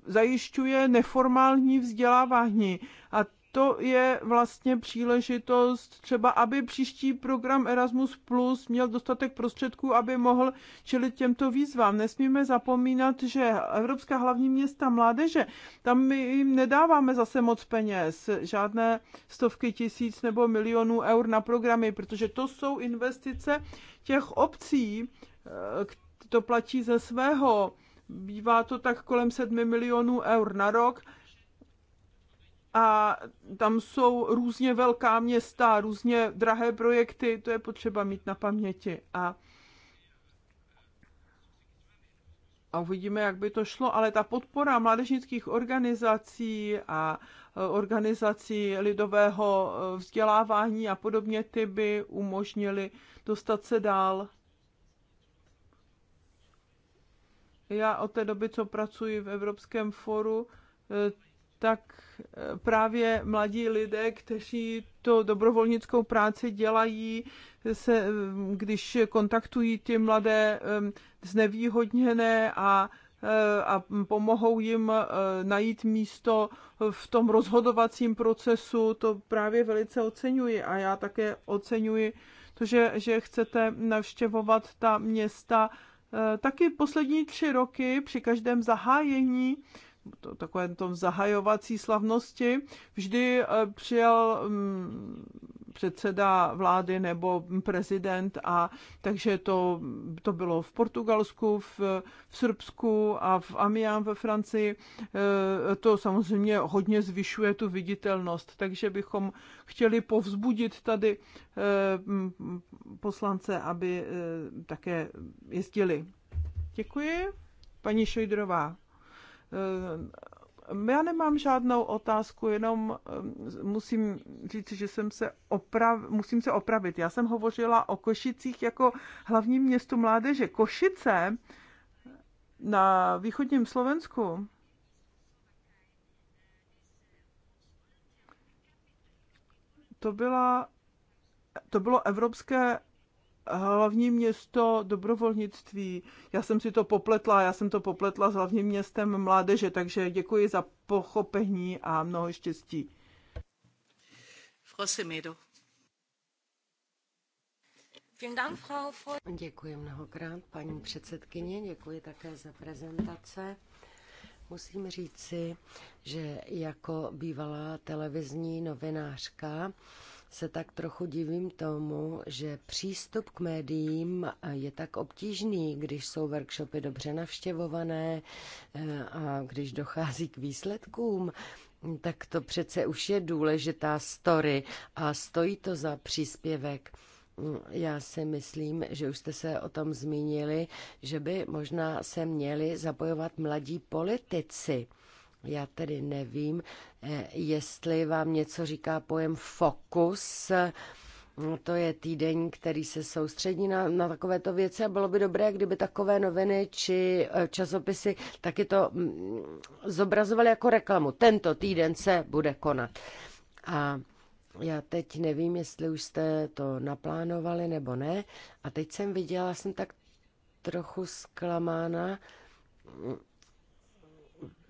zajišťuje neformální vzdělávání. A to je vlastně příležitost třeba, aby příští program Erasmus Plus měl dostatek prostředků, aby mohl čelit těmto výzvám. Nesmíme zapomínat, že Evropská hlavní města mládeže, tam my jim nedáváme zase moc peněz, žádné stovky tisíc nebo milionů eur na programy, protože to jsou investice těch obcí, eh, to platí ze svého. Bývá to tak kolem 7 milionů eur na rok a tam jsou různě velká města, různě drahé projekty, to je potřeba mít na paměti. A a uvidíme, jak by to šlo, ale ta podpora mládežnických organizací a e, organizací lidového e, vzdělávání a podobně, ty by umožnili dostat se dál. Já od té doby, co pracuji v Evropském foru, e, tak eh, právě mladí lidé, kteří to dobrovolnickou práci dělají, se, mm, když kontaktují ty mladé mm, znevýhodněné a eh, a pomohou jim eh, najít místo v tom rozhodovacím procesu, to právě velice oceňuji a já také oceňuji to, že, že chcete navštěvovat ta města. Taky poslední tři roky při každém zahájení to, takovém tom zahajovací slavnosti vždy eh, přijel mm, předseda vlády nebo prezident a takže to, to bylo v Portugalsku, v, v Srbsku a v Amiens ve Francii. Eh, to samozřejmě hodně zvyšuje tu viditelnost, takže bychom chtěli povzbudit tady eh, mm, poslance, aby také jezdili. Děkuji. Paní Šojdrová. Ehm, já nemám žádnou otázku, jenom ehm, musím říct, že jsem se oprav, musím se opravit. Já jsem hovořila o Košicích jako hlavním městu mládeže. Košice na východním Slovensku to byla to bylo evropské hlavní město dobrovolnictví. Já jsem si to popletla, já jsem to popletla s hlavním městem mládeže, takže děkuji za pochopení a mnoho štěstí. Frau Děkuji mnohokrát, paní předsedkyně, děkuji také za prezentace. Musím říci, že jako bývalá televizní novinářka se tak trochu divím tomu, že přístup k médiím je tak obtížný, když jsou workshopy dobře navštěvované eh, a když dochází k výsledkům, tak to přece už je důležitá story a stojí to za příspěvek. Já si myslím, že už jste se o tom zmínili, že by možná se měli zapojovat mladí politici já tedy nevím, eh, jestli vám něco říká pojem fokus. Mm, to je týden, který se soustředí na, na takovéto věci a bylo by dobré, kdyby takové noviny či eh, časopisy taky to mm, zobrazovaly jako reklamu. Tento týden se bude konat. A já teď nevím, jestli už jste to naplánovali nebo ne. A teď jsem viděla, jsem tak trochu zklamána, mm,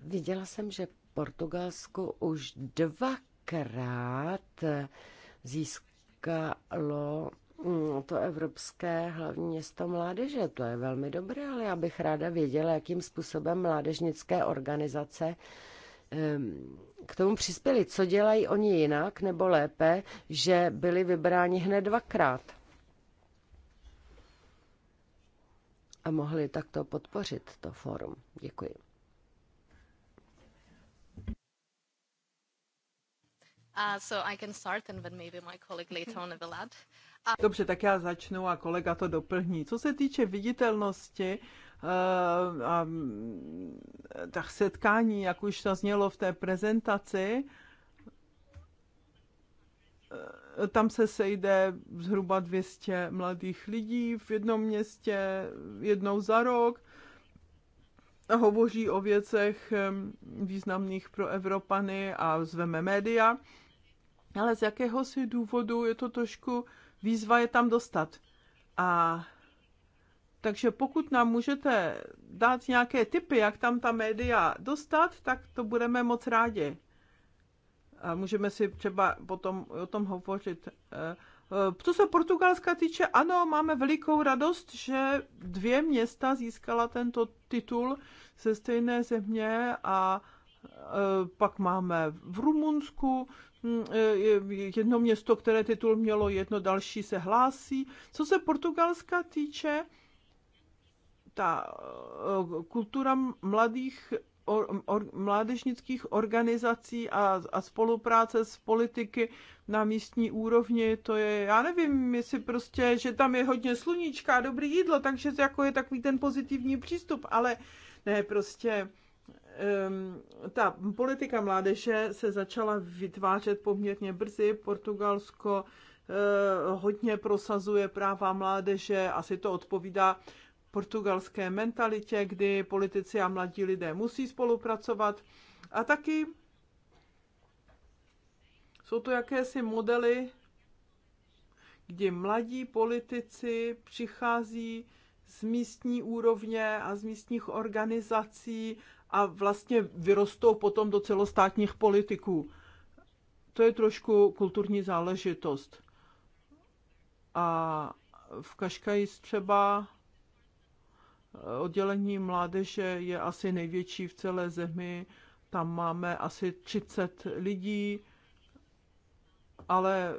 Viděla jsem, že Portugalsko už dvakrát získalo mm, to Evropské hlavní město mládeže. To je velmi dobré, ale já bych ráda věděla, jakým způsobem mládežnické organizace k tomu přispěli. Co dělají oni jinak, nebo lépe, že byli vybráni hned dvakrát? A mohli takto podpořit to forum. Děkuji. Uh, Dobře, tak já začnu a kolega to doplní. Co se týče viditelnosti, uh, a, mm, tak setkání, jak už to znělo v té prezentaci, eh, tam se sejde zhruba 200 mladých lidí v jednom městě jednou za rok hovoří o věcech významných pro Evropany a zveme média, ale z jakéhosi důvodu je to trošku výzva je tam dostat. A takže pokud nám můžete dát nějaké tipy, jak tam ta média dostat, tak to budeme moc rádi. A můžeme si třeba potom o tom hovořit. Eh, co se Portugalska týče, ano, máme velikou radost, že dvě města získala tento titul ze stejné země a eh, pak máme v Rumunsku hm, eh, jedno město, které titul mělo, jedno další se hlásí. Co se Portugalska týče, ta eh, kultura mladých or, or, mládežnických organizací a, a spolupráce s politiky na místní úrovni, to je, já nevím, jestli prostě, že tam je hodně sluníčka a dobrý jídlo, takže jako je takový ten pozitivní přístup, ale ne, prostě ta politika mládeže se začala vytvářet poměrně brzy. Portugalsko eh, hodně prosazuje práva mládeže, asi to odpovídá portugalské mentalitě, kdy politici a mladí lidé musí spolupracovat. A taky jsou to jakési modely, kdy mladí politici přichází z místní úrovně a z místních organizací a vlastně vyrostou potom do celostátních politiků. To je trošku kulturní záležitost. A v Kaškaji třeba Oddělení mládeže je asi největší v celé zemi, tam máme asi 30 lidí, ale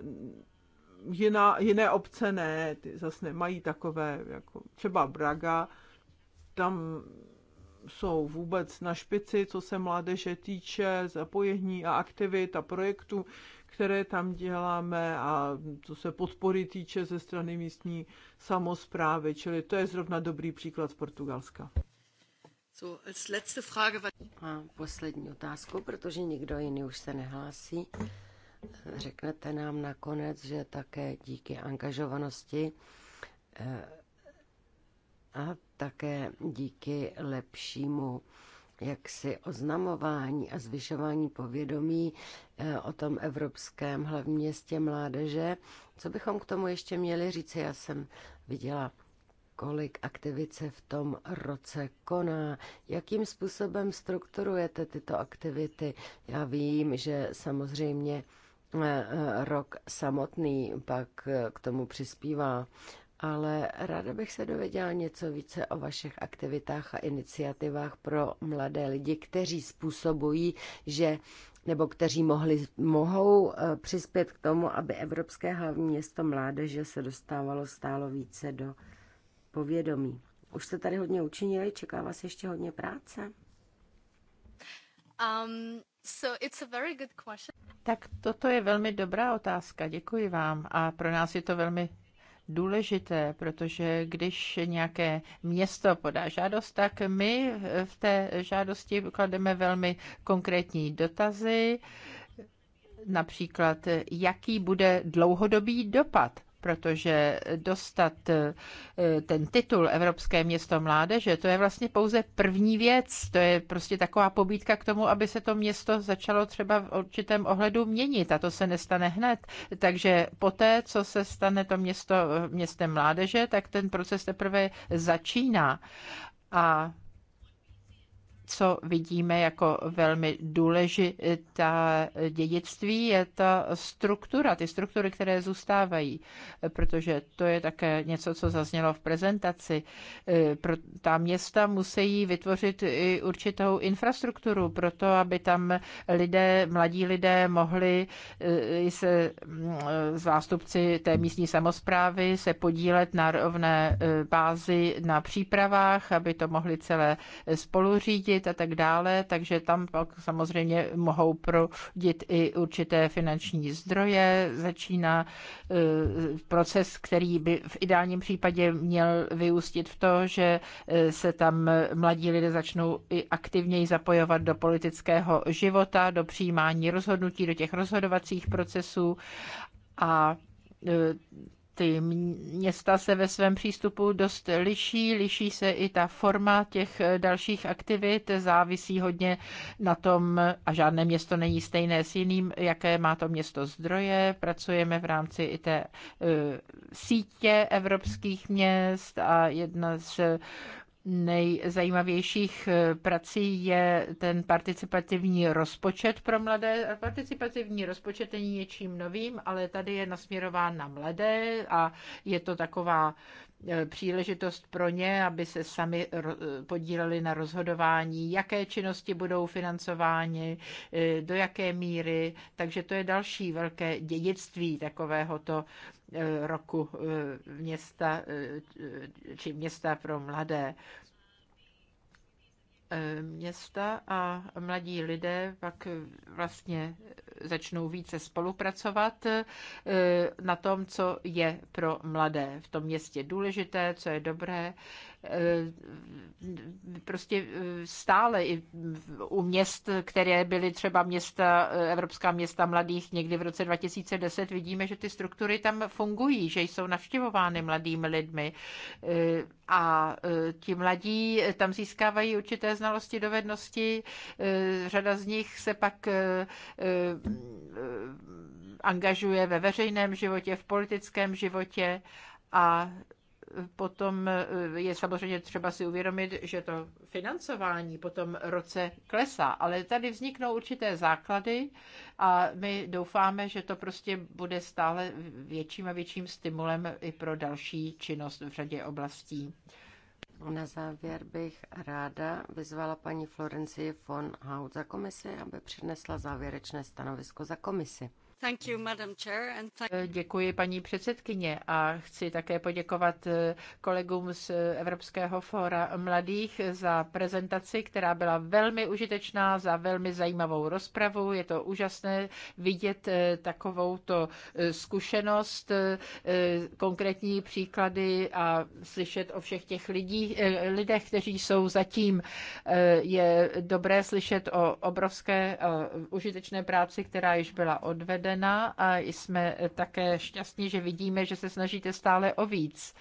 jiná, jiné obce ne, ty zase nemají takové, jako třeba Braga, tam jsou vůbec na špici, co se mládeže týče, zapojení a aktivit a projektů které tam děláme a co se podpory týče ze strany místní samozprávy, čili to je zrovna dobrý příklad z Portugalska. So, als letzte Frage, was... A poslední otázku, protože nikdo jiný už se nehlásí. Řeknete nám nakonec, že také díky angažovanosti eh, a také díky lepšímu jaksi oznamování a zvyšování povědomí eh, o tom evropském hlavním městě mládeže. Co bychom k tomu ještě měli říct? Já jsem viděla kolik aktivit se v tom roce koná, jakým způsobem strukturujete tyto aktivity. Já vím, že samozřejmě eh, eh, rok samotný pak k tomu přispívá, ale ráda bych se dověděla něco více o vašich aktivitách a iniciativách pro mladé lidi, kteří způsobují, že nebo kteří mohli, mohou eh, přispět k tomu, aby Evropské hlavní město mládeže se dostávalo stálo více do povědomí. Už jste tady hodně učinili, čeká vás ještě hodně práce? Um, so it's a very good question. Tak toto je velmi dobrá otázka, děkuji vám. A pro nás je to velmi důležité, protože když nějaké město podá žádost, tak my v té žádosti klademe velmi konkrétní dotazy, například jaký bude dlouhodobý dopad protože dostat e, ten titul Evropské město mládeže, to je vlastně pouze první věc, to je prostě taková pobídka k tomu, aby se to město začalo třeba v určitém ohledu měnit a to se nestane hned. Takže poté, co se stane to město e, městem mládeže, tak ten proces teprve začíná. A co vidíme jako velmi důležitá dědictví, je ta struktura, ty struktury, které zůstávají, protože to je také něco, co zaznělo v prezentaci. E, ta města musí vytvořit i určitou infrastrukturu pro to, aby tam lidé, mladí lidé mohli e, se mm, e, zástupci té místní samozprávy se podílet na rovné bázi na přípravách, aby to mohli celé spoluřídit aktivit a tak dále, takže tam pak samozřejmě mohou prodit i určité finanční zdroje. Začíná eh, proces, který by v ideálním případě měl vyústit v to, že eh, se tam mladí lidé začnou i aktivněji zapojovat do politického života, do přijímání rozhodnutí, do těch rozhodovacích procesů a eh, ty Města se ve svém přístupu dost liší, liší se i ta forma těch eh, dalších aktivit, závisí hodně na tom, a žádné město není stejné s jiným, jaké má to město zdroje. Pracujeme v rámci i té eh, sítě evropských měst a jedna z nejzajímavějších eh, prací je ten participativní rozpočet pro mladé. Participativní rozpočet není něčím novým, ale tady je nasměrován na mladé a je to taková Eh, příležitost pro ně, aby se sami eh, podíleli na rozhodování, jaké činnosti budou financovány, eh, do jaké míry. Takže to je další velké dědictví takovéhoto roku města či města pro mladé města a mladí lidé pak vlastně začnou více spolupracovat eh, na tom, co je pro mladé v tom městě důležité, co je dobré. Eh, prostě eh, stále i u měst, které byly třeba města, eh, evropská města mladých někdy v roce 2010, vidíme, že ty struktury tam fungují, že jsou navštěvovány mladými lidmi a ti mladí tam získávají určité znalosti, dovednosti, řada z nich se pak angažuje ve veřejném životě, v politickém životě a Potom eh, je samozřejmě třeba si uvědomit, že to financování potom roce klesá, ale tady vzniknou určité základy a my doufáme, že to prostě bude stále větším a větším stimulem i pro další činnost v řadě oblastí. Na závěr bych ráda vyzvala paní Florencii von Haut za komisi, aby přinesla závěrečné stanovisko za komisi. Eh, děkuji, paní předsedkyně, a chci také poděkovat eh, kolegům z Evropského fóra mladých za prezentaci, která byla velmi užitečná, za velmi zajímavou rozpravu. Je to úžasné vidět eh, takovou to zkušenost, konkrétní příklady a slyšet o všech těch lidí, lidech, kteří jsou zatím. Je dobré slyšet o obrovské užitečné práci, která již byla odvedena provedena a jsme také šťastní, že vidíme, že se snažíte stále o víc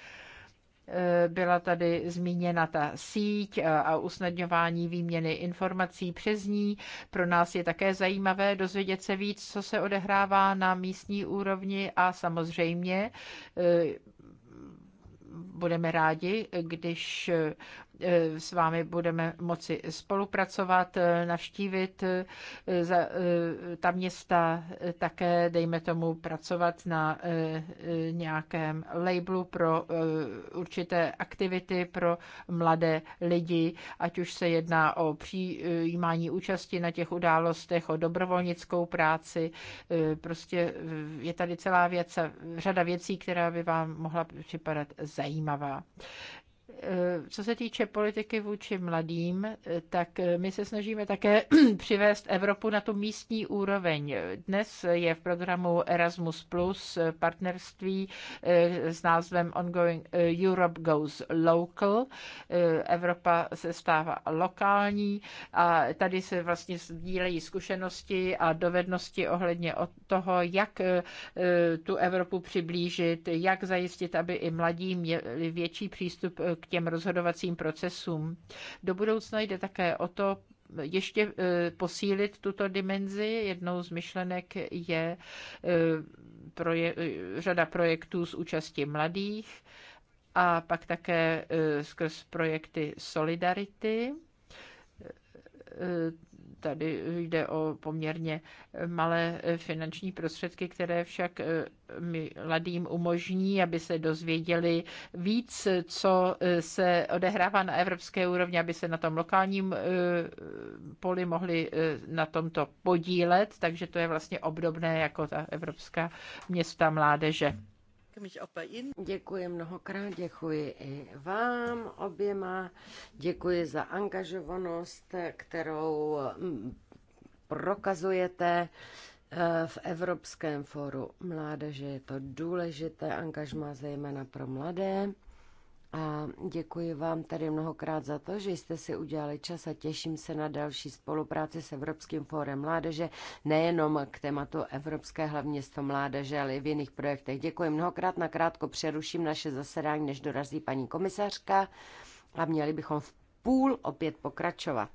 eh, byla tady zmíněna ta síť a usnadňování výměny informací přes ní. Pro nás je také zajímavé dozvědět se víc, co se odehrává na místní úrovni a samozřejmě eh, budeme rádi, když s vámi budeme moci spolupracovat, navštívit eh, za, eh, ta města, eh, také, dejme tomu, pracovat na nějakém labelu pro určité aktivity pro mladé lidi, ať už se jedná o přijímání účasti na těch událostech, o dobrovolnickou práci. Prostě je tady celá věc, řada věcí, která by vám mohla připadat zajímavá. Eh, co se týče politiky vůči mladým, eh, tak eh, my se snažíme také přivést Evropu na tu místní úroveň. Dnes je v programu Erasmus Plus partnerství s názvem Ongoing Europe Goes Local. Evropa se stává lokální a tady se vlastně sdílejí zkušenosti a dovednosti ohledně od toho, jak tu Evropu přiblížit, jak zajistit, aby i mladí měli větší přístup k těm rozhodovacím procesům. Do budoucna jde také o to ještě e, posílit tuto dimenzi. Jednou z myšlenek je e, proje- e, řada projektů s účastí mladých a pak také skrz projekty Solidarity Tady jde o poměrně malé finanční prostředky, které však eh, mladým umožní, aby se dozvěděli víc, co eh, se odehrává na evropské úrovni, aby se na tom lokálním eh, poli mohli na tomto podílet. Takže to je vlastně obdobné jako ta evropská města mládeže. Děkuji mnohokrát, děkuji i vám oběma. Děkuji za angažovanost, kterou mm, prokazujete eh, v Evropském fóru mládeže. Je to důležité angažma zejména pro mladé. A děkuji vám tady mnohokrát za to, že jste si udělali čas a těším se na další spolupráci s Evropským fórem mládeže, nejenom k tématu Evropské hlavní město mládeže, ale i v jiných projektech. Děkuji mnohokrát, nakrátko přeruším naše zasedání, než dorazí paní komisařka a měli bychom v půl opět pokračovat.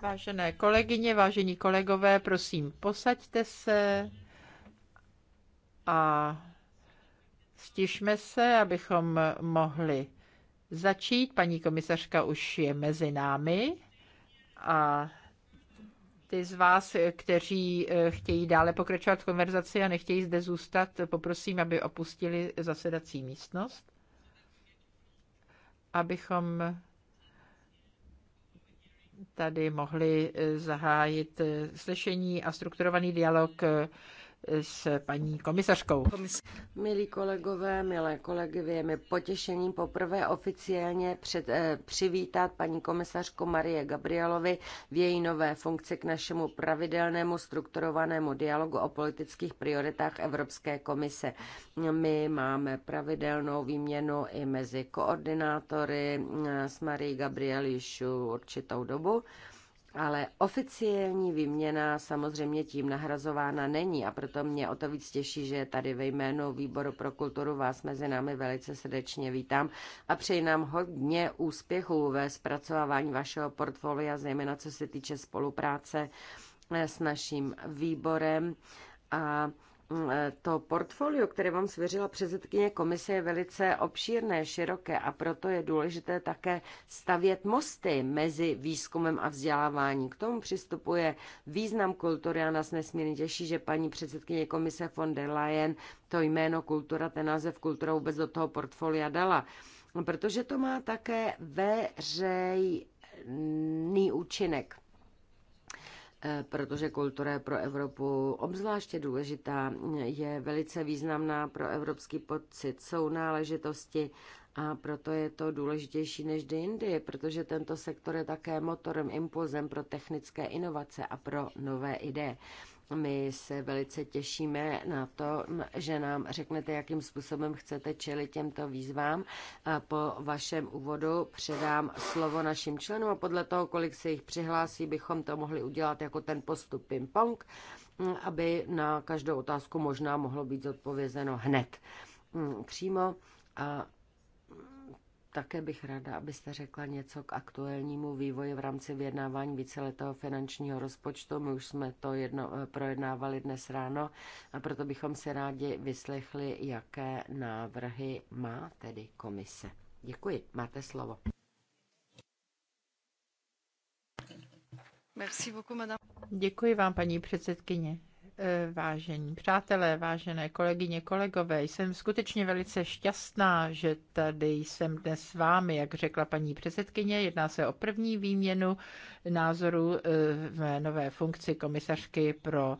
Vážené kolegyně, vážení kolegové, prosím, posaďte se a stišme se, abychom mohli začít. Paní komisařka už je mezi námi a ty z vás, kteří eh, chtějí dále pokračovat v konverzaci a nechtějí zde zůstat, poprosím, aby opustili zasedací místnost, abychom tady mohli eh, zahájit eh, slyšení a strukturovaný dialog eh, s paní komisařkou. Milí kolegové, milé kolegy, je mi potěšením poprvé oficiálně před, eh, přivítat paní komisařku Marie Gabrielovi v její nové funkci k našemu pravidelnému strukturovanému dialogu o politických prioritách Evropské komise. My máme pravidelnou výměnu i mezi koordinátory eh, s Marie Gabriel již určitou dobu. Eh, ale oficiální výměna samozřejmě tím nahrazována není a proto mě o to víc těší, že tady ve jménu Výboru pro kulturu vás mezi námi velice srdečně vítám a přeji nám hodně úspěchů ve zpracovávání vašeho portfolia, zejména co se týče spolupráce eh, s naším výborem a Mm, eh, to portfolio, které vám svěřila předsedkyně komise, je velice obšírné, široké a proto je důležité také stavět mosty mezi výzkumem a vzdělávání. K tomu přistupuje význam kultury a nás nesmírně těší, že paní předsedkyně komise von der Leyen to jméno kultura, ten název kultura vůbec do toho portfolia dala. Protože to má také veřejný účinek. Eh, protože kultura je pro Evropu obzvláště důležitá, je velice významná pro evropský pocit jsou náležitosti a proto je to důležitější než kdy jindy, protože tento sektor je také motorem, impulzem pro technické inovace a pro nové ideje. My se velice těšíme na to, že nám řeknete, jakým způsobem chcete čelit těmto výzvám. A po vašem úvodu předám slovo našim členům a podle toho, kolik se jich přihlásí, bychom to mohli udělat jako ten postup ping-pong, aby na každou otázku možná mohlo být zodpovězeno hned. Hmm, přímo a také bych ráda, abyste řekla něco k aktuálnímu vývoji v rámci vyjednávání víceletého finančního rozpočtu. My už jsme to jedno, eh, projednávali dnes ráno a proto bychom se rádi vyslechli, jaké návrhy má tedy komise. Děkuji, máte slovo. Děkuji vám, paní předsedkyně. Eh, vážení přátelé, vážené kolegyně, kolegové, jsem skutečně velice šťastná, že tady jsem dnes s vámi, jak řekla paní předsedkyně. Jedná se o první výměnu názorů eh, v nové funkci komisařky pro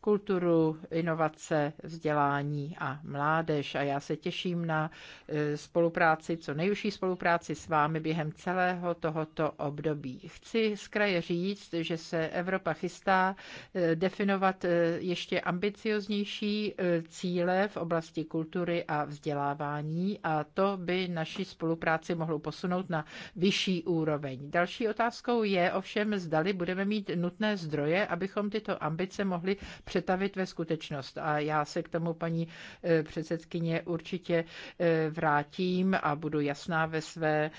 kulturu, inovace, vzdělání a mládež. A já se těším na eh, spolupráci, co nejužší spolupráci s vámi během celého tohoto období. Chci z kraje říct, že se Evropa chystá eh, definovat ještě ambicioznější cíle v oblasti kultury a vzdělávání a to by naši spolupráci mohlo posunout na vyšší úroveň. Další otázkou je ovšem, ovšem zdali budeme mít nutné zdroje, abychom tyto ambice mohli přetavit ve skutečnost. A já se k tomu, paní eh, předsedkyně, určitě eh, vrátím a budu jasná ve své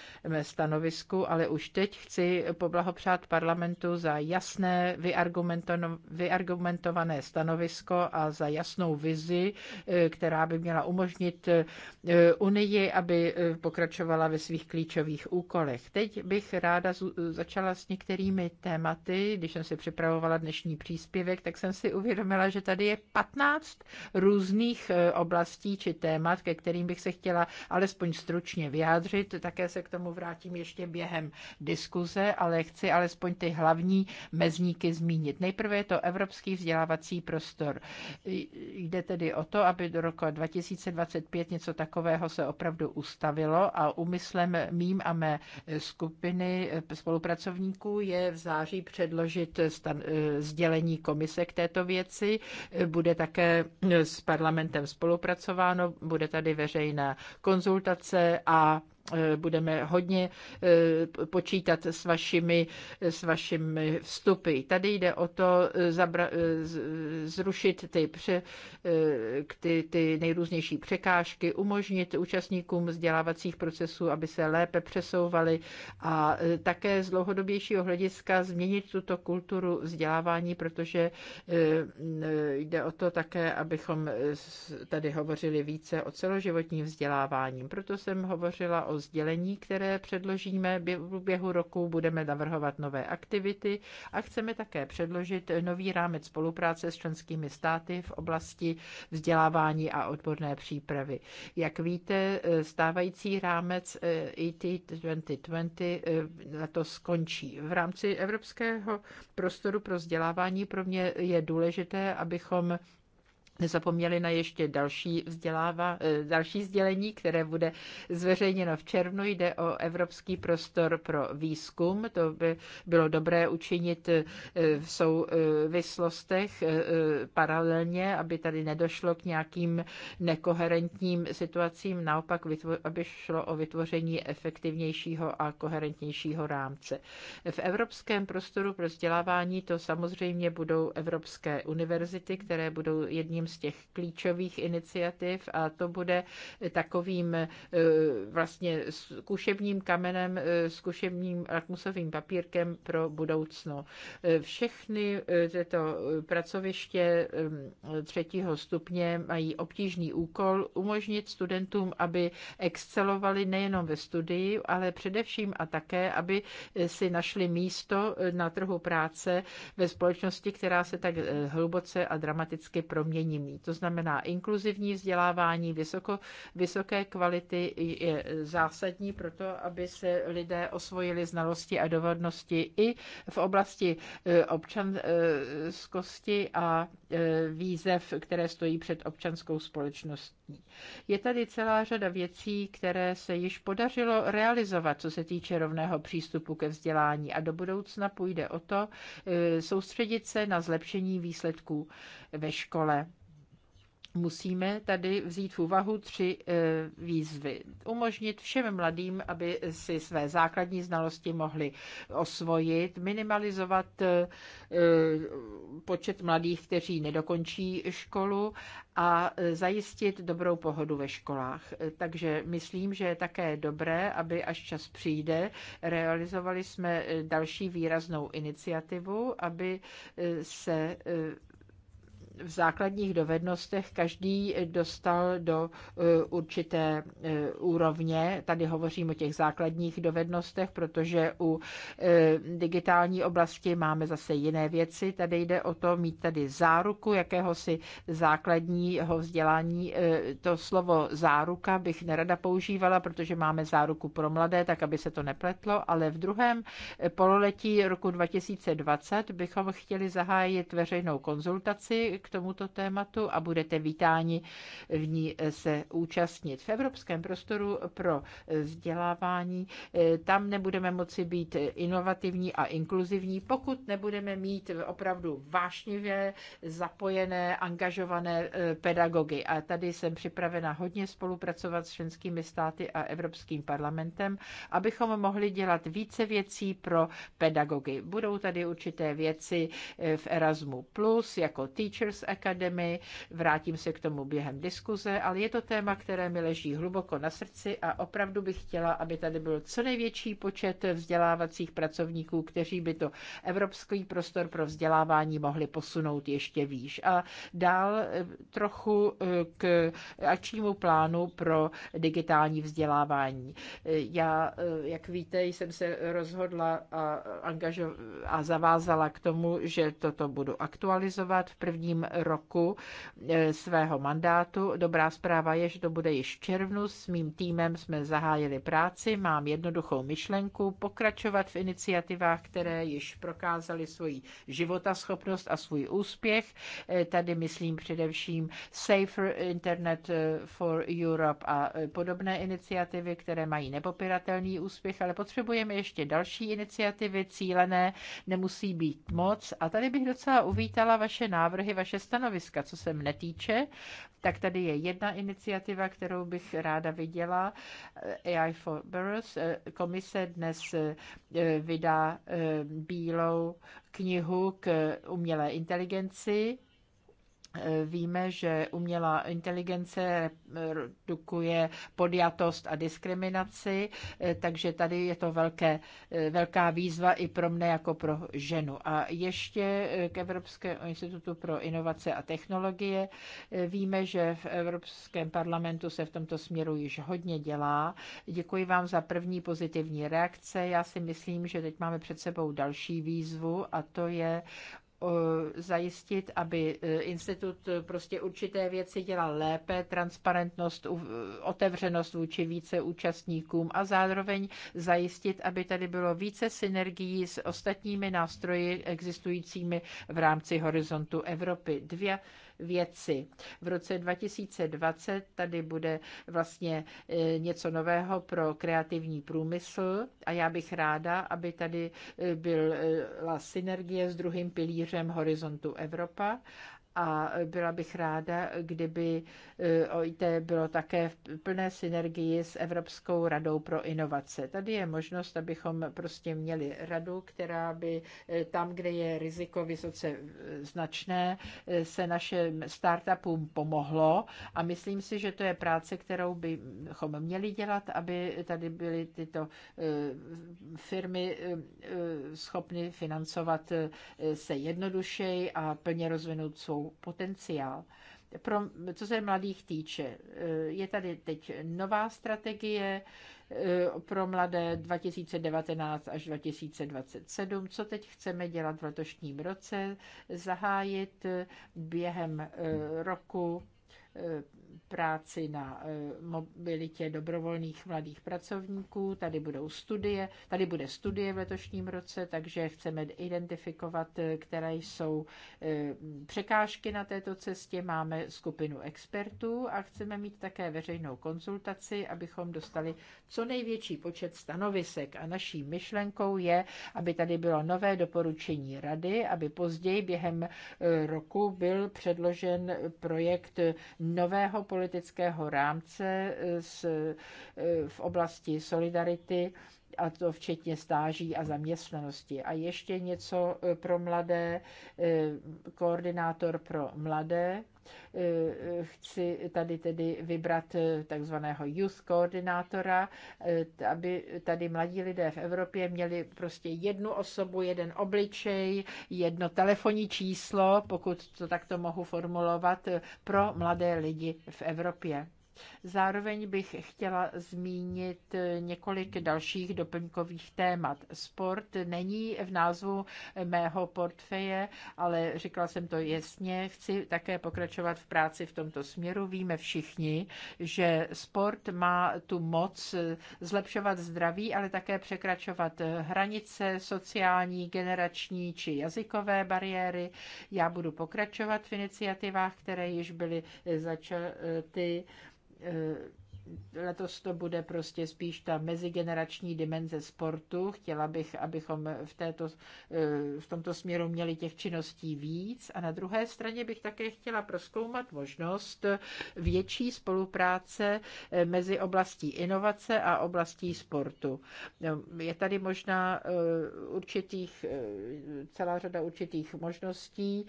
stanovisku, ale už teď chci poblahopřát parlamentu za jasné vyargumentované stanovisko a za jasnou vizi, eh, která by měla umožnit Unii, aby pokračovala ve svých klíčových úkolech. Teď bych ráda začala s některými některými tématy. Když jsem si připravovala dnešní příspěvek, tak jsem si uvědomila, že tady je 15 různých e, oblastí či témat, ke kterým bych se chtěla alespoň stručně vyjádřit. Také se k tomu vrátím ještě během diskuze, ale chci alespoň ty hlavní mezníky zmínit. Nejprve je to Evropský vzdělávací prostor. Jde tedy o to, aby do roku 2025 něco takového se opravdu ustavilo a úmyslem mým a mé skupiny e, spolupracovníků je v září předložit stan- eh, sdělení komise k této věci. Bude také s parlamentem spolupracováno, bude tady veřejná konzultace a Eh, budeme hodně eh, počítat s vašimi, s vašimi vstupy. Tady jde o to eh, zabra, zrušit ty, pře, ty, ty nejrůznější překážky, umožnit účastníkům vzdělávacích procesů, aby se lépe přesouvali a také z dlouhodobějšího hlediska změnit tuto kulturu vzdělávání, protože jde o to také, abychom tady hovořili více o celoživotním vzdělávání. Proto jsem hovořila o o sdělení, které předložíme v běhu roku, budeme navrhovat nové aktivity a chceme také předložit nový rámec spolupráce s členskými státy v oblasti vzdělávání a odborné přípravy. Jak víte, stávající rámec IT eh, e 2020 eh, na to skončí. V rámci evropského prostoru pro vzdělávání pro mě je důležité, abychom nezapomněli na ještě další, vzdělává, eh, další sdělení, které bude zveřejněno v červnu. Jde o Evropský prostor pro výzkum. To by bylo dobré učinit eh, v souvislostech eh, paralelně, aby tady nedošlo k nějakým nekoherentním situacím, naopak, aby šlo o vytvoření efektivnějšího a koherentnějšího rámce. V Evropském prostoru pro vzdělávání to samozřejmě budou Evropské univerzity, které budou jedním z z těch klíčových iniciativ a to bude takovým eh, vlastně zkušebním kamenem, eh, zkušebním lakmusovým papírkem pro budoucno. Eh, všechny tyto pracoviště třetího stupně mají obtížný úkol umožnit studentům, aby excelovali nejenom ve studii, ale především a také, aby si našli místo na trhu práce ve společnosti, která se tak hluboce a dramaticky promění neviditelnými. To znamená, inkluzivní vzdělávání vysoko, vysoké kvality je zásadní pro to, aby se lidé osvojili znalosti a dovednosti i v oblasti e, občanskosti a e, výzev, které stojí před občanskou společností. Je tady celá řada věcí, které se již podařilo realizovat, co se týče rovného přístupu ke vzdělání a do budoucna půjde o to e, soustředit se na zlepšení výsledků ve škole musíme tady vzít v úvahu tři eh, výzvy. Umožnit všem mladým, aby si své základní znalosti mohli osvojit, minimalizovat eh, počet mladých, kteří nedokončí školu a eh, zajistit dobrou pohodu ve školách. Takže myslím, že je také dobré, aby až čas přijde, realizovali jsme další výraznou iniciativu, aby se v základních dovednostech každý dostal do eh, určité eh, úrovně. Tady hovořím o těch základních dovednostech, protože u eh, digitální oblasti máme zase jiné věci. Tady jde o to mít tady záruku jakéhosi základního vzdělání. To slovo záruka bych nerada používala, protože máme záruku pro mladé, tak aby se to nepletlo, ale v druhém pololetí roku 2020 bychom chtěli zahájit veřejnou konzultaci, k tomuto tématu a budete vítáni v ní eh, se účastnit. V Evropském prostoru pro eh, vzdělávání eh, tam nebudeme moci být inovativní a inkluzivní, pokud nebudeme mít opravdu vášnivě zapojené, angažované pedagogy. A tady jsem připravena hodně spolupracovat s členskými státy a Evropským parlamentem, abychom mohli dělat více věcí pro pedagogy. Budou tady určité věci v Erasmu+, jako Teacher Teachers Academy. Vrátím se k tomu během diskuze, ale je to téma, které mi leží hluboko na srdci a opravdu bych chtěla, aby tady byl co největší počet vzdělávacích pracovníků, kteří by to evropský prostor pro vzdělávání mohli posunout ještě výš. A dál eh, trochu eh, k akčnímu plánu pro digitální vzdělávání. Eh, já, jak víte, jsem se rozhodla a, angažo- a zavázala k tomu, že toto budu aktualizovat v prvním roku eh, svého mandátu. Dobrá zpráva je, že to bude již v červnu. S mým týmem jsme zahájili práci. Mám jednoduchou myšlenku pokračovat v iniciativách, které již prokázaly svoji životaschopnost a svůj úspěch. Eh, tady myslím především Safer Internet eh, for Europe a podobné iniciativy, které mají nepopiratelný úspěch, ale potřebujeme ještě další iniciativy cílené, nemusí být moc. A tady bych docela uvítala vaše návrhy, vaše vaše stanoviska. Co se mne týče, tak tady je jedna iniciativa, kterou bych ráda viděla. Eh, AI for Burroughs. Eh, komise dnes eh, vydá bílou knihu k umělé inteligenci Víme, že umělá inteligence redukuje podjatost a diskriminaci, takže tady je to velké, velká výzva i pro mne jako pro ženu. A ještě k Evropskému institutu pro inovace a technologie. Víme, že v Evropském parlamentu se v tomto směru již hodně dělá. Děkuji vám za první pozitivní reakce. Já si myslím, že teď máme před sebou další výzvu a to je Eh, zajistit, aby eh, institut prostě určité věci dělal lépe, transparentnost, eh, otevřenost vůči více účastníkům a zároveň zajistit, aby tady bylo více synergií s ostatními nástroji existujícími v rámci horizontu Evropy. Dvě věci. V roce 2020 tady bude vlastně e, něco nového pro kreativní průmysl a já bych ráda, aby tady e, byla e, synergie s druhým pilířem Horizontu Evropa a byla bych ráda, kdyby eh, OIT bylo také v plné synergii s Evropskou radou pro inovace. Tady je možnost, abychom prostě měli radu, která by eh, tam, kde je riziko vysoce eh, značné, se našim startupům pomohlo a myslím si, že to je práce, kterou bychom měli dělat, aby tady byly tyto firmy schopny financovat se jednodušeji a plně rozvinout svou jsou potenciál. Pro, co se mladých týče, eh, je tady teď nová strategie eh, pro mladé 2019 až 2027. Co teď chceme dělat v letošním roce? Zahájit během eh, roku práci na eh, mobilitě dobrovolných mladých pracovníků. Tady budou studie, tady bude studie v letošním roce, takže chceme identifikovat, eh, které jsou eh, překážky na této cestě. Máme skupinu expertů a chceme mít také veřejnou konzultaci, abychom dostali co největší počet stanovisek. A naší myšlenkou je, aby tady bylo nové doporučení rady, aby později během roku byl předložen projekt nového politického politického rámce eh, s, eh, v oblasti solidarity a to včetně stáží a zaměstnanosti. A ještě něco eh, pro mladé, koordinátor pro mladé, Eh, chci tady tedy vybrat eh, takzvaného youth koordinátora, eh, aby tady mladí lidé v Evropě měli prostě jednu osobu, jeden obličej, jedno telefonní číslo, pokud to takto mohu formulovat, pro mladé lidi v Evropě. Zároveň bych chtěla zmínit několik dalších doplňkových témat. Sport není v názvu mého portfeje, ale říkala jsem to jasně. Chci také pokračovat v práci v tomto směru. Víme všichni, že sport má tu moc zlepšovat zdraví, ale také překračovat hranice sociální, generační či jazykové bariéry. Já budu pokračovat v iniciativách, které již byly začaty e, letos to bude prostě spíš ta mezigenerační dimenze sportu. Chtěla bych, abychom v, této, eh, v tomto směru měli těch činností víc. A na druhé straně bych také chtěla proskoumat možnost větší spolupráce eh, mezi oblastí inovace a oblastí sportu. Eh, je tady možná určitých, celá řada určitých možností,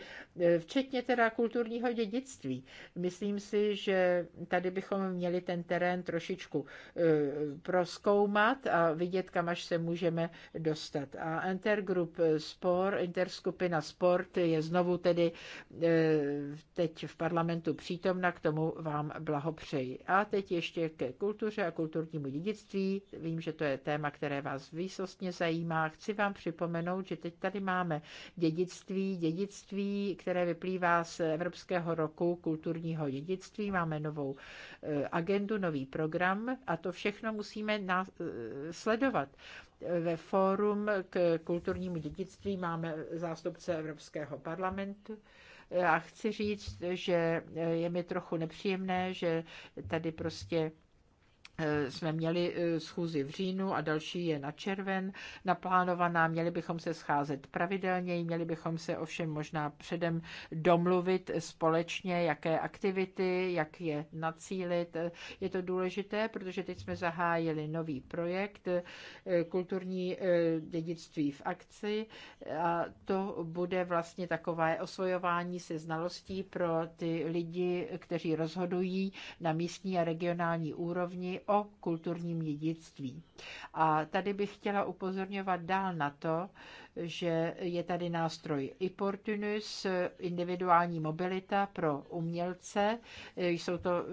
včetně teda kulturního dědictví. Myslím si, že tady bychom měli ten terén terén trošičku e, proskoumat a vidět, kam až se můžeme dostat. A Intergroup e, Sport, Interskupina Sport je znovu tedy e, teď v parlamentu přítomna, k tomu vám blahopřeji. A teď ještě ke kultuře a kulturnímu dědictví. Vím, že to je téma, které vás výsostně zajímá. Chci vám připomenout, že teď tady máme dědictví, dědictví, které vyplývá z Evropského roku kulturního dědictví. Máme novou agendu, nový nový program a to všechno musíme eh, sledovat. Ve fórum k kulturnímu dědictví máme zástupce Evropského parlamentu. Já chci říct, že je mi trochu nepříjemné, že tady prostě Eh, jsme měli eh, schůzi v říjnu a další je na červen naplánovaná. Měli bychom se scházet pravidelně, měli bychom se ovšem možná předem domluvit společně, jaké aktivity, jak je nacílit. Eh, je to důležité, protože teď jsme zahájili nový projekt Kulturní dědictví v akci a to bude vlastně takové osvojování se znalostí pro ty lidi, kteří rozhodují na místní a regionální úrovni o kulturním dědictví. A tady bych chtěla upozorňovat dál na to, že je tady nástroj Opportunus, individuální mobilita pro umělce. Jsou to eh,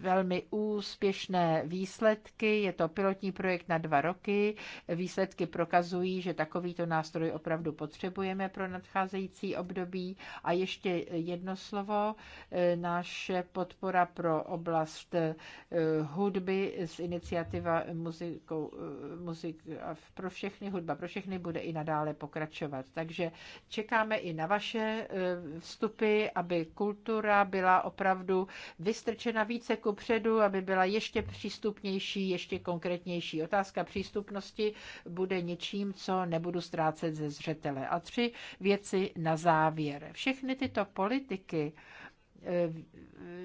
velmi úspěšné výsledky, je to pilotní projekt na dva roky. Výsledky prokazují, že takovýto nástroj opravdu potřebujeme pro nadcházející období. A ještě jedno slovo, eh, naše podpora pro oblast eh, hudby z iniciativa muzikou Eh, muzik pro všechny, hudba pro všechny bude i nadále pokračovat. Takže čekáme i na vaše eh, vstupy, aby kultura byla opravdu vystrčena více ku předu, aby byla ještě přístupnější, ještě konkrétnější. Otázka přístupnosti bude něčím, co nebudu ztrácet ze zřetele. A tři věci na závěr. Všechny tyto politiky, Eh,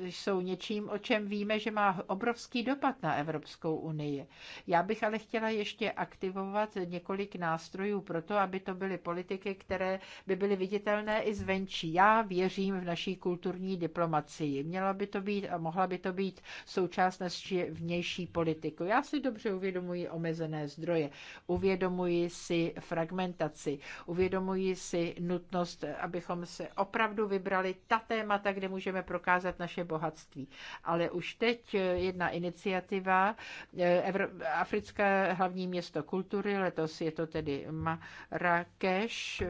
jsou něčím, o čem víme, že má obrovský dopad na Evropskou unii. Já bych ale chtěla ještě aktivovat několik nástrojů pro to, aby to byly politiky, které by byly viditelné i zvenčí. Já věřím v naší kulturní diplomacii. Měla by to být a mohla by to být součást naší vnější politiku. Já si dobře uvědomuji omezené zdroje, uvědomuji si fragmentaci, uvědomuji si nutnost, abychom se opravdu vybrali ta témata, kde můžeme můžeme prokázat naše bohatství. Ale už teď jedna iniciativa eh, Africké hlavní město kultury, letos je to tedy Marrakeš,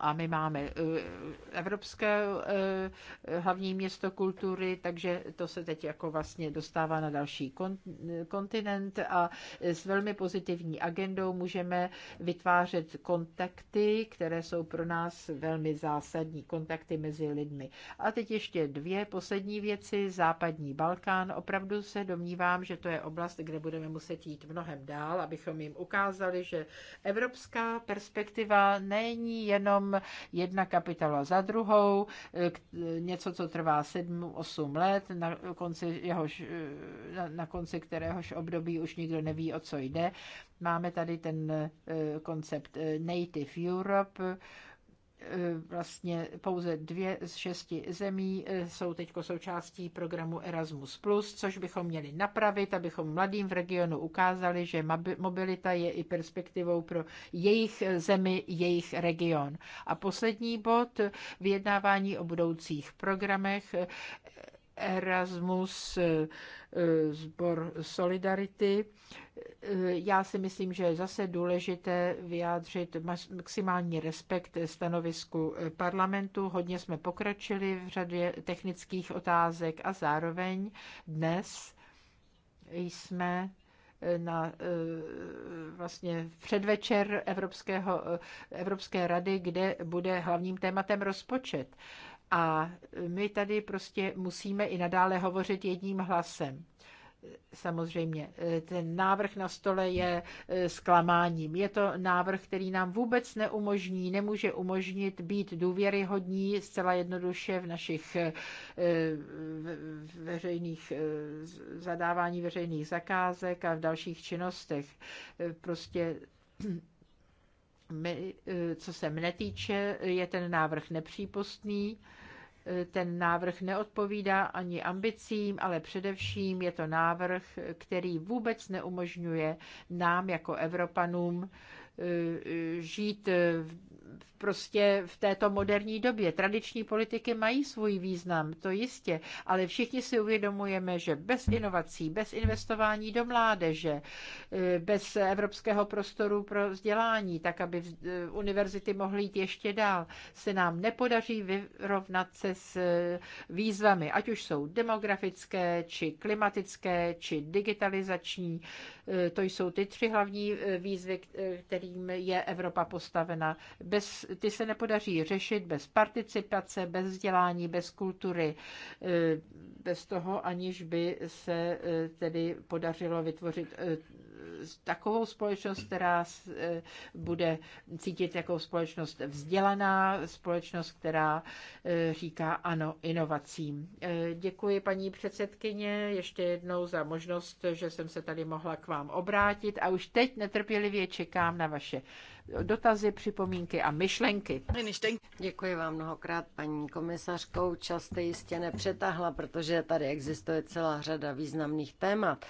a my máme eh, Evropské eh, hlavní město kultury, takže to se teď jako vlastně dostává na další kontinent a s velmi pozitivní agendou můžeme vytvářet kontakty, které jsou pro nás velmi zásadní, kontakty mezi lidmi. A teď ještě dvě poslední věci. Západní Balkán. Opravdu se domnívám, že to je oblast, kde budeme muset jít mnohem dál, abychom jim ukázali, že evropská perspektiva není jenom tom jedna kapitola za druhou, eh, eh, něco, co trvá 7-8 let, na konci, jehož, eh, na konci kteréhož období už nikdo neví, o co jde. Máme tady ten koncept Native Europe, Eh, vlastně pouze dvě z šesti zemí eh, jsou teď součástí programu Erasmus+, což bychom měli napravit, abychom mladým v regionu ukázali, že mobilita je i perspektivou pro jejich eh, zemi, jejich region. A poslední bod, vyjednávání o budoucích programech Erasmus, eh, eh, sbor Solidarity. Eh, já si myslím, že je zase důležité vyjádřit maximální respekt stanovisku parlamentu. Hodně jsme pokračili v řadě technických otázek a zároveň dnes jsme na vlastně předvečer Evropského, Evropské rady, kde bude hlavním tématem rozpočet. A my tady prostě musíme i nadále hovořit jedním hlasem samozřejmě. Ten návrh na stole je eh, zklamáním. Je to návrh, který nám vůbec neumožní, nemůže umožnit být důvěryhodní zcela jednoduše v našich eh, veřejných eh, zadávání veřejných zakázek a v dalších činnostech. Prostě my, co se mne týče, je ten návrh nepřípustný. Ten návrh neodpovídá ani ambicím, ale především je to návrh, který vůbec neumožňuje nám jako Evropanům eh, žít prostě v této moderní době. Tradiční politiky mají svůj význam, to jistě, ale všichni si uvědomujeme, že bez inovací, bez investování do mládeže, eh, bez evropského prostoru pro vzdělání, tak aby eh, univerzity mohly jít ještě dál, se nám nepodaří vyrovnat se s eh, výzvami, ať už jsou demografické, či klimatické, či digitalizační. To jsou ty tři hlavní výzvy, kterým je Evropa postavena. Bez bez, ty se nepodaří řešit bez participace, bez vzdělání, bez kultury, eh, bez toho, aniž by se eh, tedy podařilo vytvořit eh, takovou společnost, která bude cítit jako společnost vzdělaná, společnost, která říká ano inovacím. Děkuji paní předsedkyně ještě jednou za možnost, že jsem se tady mohla k vám obrátit a už teď netrpělivě čekám na vaše dotazy, připomínky a myšlenky. Děkuji vám mnohokrát, paní komisařkou. Čas jste jistě nepřetahla, protože tady existuje celá řada významných témat.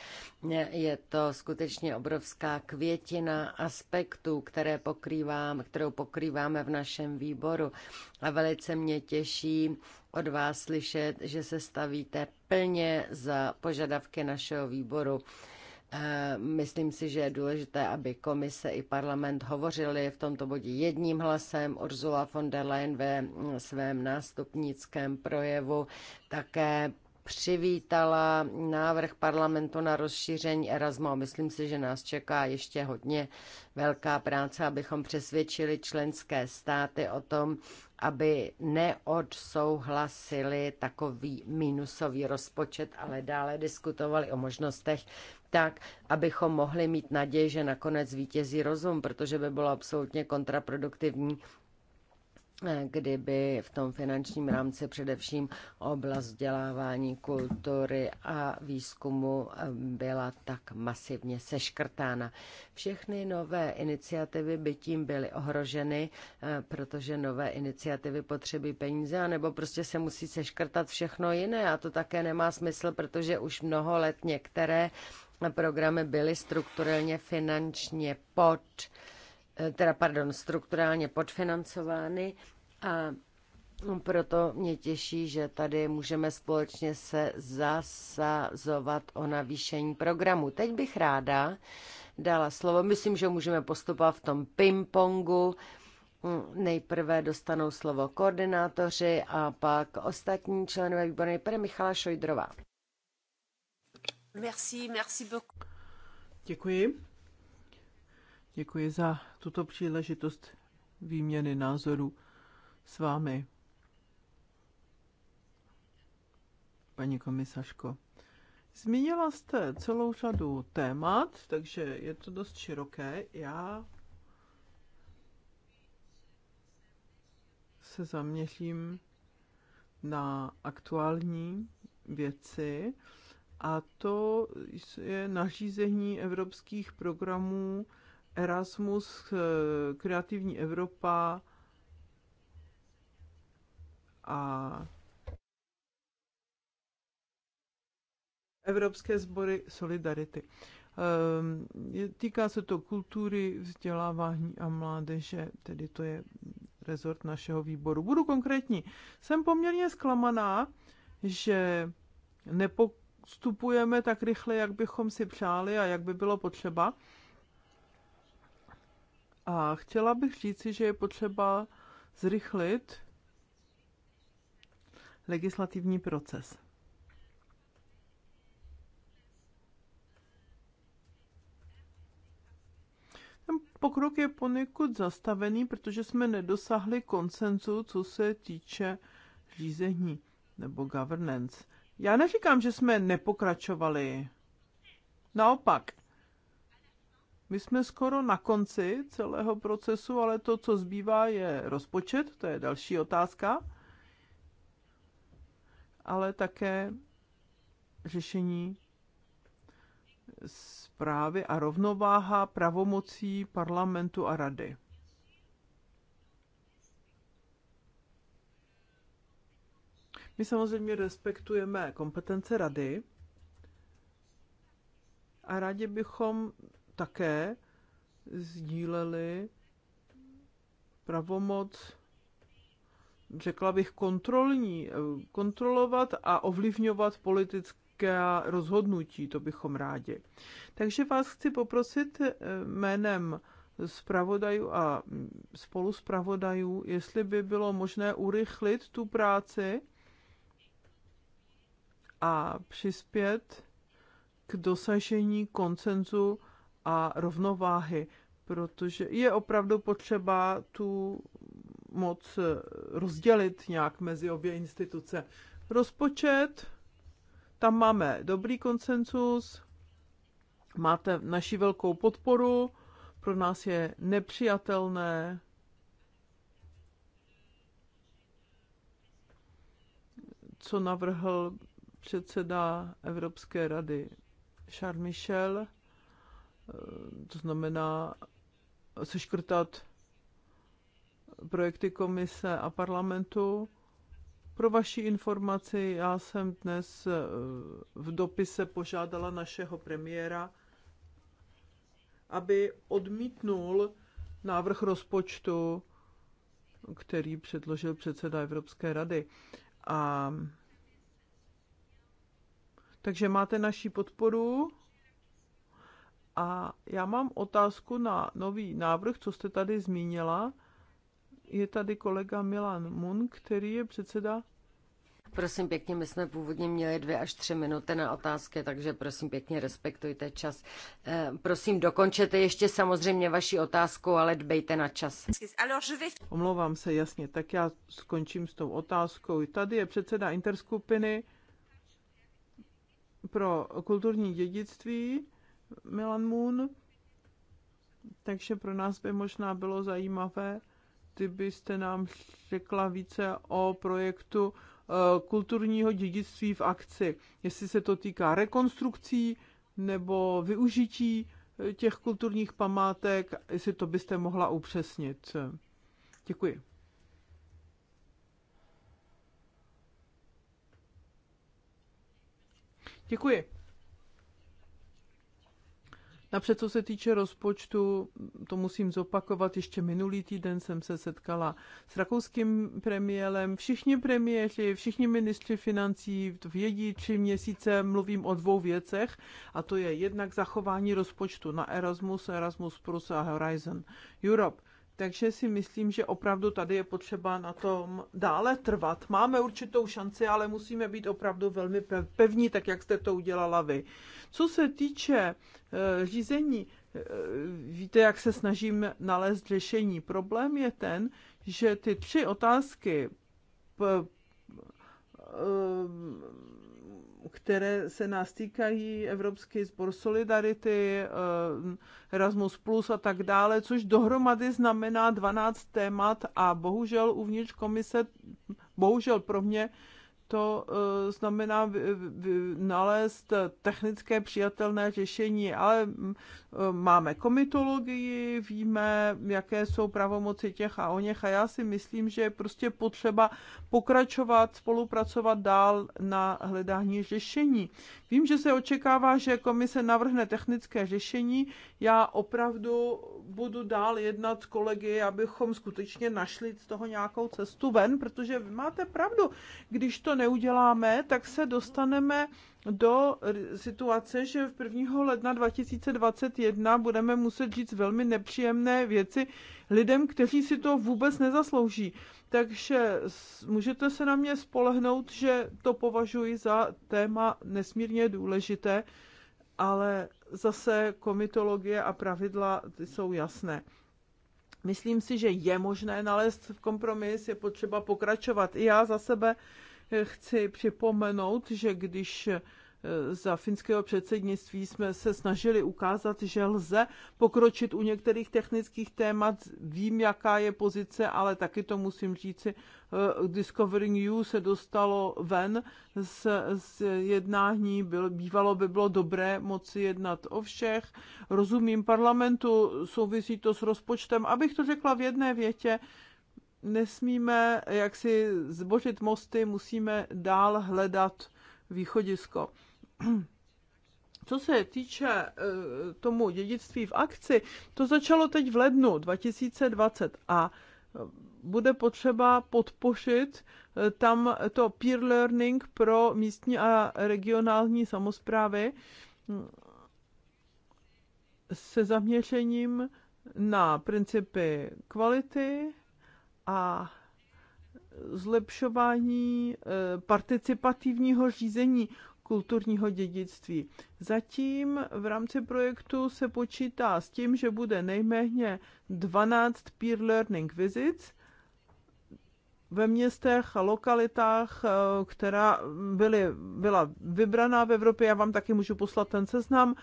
Je to skutečně obrovská květina aspektů, které pokrývám, kterou pokrýváme v našem výboru. A velice mě těší od vás slyšet, že se stavíte plně za požadavky našeho výboru Eh, myslím si, že je důležité, aby komise i parlament hovořili v tomto bodě jedním hlasem. Ursula von der Leyen ve svém nástupnickém projevu také přivítala návrh parlamentu na rozšíření Erasmu. Myslím si, že nás čeká ještě hodně velká práce, abychom přesvědčili členské státy o tom, aby neodsouhlasili takový minusový rozpočet, ale dále diskutovali o možnostech tak, abychom mohli mít naději, že nakonec vítězí rozum, protože by bylo absolutně kontraproduktivní, eh, kdyby v tom finančním rámci především oblast vzdělávání, kultury a výzkumu eh, byla tak masivně seškrtána. Všechny nové iniciativy by tím byly ohroženy, eh, protože nové iniciativy potřebují peníze, nebo prostě se musí seškrtat všechno jiné a to také nemá smysl, protože už mnoho let některé programy byly strukturálně finančně pod, eh, teda pardon, strukturálně podfinancovány a proto mě těší, že tady můžeme společně se zasazovat o navýšení programu. Teď bych ráda dala slovo. Myslím, že můžeme postupovat v tom pingpongu. Hm, nejprve dostanou slovo koordinátoři a pak ostatní členové výboru. Nejprve Michala Šojdrová. Merci, merci beaucoup. Děkuji. Děkuji za tuto příležitost výměny názorů s vámi, paní komisařko. Zmínila jste celou řadu témat, takže je to dost široké. Já se zaměřím na aktuální věci a to je nařízení evropských programů Erasmus, eh, Kreativní Evropa a Evropské sbory Solidarity. Ehm, týká se to kultury, vzdělávání a mládeže, tedy to je rezort našeho výboru. Budu konkrétní. Jsem poměrně zklamaná, že nepo, vstupujeme tak rychle, jak bychom si přáli a jak by bylo potřeba. A chtěla bych říci, že je potřeba zrychlit legislativní proces. Ten pokrok je poněkud zastavený, protože jsme nedosáhli konsenzu, co se týče řízení nebo governance. Já neříkám, že jsme nepokračovali. Naopak, my jsme skoro na konci celého procesu, ale to, co zbývá, je rozpočet, to je další otázka, ale také řešení zprávy a rovnováha pravomocí parlamentu a rady. My samozřejmě respektujeme kompetence rady a rádi bychom také sdíleli pravomoc, řekla bych, kontrolní, kontrolovat a ovlivňovat politické rozhodnutí, to bychom rádi. Takže vás chci poprosit eh, jménem zpravodajů a mm, spoluzpravodajů, jestli by bylo možné urychlit tu práci a přispět k dosažení koncenzu a rovnováhy, protože je opravdu potřeba tu moc rozdělit nějak mezi obě instituce. Rozpočet, tam máme dobrý koncensus, máte naši velkou podporu, pro nás je nepřijatelné co navrhl předseda Evropské rady Charles Michel, eh, to znamená seškrtat projekty komise a parlamentu. Pro vaši informaci, já jsem dnes eh, v dopise požádala našeho premiéra, aby odmítnul návrh rozpočtu, který předložil předseda Evropské rady. A takže máte naši podporu. A já mám otázku na nový návrh, co jste tady zmínila. Je tady kolega Milan Mun, který je předseda. Prosím pěkně, my jsme původně měli dvě až tři minuty na otázky, takže prosím pěkně respektujte čas. Eh, prosím, dokončete ještě samozřejmě vaši otázku, ale dbejte na čas. Omlouvám se, jasně, tak já skončím s tou otázkou. Tady je předseda interskupiny pro kulturní dědictví Milan Moon, takže pro nás by možná bylo zajímavé, kdybyste nám řekla více o projektu eh, kulturního dědictví v akci. Jestli se to týká rekonstrukcí nebo využití eh, těch kulturních památek, jestli to byste mohla upřesnit. Děkuji. Děkuji. Napřed, co se týče rozpočtu, to musím zopakovat, ještě minulý týden jsem se setkala s rakouským premiérem. Všichni premiéři, všichni ministři financí vědí, tři měsíce mluvím o dvou věcech, a to je jednak zachování rozpočtu na Erasmus, Erasmus Plus a Horizon Europe. Takže si myslím, že opravdu tady je potřeba na tom dále trvat. Máme určitou šanci, ale musíme být opravdu velmi pevní, tak jak jste to udělala vy. Co se týče eh, řízení, eh, víte, jak se snažím nalézt řešení. Problém je ten, že ty tři otázky které se nás týkají, Evropský sbor Solidarity, eh, Erasmus Plus a tak dále, což dohromady znamená 12 témat a bohužel uvnitř komise, bohužel pro mě, to eh, znamená nalézt technické přijatelné řešení, ale mm, eh, máme komitologii, víme, jaké jsou pravomoci těch a o něch a já si myslím, že je prostě potřeba pokračovat, spolupracovat dál na hledání řešení. Vím, že se očekává, že komise navrhne technické řešení. Já opravdu budu dál jednat s kolegy, abychom skutečně našli z toho nějakou cestu ven, protože máte pravdu, když to neuděláme, tak se dostaneme do situace, že v 1. ledna 2021 budeme muset říct velmi nepříjemné věci lidem, kteří si to vůbec nezaslouží. Takže můžete se na mě spolehnout, že to považuji za téma nesmírně důležité, ale zase komitologie a pravidla ty jsou jasné. Myslím si, že je možné nalézt kompromis, je potřeba pokračovat. I já za sebe chci připomenout, že když eh, za finského předsednictví jsme se snažili ukázat, že lze pokročit u některých technických témat. Vím, jaká je pozice, ale taky to musím říci. Eh, Discovering You se dostalo ven z, z jednání. Byl, bývalo by bylo dobré moci jednat o všech. Rozumím parlamentu, souvisí to s rozpočtem. Abych to řekla v jedné větě, nesmíme jaksi zbořit mosty, musíme dál hledat východisko. Co se týče eh, tomu dědictví v akci, to začalo teď v lednu 2020 a eh, bude potřeba podpořit eh, tam to peer learning pro místní a regionální samozprávy mm, se zaměřením na principy kvality, a zlepšování eh, participativního řízení kulturního dědictví. Zatím v rámci projektu se počítá s tím, že bude nejméně 12 peer learning visits ve městech a lokalitách, eh, která byly, byla vybraná v Evropě. Já vám taky můžu poslat ten seznam.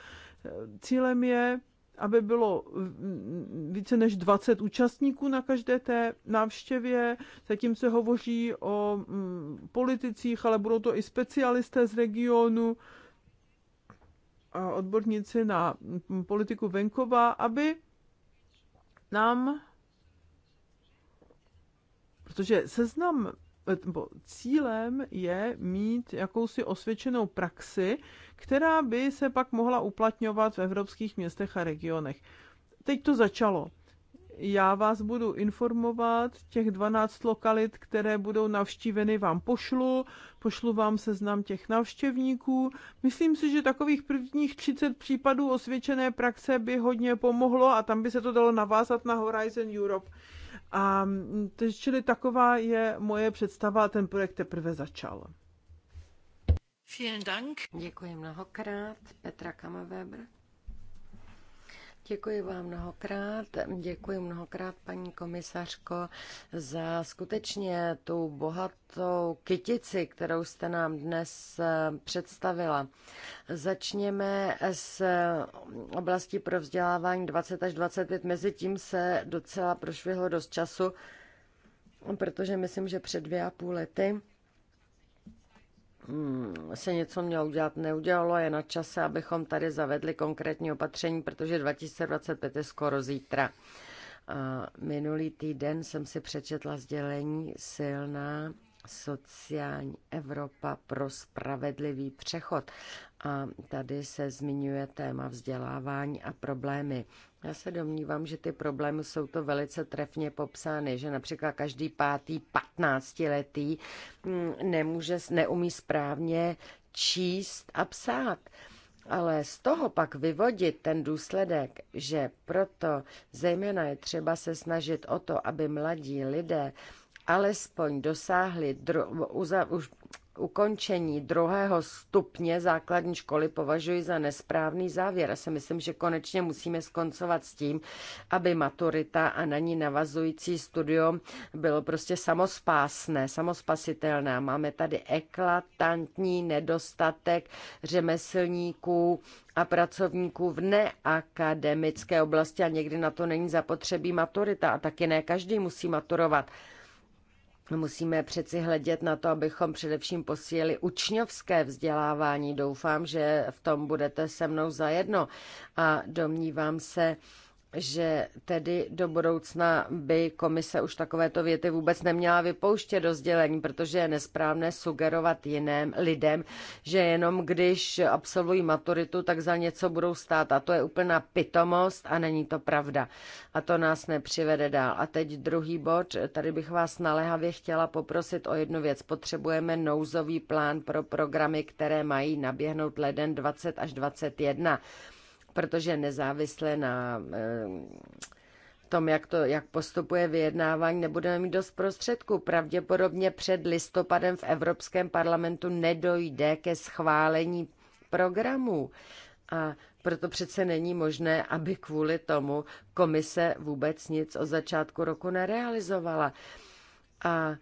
Eh, cílem je aby bylo mm, mm, více než 20 účastníků na každé té návštěvě. Zatím se hovoří o mm, politicích, ale budou to i specialisté z regionu a odborníci na politiku venkova, aby nám, protože seznam eh, cílem je mít jakousi osvědčenou praxi, která by se pak mohla uplatňovat v evropských městech a regionech. Teď to začalo. Já vás budu informovat, těch 12 lokalit, které budou navštíveny, vám pošlu, pošlu vám seznam těch navštěvníků. Myslím si, že takových prvních 30 případů osvědčené praxe by hodně pomohlo a tam by se to dalo navázat na Horizon Europe. A mm, čili taková je moje představa, ten projekt teprve začal. Vielen Dank. Děkuji mnohokrát, Petra Kamaweber. Děkuji vám mnohokrát, děkuji mnohokrát paní komisařko za skutečně tu bohatou kytici, kterou jste nám dnes eh, představila. Začněme s oblastí pro vzdělávání 20 až 25, mezi tím se docela prošvihlo dost času, protože myslím, že před dvě a půl lety Hmm, se něco mělo udělat, neudělalo, je na čase, abychom tady zavedli konkrétní opatření, protože 2025 je skoro zítra. A minulý týden jsem si přečetla sdělení silná sociální Evropa pro spravedlivý přechod a tady se zmiňuje téma vzdělávání a problémy. Já se domnívám, že ty problémy jsou to velice trefně popsány, že například každý pátý patnáctiletý mm, nemůže, neumí správně číst a psát. Ale z toho pak vyvodit ten důsledek, že proto zejména je třeba se snažit o to, aby mladí lidé alespoň dosáhli dru- uza- už ukončení druhého stupně základní školy považuji za nesprávný závěr. Já si myslím, že konečně musíme skoncovat s tím, aby maturita a na ní navazující studium bylo prostě samospásné, samospasitelné. Máme tady eklatantní nedostatek řemeslníků a pracovníků v neakademické oblasti a někdy na to není zapotřebí maturita a taky ne každý musí maturovat. Musíme přeci hledět na to, abychom především posílili učňovské vzdělávání. Doufám, že v tom budete se mnou zajedno. A domnívám se, že tedy do budoucna by komise už takovéto věty vůbec neměla vypouštět do sdělení, protože je nesprávné sugerovat jiným lidem, že jenom když absolvují maturitu, tak za něco budou stát. A to je úplná pitomost a není to pravda. A to nás nepřivede dál. A teď druhý bod. Tady bych vás naléhavě chtěla poprosit o jednu věc. Potřebujeme nouzový plán pro programy, které mají naběhnout leden 20 až 21 protože nezávisle na eh, tom, jak, to, jak postupuje vyjednávání, nebudeme mít dost prostředků. Pravděpodobně před listopadem v Evropském parlamentu nedojde ke schválení programů. A proto přece není možné, aby kvůli tomu komise vůbec nic od začátku roku nerealizovala. A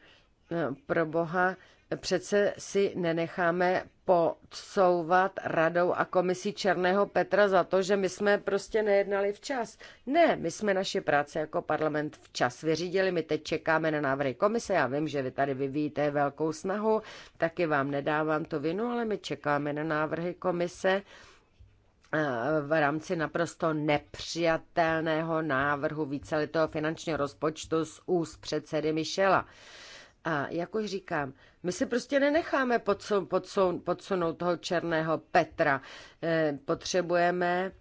eh, pro boha, Přece si nenecháme podsouvat radou a komisí Černého Petra za to, že my jsme prostě nejednali včas. Ne, my jsme naše práce jako parlament včas vyřídili, my teď čekáme na návrhy komise, já vím, že vy tady vyvíjíte velkou snahu, taky vám nedávám to vinu, ale my čekáme na návrhy komise eh, v rámci naprosto nepřijatelného návrhu víceletého finančního rozpočtu z úst předsedy Michela. A jak už říkám, my se prostě nenecháme podsun, podsun, podsunout toho černého Petra. Eh, potřebujeme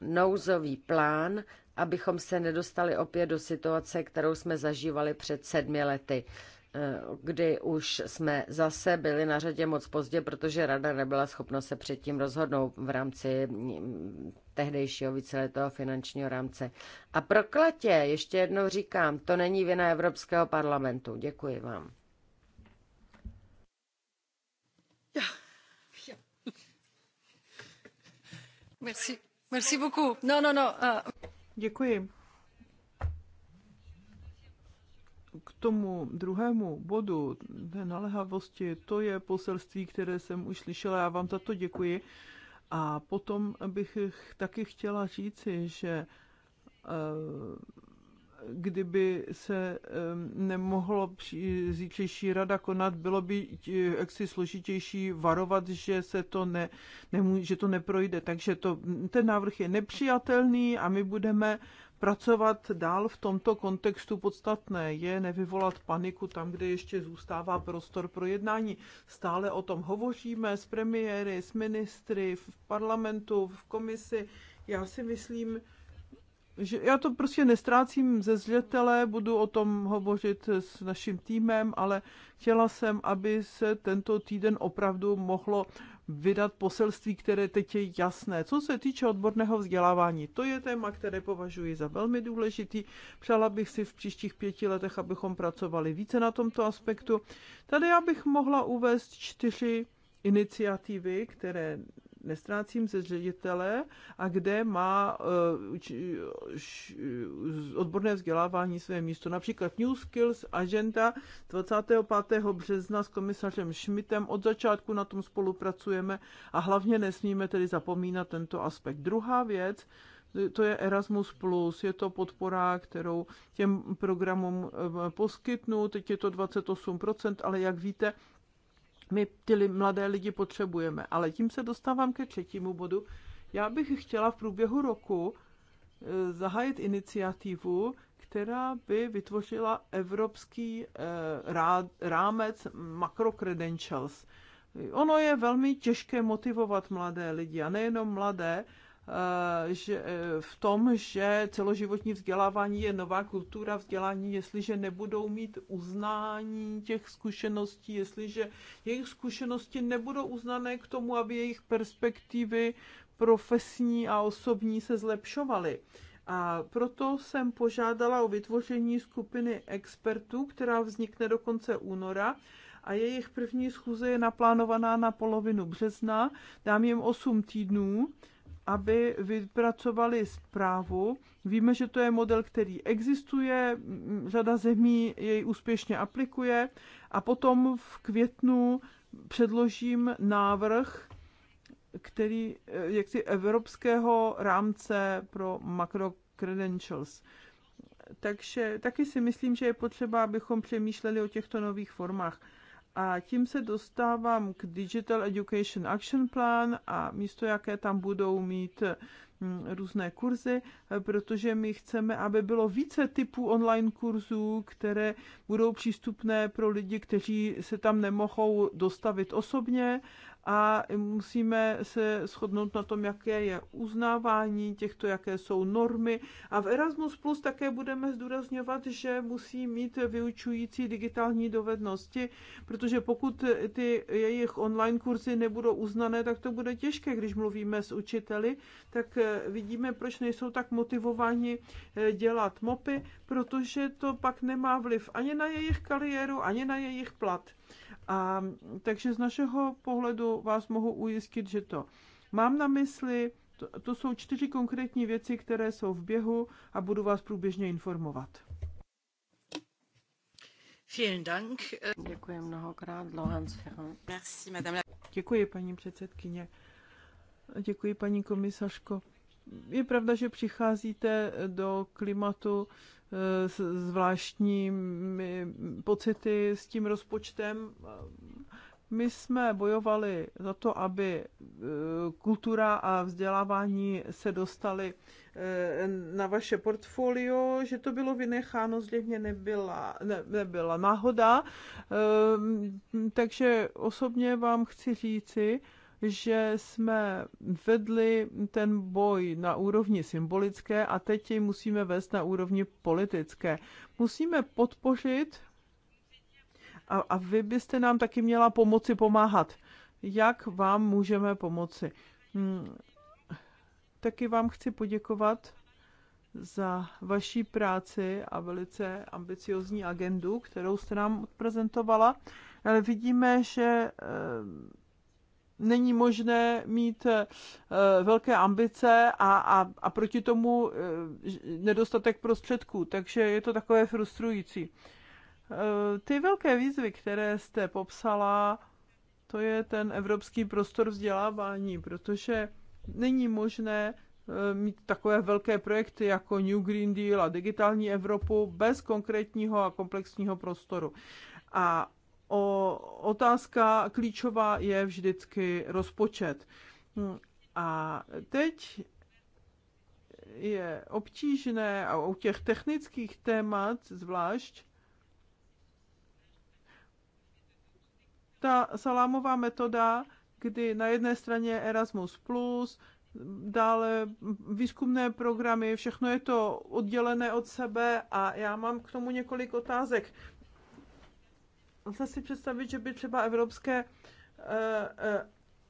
nouzový plán, abychom se nedostali opět do situace, kterou jsme zažívali před sedmi lety, eh, kdy už jsme zase byli na řadě moc pozdě, protože rada nebyla schopna se předtím rozhodnout v rámci mm, tehdejšího víceletého finančního rámce. A proklatě, ještě jednou říkám, to není vina Evropského parlamentu. Děkuji vám. Ja. Ja. Merci. Merci beaucoup. No, no, no. Uh... Děkuji. K tomu druhému bodu té naléhavosti, to je poselství, které jsem už slyšela. Já vám za to děkuji. A potom bych taky chtěla říci, že eh, kdyby se eh, nemohlo zítřejší rada konat, bylo by eh, jaksi složitější varovat, že se to, ne, nemů, že to neprojde. Takže to, ten návrh je nepřijatelný a my budeme pracovat dál v tomto kontextu podstatné je nevyvolat paniku tam, kde ještě zůstává prostor pro jednání. Stále o tom hovoříme s premiéry, s ministry, v parlamentu, v komisi. Já si myslím, že já to prostě nestrácím ze zřetele, budu o tom hovořit s naším týmem, ale chtěla jsem, aby se tento týden opravdu mohlo vydat poselství, které teď je jasné. Co se týče odborného vzdělávání, to je téma, které považuji za velmi důležitý. Přála bych si v příštích pěti letech, abychom pracovali více na tomto aspektu. Tady já bych mohla uvést čtyři iniciativy, které nestrácím ze ředitele a kde má eh, odborné vzdělávání své místo. Například New Skills Agenda 25. března s komisařem Schmidtem. Od začátku na tom spolupracujeme a hlavně nesmíme tedy zapomínat tento aspekt. Druhá věc, to je Erasmus+, Plus, je to podpora, kterou těm programům eh, poskytnu, teď je to 28%, ale jak víte, my ty mladé lidi potřebujeme. Ale tím se dostávám ke třetímu bodu. Já bych chtěla v průběhu roku e, zahájit iniciativu, která by vytvořila evropský e, rámec makrocredentials. Ono je velmi těžké motivovat mladé lidi a nejenom mladé, Eh, že eh, v tom, že celoživotní vzdělávání je nová kultura vzdělání, jestliže nebudou mít uznání těch zkušeností, jestliže jejich zkušenosti nebudou uznané k tomu, aby jejich perspektivy profesní a osobní se zlepšovaly. A proto jsem požádala o vytvoření skupiny expertů, která vznikne do konce února a jejich první schůze je naplánovaná na polovinu března. Dám jim 8 týdnů aby vypracovali zprávu. Víme, že to je model, který existuje, řada zemí jej úspěšně aplikuje a potom v květnu předložím návrh, který eh, jaksi evropského rámce pro macro credentials. Takže taky si myslím, že je potřeba, abychom přemýšleli o těchto nových formách. A tím se dostávám k Digital Education Action Plan a místo, jaké tam budou mít mm, různé kurzy, protože my chceme, aby bylo více typů online kurzů, které budou přístupné pro lidi, kteří se tam nemohou dostavit osobně a musíme se shodnout na tom, jaké je uznávání těchto, jaké jsou normy. A v Erasmus Plus také budeme zdůrazňovat, že musí mít vyučující digitální dovednosti, protože pokud ty jejich online kurzy nebudou uznané, tak to bude těžké, když mluvíme s učiteli, tak eh, vidíme, proč nejsou tak motivováni eh, dělat mopy, protože to pak nemá vliv ani na jejich kariéru, ani na jejich plat. A, takže z našeho pohledu vás mohu ujistit, že to mám na mysli. To, to jsou čtyři konkrétní věci, které jsou v běhu a budu vás průběžně informovat. Vielen Dank. Děkuji mnohokrát, Laurence Merci, madame. Děkuji, paní předsedkyně. Děkuji, paní komisařko. Je pravda, že přicházíte do klimatu eh, s zvláštními pocity s tím rozpočtem. My jsme bojovali za to, aby eh, kultura a vzdělávání se dostaly eh, na vaše portfolio, že to bylo vynecháno, zjevně nebyla, ne, nebyla náhoda. Takže osobně vám chci říci, že jsme vedli ten boj na úrovni symbolické a teď ji musíme vést na úrovni politické. Musíme podpořit a, a vy byste nám taky měla pomoci pomáhat. Jak vám můžeme pomoci? Hmm. Taky vám chci poděkovat za vaší práci a velice ambiciozní agendu, kterou jste nám odprezentovala. Ale vidíme, že eh, není možné mít eh, velké ambice a, a, a proti tomu eh, nedostatek prostředků, takže je to takové frustrující. Eh, ty velké výzvy, které jste popsala, to je ten evropský prostor vzdělávání, protože není možné mít takové velké projekty jako New Green Deal a digitální Evropu bez konkrétního a komplexního prostoru. A o, otázka klíčová je vždycky rozpočet. Hm, a teď je obtížné, a u těch technických témat zvlášť, ta salámová metoda, kdy na jedné straně Erasmus+, plus, dále výzkumné programy, všechno je to oddělené od sebe a já mám k tomu několik otázek. Lze si představit, že by třeba evropské eh, eh,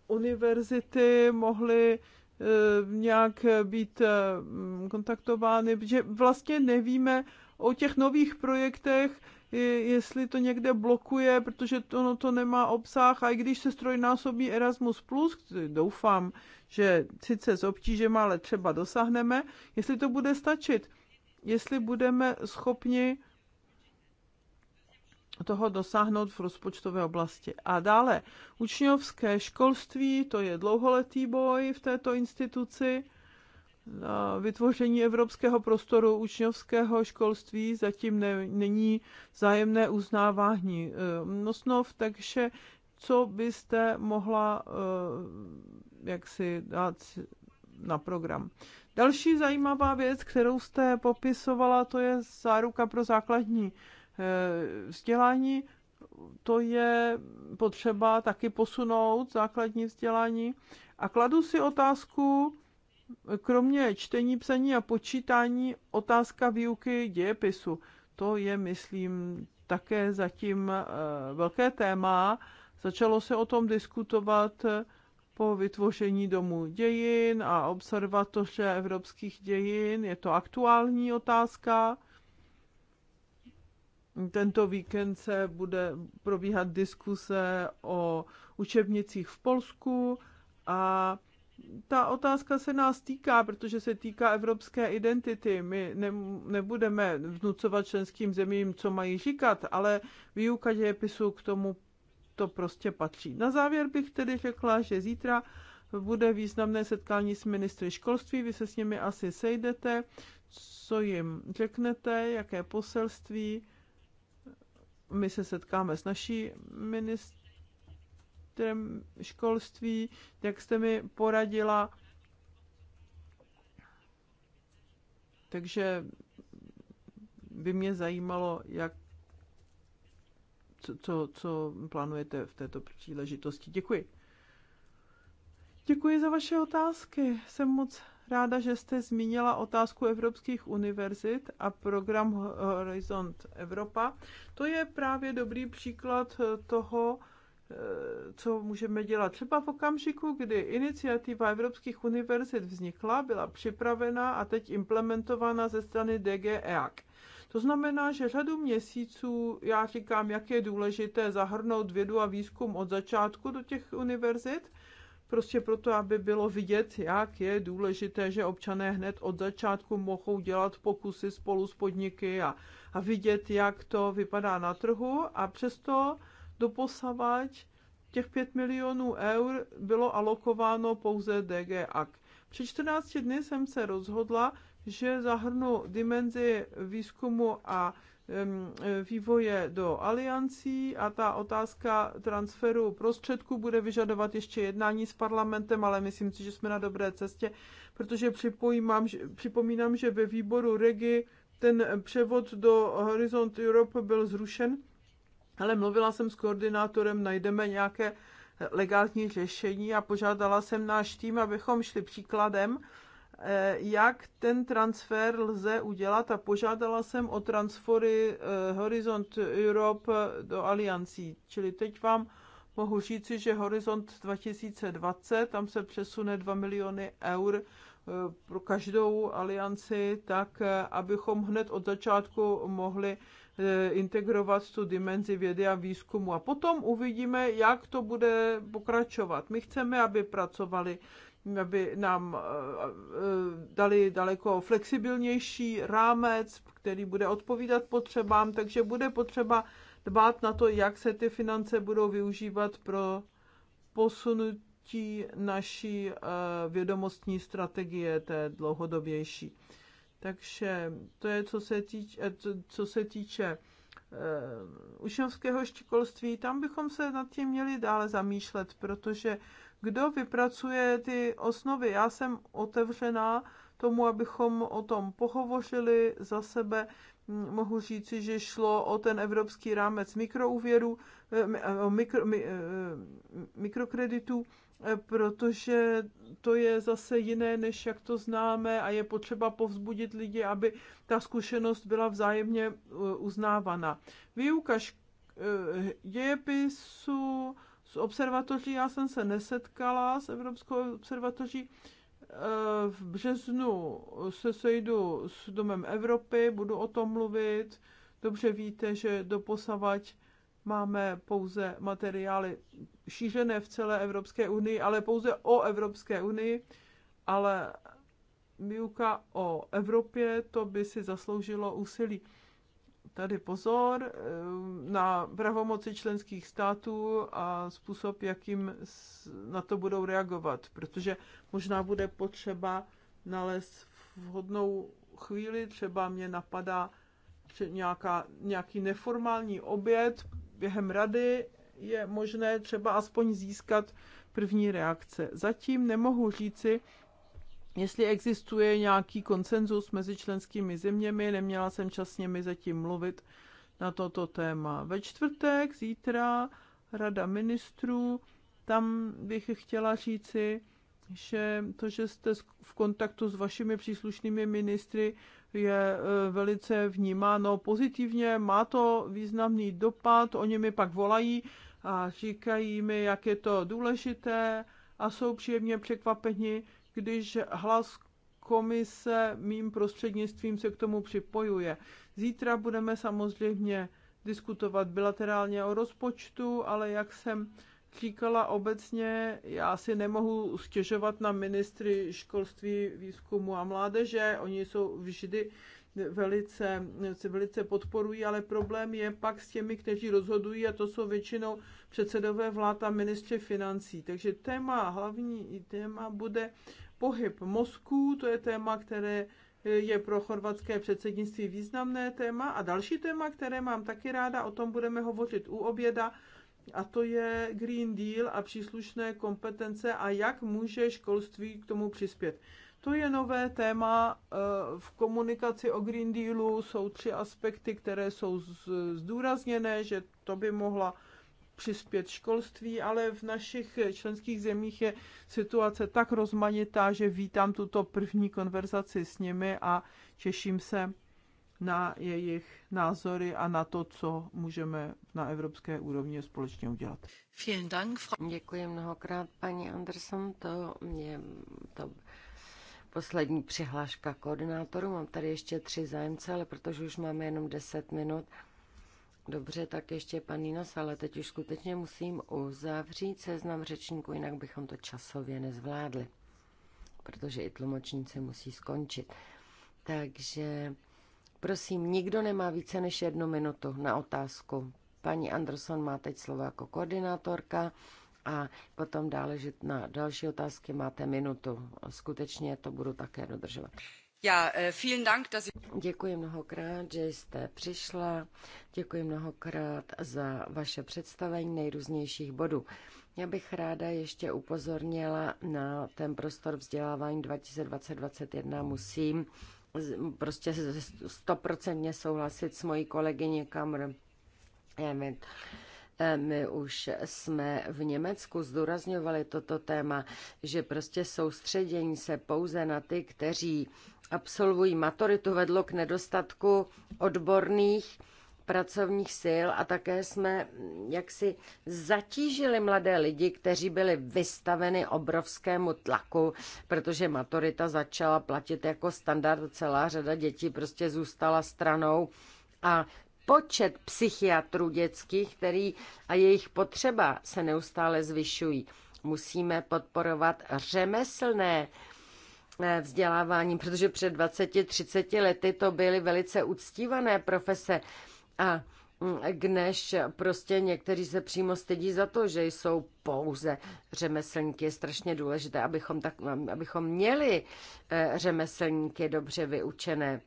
univerzity mohly eh, nějak být kontaktovány, protože vlastně nevíme o těch nových projektech, jestli to někde blokuje, protože to, ono to nemá obsah a i když se strojnásobí Erasmus+, doufám, že sice s obtížem, ale třeba dosáhneme, jestli to bude stačit, jestli budeme schopni toho dosáhnout v rozpočtové oblasti. A dále učňovské školství, to je dlouholetý boj v této instituci. Vytvoření evropského prostoru učňovského školství zatím ne, není zájemné uznávání eh, nosnov, takže co byste mohla eh, jak si dát na program. Další zajímavá věc, kterou jste popisovala, to je záruka pro základní Eh, vzdělání, to je potřeba taky posunout, základní vzdělání. A kladu si otázku, kromě čtení, psaní a počítání, otázka výuky dějepisu. To je, myslím, také zatím eh, velké téma. Začalo se o tom diskutovat eh, po vytvoření domu dějin a observatoře evropských dějin. Je to aktuální otázka. Tento víkend se bude probíhat diskuse o učebnicích v Polsku a ta otázka se nás týká, protože se týká evropské identity. My ne, nebudeme vnucovat členským zemím, co mají říkat, ale výuka dějepisu k tomu to prostě patří. Na závěr bych tedy řekla, že zítra bude významné setkání s ministry školství, vy se s nimi asi sejdete, co jim řeknete, jaké poselství my se setkáme s naší ministrem školství, jak jste mi poradila. Takže by mě zajímalo, jak, co, co, co plánujete v této příležitosti. Děkuji. Děkuji za vaše otázky. Jsem moc ráda, že jste zmínila otázku evropských univerzit a program Horizont Evropa. To je právě dobrý příklad toho, eh, co můžeme dělat. Třeba v okamžiku, kdy iniciativa evropských univerzit vznikla, byla připravena a teď implementována ze strany DG EAC. To znamená, že řadu měsíců, já říkám, jak je důležité zahrnout vědu a výzkum od začátku do těch univerzit, prostě proto, aby bylo vidět, jak je důležité, že občané hned od začátku mohou dělat pokusy spolu s podniky a, a vidět, jak to vypadá na trhu a přesto doposavať těch 5 milionů eur bylo alokováno pouze DG AG. Před 14 dny jsem se rozhodla, že zahrnu dimenzi výzkumu a E, vývoje do aliancí a ta otázka transferu prostředků bude vyžadovat ještě jednání s parlamentem, ale myslím si, že jsme na dobré cestě, protože připomínám, že, ve výboru REGI ten převod do Horizont Europe byl zrušen, ale mluvila jsem s koordinátorem, najdeme nějaké legální řešení a požádala jsem náš tým, abychom šli příkladem Eh, jak ten transfer lze udělat a požádala jsem o transfery eh, Horizont Europe do aliancí. Čili teď vám mohu říci, že Horizont 2020, tam se přesune 2 miliony eur eh, pro každou alianci, tak abychom hned od začátku mohli integrovat tu dimenzi vědy a výzkumu. A potom uvidíme, jak to bude pokračovat. My chceme, aby pracovali aby nám eh, eh, dali daleko flexibilnější rámec, který bude odpovídat potřebám, takže bude potřeba dbát na to, jak se ty finance budou využívat pro posunutí naší eh, vědomostní strategie, té dlouhodobější. Takže to je, co se týče, co se týče učňovského školství, tam bychom se nad tím měli dále zamýšlet, protože kdo vypracuje ty osnovy. Já jsem otevřená tomu, abychom o tom pohovořili za sebe. Hm, mohu říci, že šlo o ten evropský rámec mikrouvěru, eh, eh, mikro, mikro, eh, mikrokreditů, protože to je zase jiné, než jak to známe a je potřeba povzbudit lidi, aby ta zkušenost byla vzájemně uznávána. Výuka dějepisu, s observatoří já jsem se nesetkala s Evropskou observatoří. Eh, v březnu se sejdu s Domem Evropy, budu o tom mluvit. Dobře víte, že posavať máme pouze materiály šířené v celé Evropské unii, ale pouze o Evropské unii, ale výuka o Evropě, to by si zasloužilo úsilí tady pozor eh, na pravomoci členských států a způsob, jakým na to budou reagovat, protože možná bude potřeba nalézt vhodnou chvíli, třeba mě napadá nějaká, nějaký neformální oběd během rady, je možné třeba aspoň získat první reakce. Zatím nemohu říci, jestli existuje nějaký konsenzus mezi členskými zeměmi, neměla jsem čas s nimi zatím mluvit na toto téma. Ve čtvrtek, zítra, Rada ministrů, tam bych chtěla říci, že to, že jste v kontaktu s vašimi příslušnými ministry, je e, velice vnímáno pozitivně, má to významný dopad, oni mi pak volají a říkají mi, jak je to důležité a jsou příjemně překvapeni, když hlas komise mým prostřednictvím se k tomu připojuje. Zítra budeme samozřejmě diskutovat bilaterálně o rozpočtu, ale jak jsem říkala obecně, já si nemohu stěžovat na ministry školství, výzkumu a mládeže. Oni jsou vždy velice, se velice podporují, ale problém je pak s těmi, kteří rozhodují a to jsou většinou předsedové vlád a ministři financí. Takže téma, hlavní téma bude Pohyb mozků, to je téma, které eh, je pro chorvatské předsednictví významné téma. A další téma, které mám taky ráda, o tom budeme hovořit u oběda, a to je Green Deal a příslušné kompetence a jak může školství k tomu přispět. To je nové téma eh, v komunikaci o Green Dealu. Jsou tři aspekty, které jsou zdůrazněné, že to by mohla přispět školství, ale v našich členských zemích je situace tak rozmanitá, že vítám tuto první konverzaci s nimi a těším se na jejich názory a na to, co můžeme na evropské úrovni společně udělat. Děkuji mnohokrát, paní Anderson. To je to poslední přihláška koordinátoru. Mám tady ještě tři zájemce, ale protože už máme jenom 10 minut, Dobře, tak ještě pan Ninos, ale teď už skutečně musím uzavřít seznam řečníků, jinak bychom to časově nezvládli, protože i tlumočníci musí skončit. Takže prosím, nikdo nemá více než jednu minutu na otázku. Paní Anderson má teď slovo jako koordinátorka a potom dále, že na další otázky máte minutu. Skutečně to budu také dodržovat. Já, eh, vielen Dank, dass... Děkuji mnohokrát, že jste přišla. Děkuji mnohokrát za vaše představení nejrůznějších bodů. Já bych ráda ještě upozornila na ten prostor vzdělávání 2020-2021. Musím prostě stoprocentně souhlasit s mojí kolegyně Kamr. My už jsme v Německu zdůrazňovali toto téma, že prostě soustředění se pouze na ty, kteří absolvují maturitu, vedlo k nedostatku odborných pracovních sil a také jsme jaksi zatížili mladé lidi, kteří byli vystaveni obrovskému tlaku, protože maturita začala platit jako standard, celá řada dětí prostě zůstala stranou a počet psychiatrů dětských, který a jejich potřeba se neustále zvyšují. Musíme podporovat řemeslné eh, vzdělávání, protože před 20-30 lety to byly velice uctívané profese a mm, než prostě někteří se přímo stydí za to, že jsou pouze řemeslníky. Je strašně důležité, abychom, tak, abychom měli eh, řemeslníky dobře vyučené.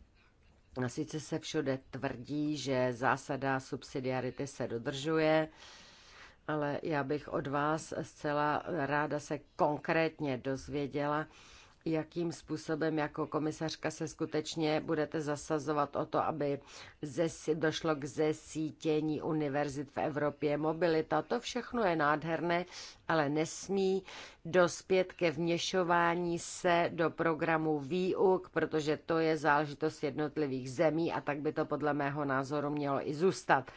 Sice se všude tvrdí, že zásada subsidiarity se dodržuje, ale já bych od vás zcela ráda se konkrétně dozvěděla, jakým způsobem jako komisařka se skutečně budete zasazovat o to, aby zesi, došlo k zesítění univerzit v Evropě, mobilita. To všechno je nádherné, ale nesmí dospět ke vněšování se do programu výuk, protože to je záležitost jednotlivých zemí a tak by to podle mého názoru mělo i zůstat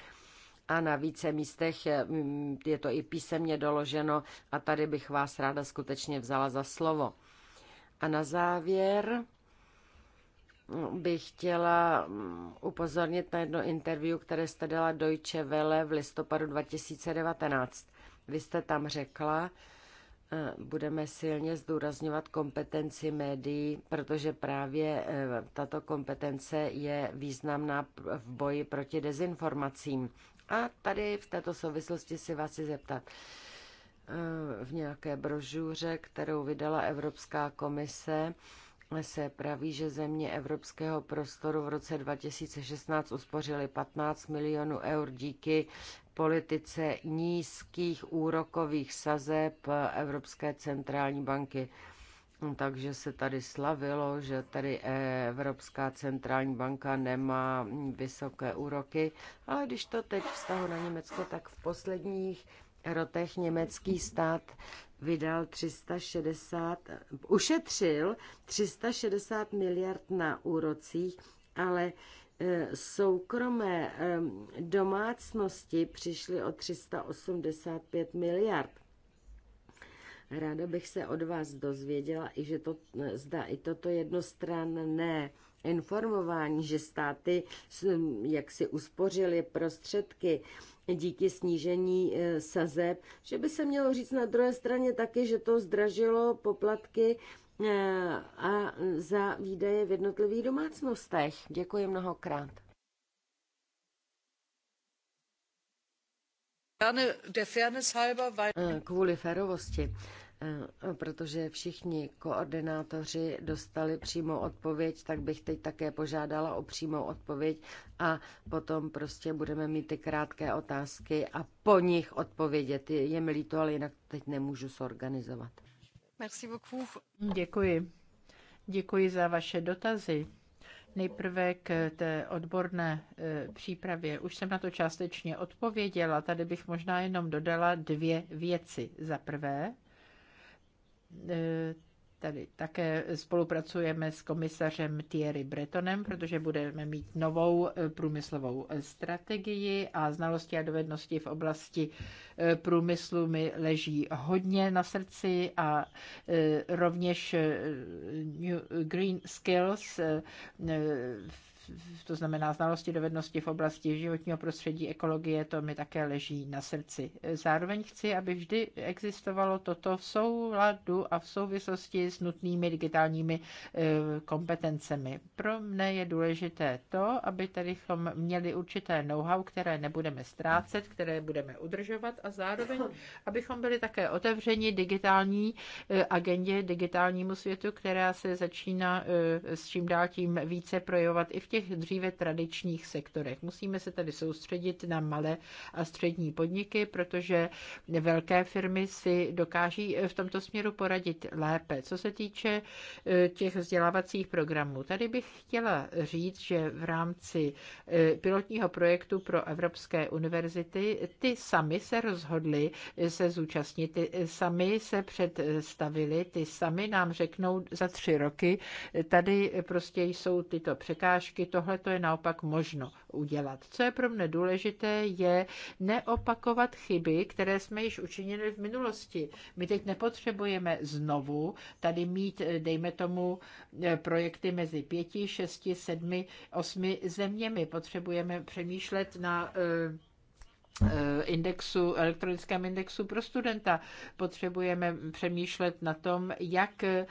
a na více místech mm, je to i písemně doloženo a tady bych vás ráda skutečně vzala za slovo. A na závěr bych chtěla upozornit na jedno interview, které jste dala Deutsche Welle v listopadu 2019. Vy jste tam řekla, eh, budeme silně zdůrazňovat kompetenci médií, protože právě eh, tato kompetence je významná v boji proti dezinformacím. A tady v této souvislosti si vás chci zeptat. Eh, v nějaké brožuře, kterou vydala Evropská komise, se praví, že země evropského prostoru v roce 2016 uspořily 15 milionů eur díky politice nízkých úrokových sazeb Evropské centrální banky. No, takže se tady slavilo, že tady eh, Evropská centrální banka nemá vysoké úroky, ale když to teď vztahu na Německo, tak v posledních rotech německý stát vydal 360, ušetřil 360 miliard na úrocích, ale e, soukromé e, domácnosti přišly o 385 miliard. Ráda bych se od vás dozvěděla, i že to, e, zda i toto jednostranné informování, že státy jak si uspořili prostředky, díky snížení e, sazeb, že by se mělo říct na druhé straně taky, že to zdražilo poplatky e, a za výdaje v jednotlivých domácnostech. Děkuji mnohokrát. E, kvůli férovosti Eh, protože všichni koordinátoři dostali přímou odpověď, tak bych teď také požádala o přímou odpověď a potom prostě budeme mít ty krátké otázky a po nich odpovědět. Je mi líto, ale jinak teď nemůžu sorganizovat. Merci beaucoup. Děkuji. Děkuji za vaše dotazy. Nejprve k té odborné eh, přípravě. Už jsem na to částečně odpověděla. Tady bych možná jenom dodala dvě věci. Za prvé, E, tady také spolupracujeme s komisařem Thierry Bretonem, protože budeme mít novou e, průmyslovou e, strategii a znalosti a dovednosti v oblasti průmyslu mi leží hodně na srdci a rovněž New Green Skills to znamená znalosti, dovednosti v oblasti životního prostředí, ekologie, to mi také leží na srdci. Zároveň chci, aby vždy existovalo toto v souladu a v souvislosti s nutnými digitálními eh, kompetencemi. Pro mne je důležité to, aby tady měli určité know-how, které nebudeme ztrácet, které budeme udržovat a zároveň, abychom byli také otevřeni digitální eh, agendě, digitálnímu světu, která se začíná eh, s čím dál tím více projevovat i v těch těch dříve tradičních sektorech. Musíme se tady soustředit na malé a střední podniky, protože velké firmy si dokáží v tomto směru poradit lépe. Co se týče eh, těch vzdělávacích programů, tady bych chtěla říct, že v rámci eh, pilotního projektu pro Evropské univerzity ty sami se rozhodly eh, se zúčastnit, ty sami se představili, ty sami nám řeknou za tři roky, tady prostě jsou tyto překážky, tohle to je naopak možno udělat. Co je pro mne důležité, je neopakovat chyby, které jsme již učinili v minulosti. My teď nepotřebujeme znovu tady mít, eh, dejme tomu, eh, projekty mezi pěti, šesti, sedmi, osmi zeměmi. Potřebujeme přemýšlet na eh, Eh, indexu, elektronickém indexu pro studenta. Potřebujeme přemýšlet na tom, jak eh,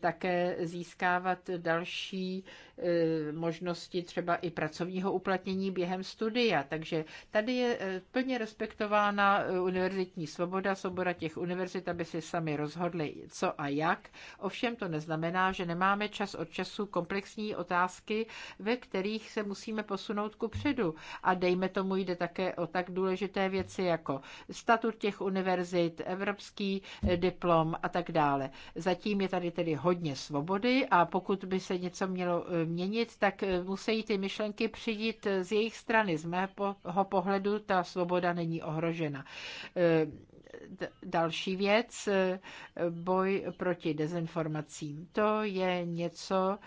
také získávat další eh, možnosti třeba i pracovního uplatnění během studia. Takže tady je plně respektována univerzitní svoboda, svoboda těch univerzit, aby si sami rozhodli, co a jak. Ovšem to neznamená, že nemáme čas od času komplexní otázky, ve kterých se musíme posunout ku předu. A dejme tomu jde také o tak důležité důležité věci jako statut těch univerzit, evropský eh, diplom a tak dále. Zatím je tady tedy hodně svobody a pokud by se něco mělo eh, měnit, tak eh, musí ty myšlenky přijít z jejich strany. Z mého pohledu ta svoboda není ohrožena další věc, e, boj proti dezinformacím. To je něco,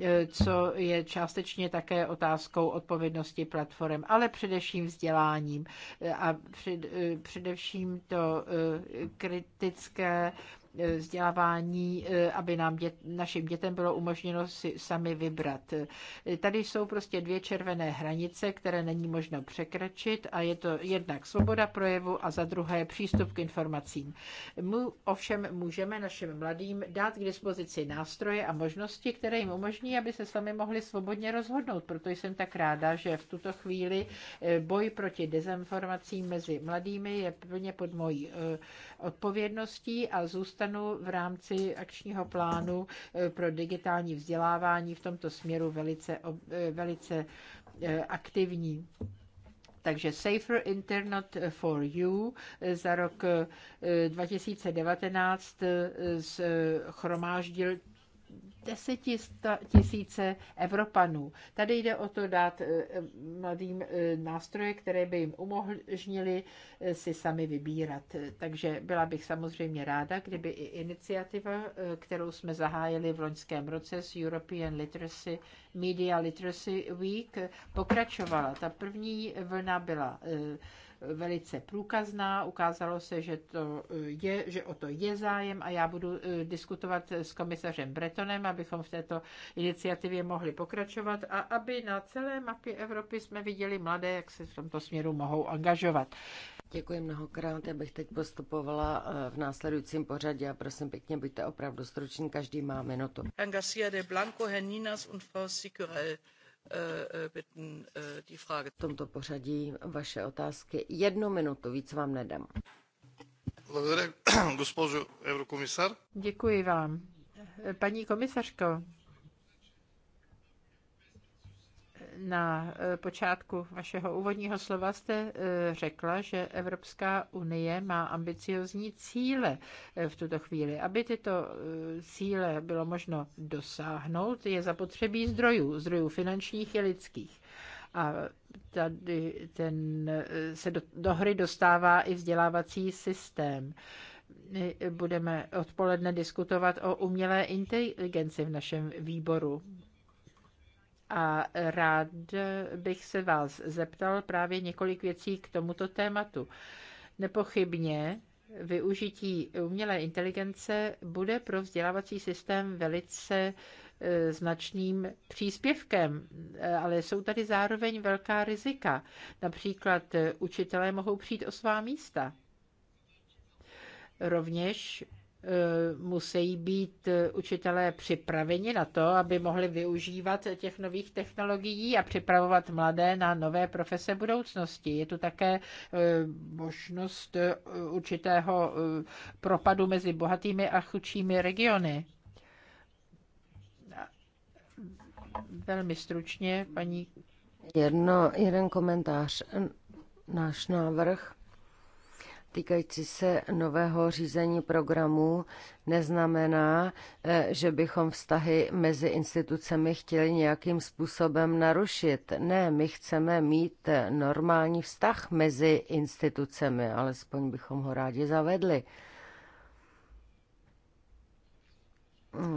e, co je částečně také otázkou odpovědnosti platform, ale především vzděláním e, a před, především to kritické vzdělávání, eh, aby nám dět, našim dětem bylo umožněno si sami vybrat. Tady jsou prostě dvě červené hranice, které není možno překračit a je to jednak svoboda projevu a za druhé přístup k informacím. My ovšem můžeme našim mladým dát k dispozici nástroje a možnosti, které jim umožní, aby se sami mohli svobodně rozhodnout. Proto jsem tak ráda, že v tuto chvíli eh, boj proti dezinformacím mezi mladými je plně pod mojí eh, odpovědností a zůstane dostanu v rámci akčního plánu eh, pro digitální vzdělávání v tomto směru velice, eh, velice eh, aktivní. Takže Safer Internet for You za rok 2019 schromáždil deseti tisíce Evropanů. Tady jde o to dát eh, mladým eh, nástroje, které by jim umožnili eh, si sami vybírat. Takže byla bych samozřejmě ráda, kdyby i iniciativa, kterou jsme zahájili v loňském roce s European Literacy Media Literacy Week, pokračovala. Ta první vlna byla velice průkazná. Ukázalo se, že, to eh, je, že o to je zájem a já budu eh, diskutovat s komisařem Bretonem, abychom v této iniciativě mohli pokračovat a aby na celé mapě Evropy jsme viděli mladé, jak se v tomto směru mohou angažovat. Děkuji mnohokrát. Já bych teď postupovala eh, v následujícím pořadě a prosím pěkně, buďte opravdu struční, každý má minutu. Herr Garcia de Blanco, Herr Ninas und Frau Sikurel. Eh, eh, v tomto pořadí vaše otázky. Jednu minutu, víc vám nedám. Děkuji vám. Paní komisařko, na eh, počátku vašeho úvodního slova jste eh, řekla, že Evropská unie má ambiciozní cíle eh, v tuto chvíli. Aby tyto cíle bylo možno dosáhnout, je zapotřebí zdrojů, zdrojů finančních i lidských. A tady ten, se do, do hry dostává i vzdělávací systém. My budeme odpoledne diskutovat o umělé inteligenci v našem výboru a rád bych se vás zeptal právě několik věcí k tomuto tématu. Nepochybně využití umělé inteligence bude pro vzdělávací systém velice e, značným příspěvkem, e, ale jsou tady zároveň velká rizika. Například e, učitelé mohou přijít o svá místa. Rovněž Eh, musí být eh, učitelé připraveni na to, aby mohli využívat těch nových technologií a připravovat mladé na nové profese budoucnosti. Je tu také eh, možnost určitého propadu mezi bohatými a chudšími regiony. Velmi stručně, paní. Jedno, jeden komentář. Náš návrh týkající se nového řízení programů neznamená, eh, že bychom vztahy mezi institucemi chtěli nějakým způsobem narušit. Ne, my chceme mít eh, normální vztah mezi institucemi, alespoň bychom ho rádi zavedli.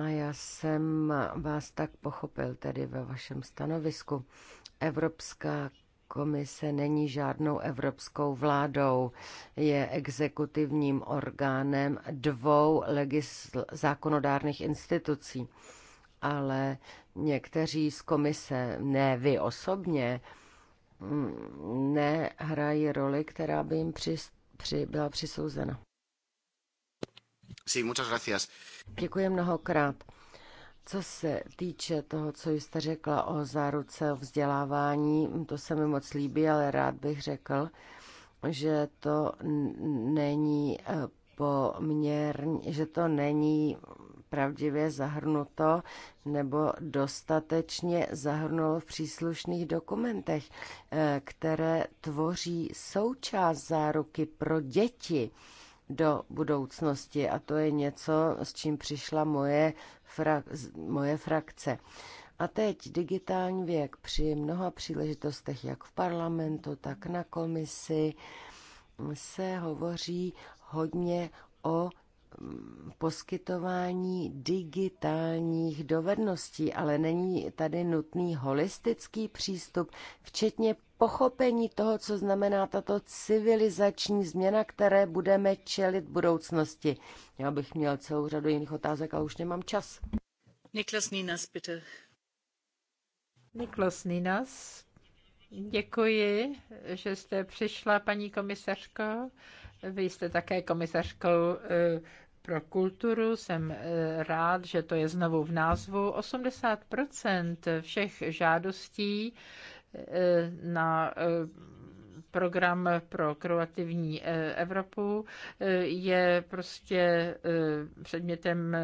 Já jsem vás tak pochopil tedy ve vašem stanovisku. Evropská Komise není žádnou evropskou vládou, je exekutivním orgánem dvou legisl- zákonodárných institucí. Ale někteří z komise, ne vy osobně, mm, nehrají roli, která by jim při, při, byla přisouzena. Sí, muchas gracias. Děkuji mnohokrát. Co se týče toho, co jste řekla o záruce o vzdělávání, to se mi moc líbí, ale rád bych řekl, že to není eh, poměrně, že to není pravdivě zahrnuto nebo dostatečně zahrnulo v příslušných dokumentech, eh, které tvoří součást záruky pro děti do budoucnosti a to je něco, s čím přišla moje, frak- moje frakce. A teď digitální věk při mnoha příležitostech, jak v parlamentu, tak na komisi, se hovoří hodně o poskytování digitálních dovedností, ale není tady nutný holistický přístup, včetně pochopení toho, co znamená tato civilizační změna, které budeme čelit v budoucnosti. Já bych měl celou řadu jiných otázek, ale už nemám čas. Niklas Ninas, bitte. Niklas Ninas, děkuji, že jste přišla, paní komisařko. Vy jste také komisařkou e, pro kulturu. Jsem e, rád, že to je znovu v názvu. 80 všech žádostí e, na program pro kreativní Evropu je prostě předmětem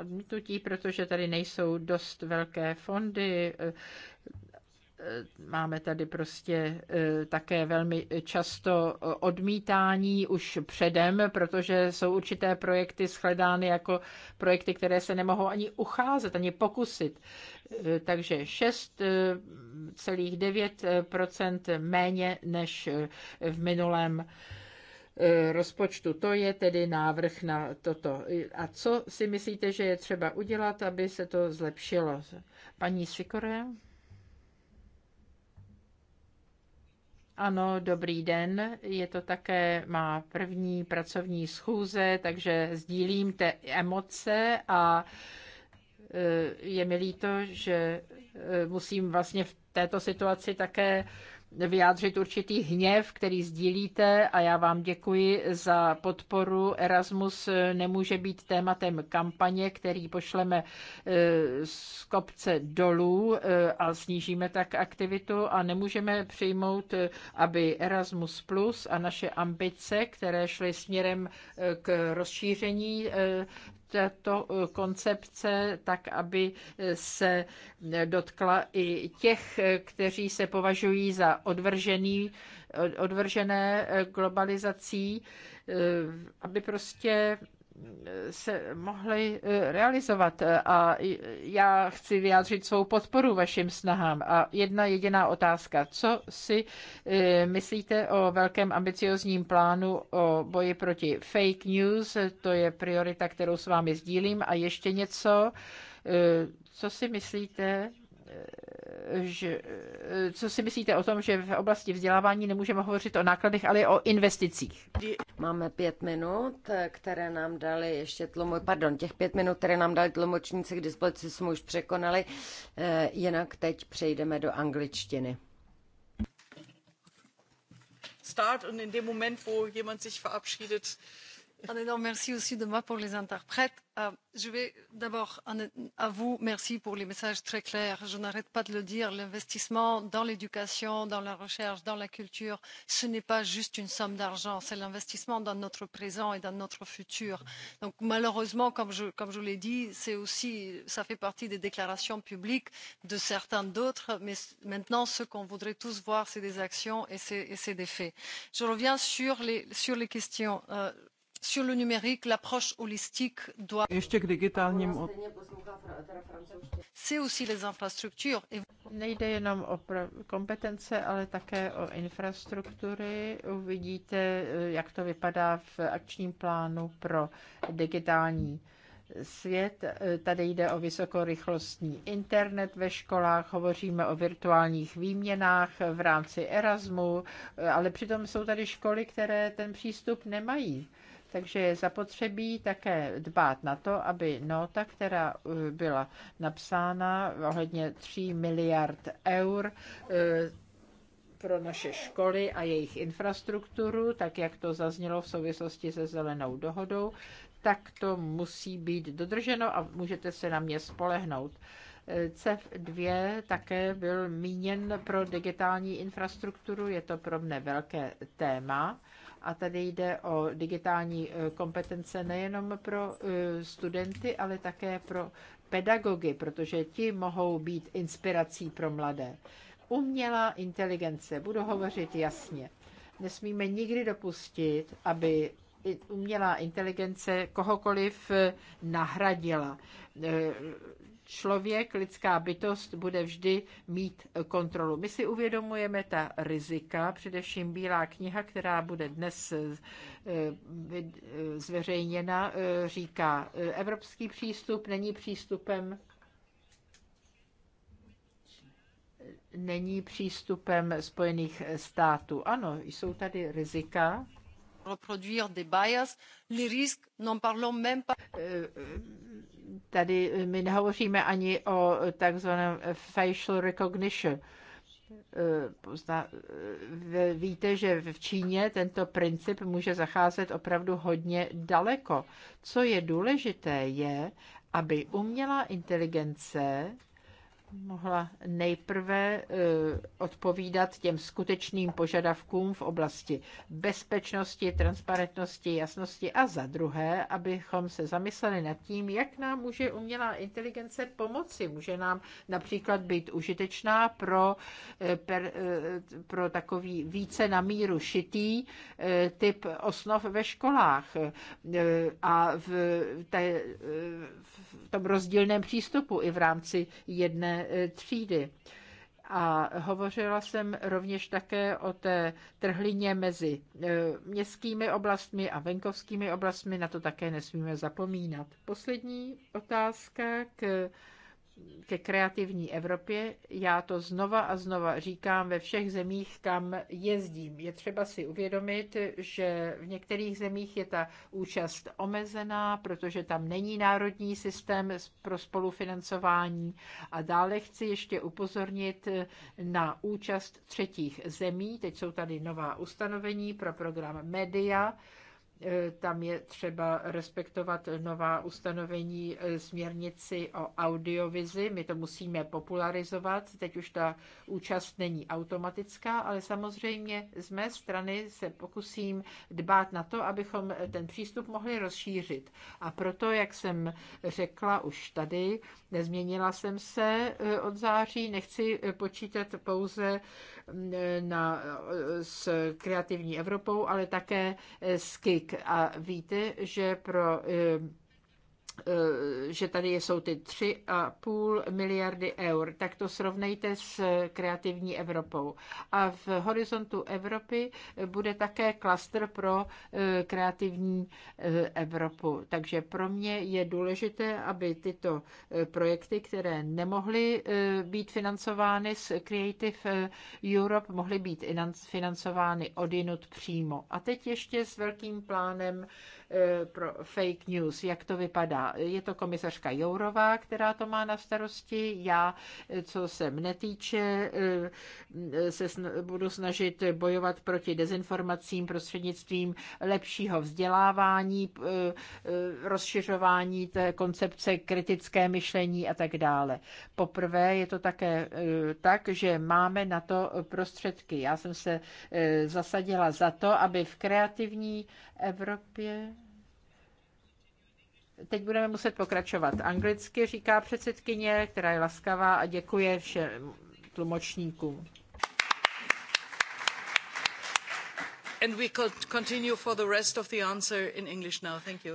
odmítnutí, protože tady nejsou dost velké fondy Eh, máme tady prostě eh, také velmi často eh, odmítání už předem, protože jsou určité projekty shledány jako projekty, které se nemohou ani ucházet, ani pokusit. Takže 6,9 méně než v minulém rozpočtu. To je tedy návrh na toto. A co si myslíte, že je třeba udělat, aby se to zlepšilo? Paní Sikore? Ano, dobrý den. Je to také má první pracovní schůze, takže sdílím té emoce a e, je mi líto, že e, musím vlastně v této situaci také vyjádřit určitý hněv, který sdílíte a já vám děkuji za podporu. Erasmus nemůže být tématem kampaně, který pošleme eh, z kopce dolů eh, a snížíme tak aktivitu a nemůžeme přijmout, eh, aby Erasmus Plus a naše ambice, které šly směrem k rozšíření této eh, koncepce, tak aby eh, se dotkla i těch, eh, kteří se považují za odvržený, odvržené globalizací, aby prostě se mohly eh, realizovat. A já chci vyjádřit svou podporu vašim snahám. A jedna jediná otázka. Co si eh, myslíte o velkém ambiciozním plánu o boji proti fake news? To je priorita, kterou s vámi sdílím. A ještě něco, eh, co si myslíte že, co si myslíte o tom, že v oblasti vzdělávání nemůžeme hovořit o nákladech, ale o investicích? Máme pět minut, které nám dali ještě tlumo, pardon, těch pět minut, které nám dali tlumočníci k dispozici, jsme už překonali, eh, jinak teď přejdeme do angličtiny. Start und in dem Moment, wo jemand sich verabschiedet, Un énorme merci aussi de moi pour les interprètes. Euh, je vais d'abord à vous, merci pour les messages très clairs. Je n'arrête pas de le dire, l'investissement dans l'éducation, dans la recherche, dans la culture, ce n'est pas juste une somme d'argent, c'est l'investissement dans notre présent et dans notre futur. Donc malheureusement, comme je, comme je l'ai dit, c'est aussi, ça fait partie des déclarations publiques de certains d'autres, mais maintenant ce qu'on voudrait tous voir, c'est des actions et c'est des faits. Je reviens sur les, sur les questions. Euh, ještě k digitálním... Nejde jenom o kompetence, ale také o infrastruktury. Uvidíte, eh, jak to vypadá v akčním plánu pro digitální svět. Eh, tady jde o vysokorychlostní internet ve školách, hovoříme o virtuálních výměnách v rámci Erasmu, eh, ale přitom jsou tady školy, které ten přístup nemají. Takže je zapotřebí také dbát na to, aby nota, která eh, byla napsána ohledně 3 miliard eur, eh, pro naše školy a jejich infrastrukturu, tak jak to zaznělo v souvislosti se zelenou dohodou, tak to musí být dodrženo a můžete se na mě spolehnout. Eh, CEF 2 také byl míněn pro digitální infrastrukturu, je to pro mne velké téma. A tady jde o digitální e, kompetence nejenom pro e, studenty, ale také pro pedagogy, protože ti mohou být inspirací pro mladé. Umělá inteligence, budu hovořit jasně. Nesmíme nikdy dopustit, aby umělá inteligence kohokoliv e, nahradila člověk, lidská bytost bude vždy mít eh, kontrolu. My si uvědomujeme ta rizika, především Bílá kniha, která bude dnes eh, eh, zveřejněna, říká, evropský přístup není přístupem není přístupem Spojených států. Ano, jsou tady rizika, reproduire des bias, les risques, n'en parlons même pas. Eh, eh, tady my nehovoříme ani o takzvaném facial recognition. Eh, víte, že v Číně tento princip může zacházet opravdu hodně daleko. Co je důležité, je, aby umělá inteligence mohla nejprve eh, odpovídat těm skutečným požadavkům v oblasti bezpečnosti, transparentnosti, jasnosti a za druhé, abychom se zamysleli nad tím, jak nám může umělá inteligence pomoci. Může nám například být užitečná pro, eh, per, eh, pro takový více na míru šitý typ osnov ve školách a v, te, v tom rozdílném přístupu i v rámci jedné Eh, třídy. A hovořila jsem rovněž také o té trhlině mezi eh, městskými oblastmi a venkovskými oblastmi, na to také nesmíme zapomínat. Poslední otázka k ke kreativní Evropě. Já to znova a znova říkám ve všech zemích, kam jezdím. Je třeba si uvědomit, že v některých zemích je ta účast omezená, protože tam není národní systém pro spolufinancování. A dále chci ještě upozornit na účast třetích zemí. Teď jsou tady nová ustanovení pro program Media E, tam je třeba respektovat nová ustanovení e, směrnici o audiovizi. My to musíme popularizovat. Teď už ta účast není automatická, ale samozřejmě z mé strany se pokusím dbát na to, abychom ten přístup mohli rozšířit. A proto, jak jsem řekla už tady, nezměnila jsem se e, od září, nechci počítat pouze na, s kreativní Evropou, ale také s KIK. A víte, že pro eh, Eh, že tady jsou ty 3,5 miliardy eur, tak to srovnejte s kreativní Evropou. A v horizontu Evropy bude také klaster pro eh, kreativní eh, Evropu. Takže pro mě je důležité, aby tyto projekty, které nemohly být financovány z Creative Europe, mohly být financovány odinut přímo. A teď ještě s velkým plánem E, pro fake news, jak to vypadá. Je to komisařka Jourová, která to má na starosti. Já, e, co se mne týče, e, se budu snažit bojovat proti dezinformacím prostřednictvím lepšího vzdělávání, rozšiřování té koncepce kritické myšlení a tak dále. Poprvé je to také tak, že máme na to prostředky. Já jsem se zasadila za to, aby v kreativní Evropě. Teď budeme muset pokračovat anglicky, říká předsedkyně, která je laskavá a děkuje všem tlumočníkům. And we could continue for the rest of the answer in English now. Thank you.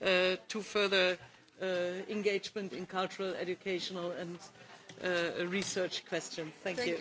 Uh, to further uh, engagement in cultural, educational and uh, research questions. Thank, you.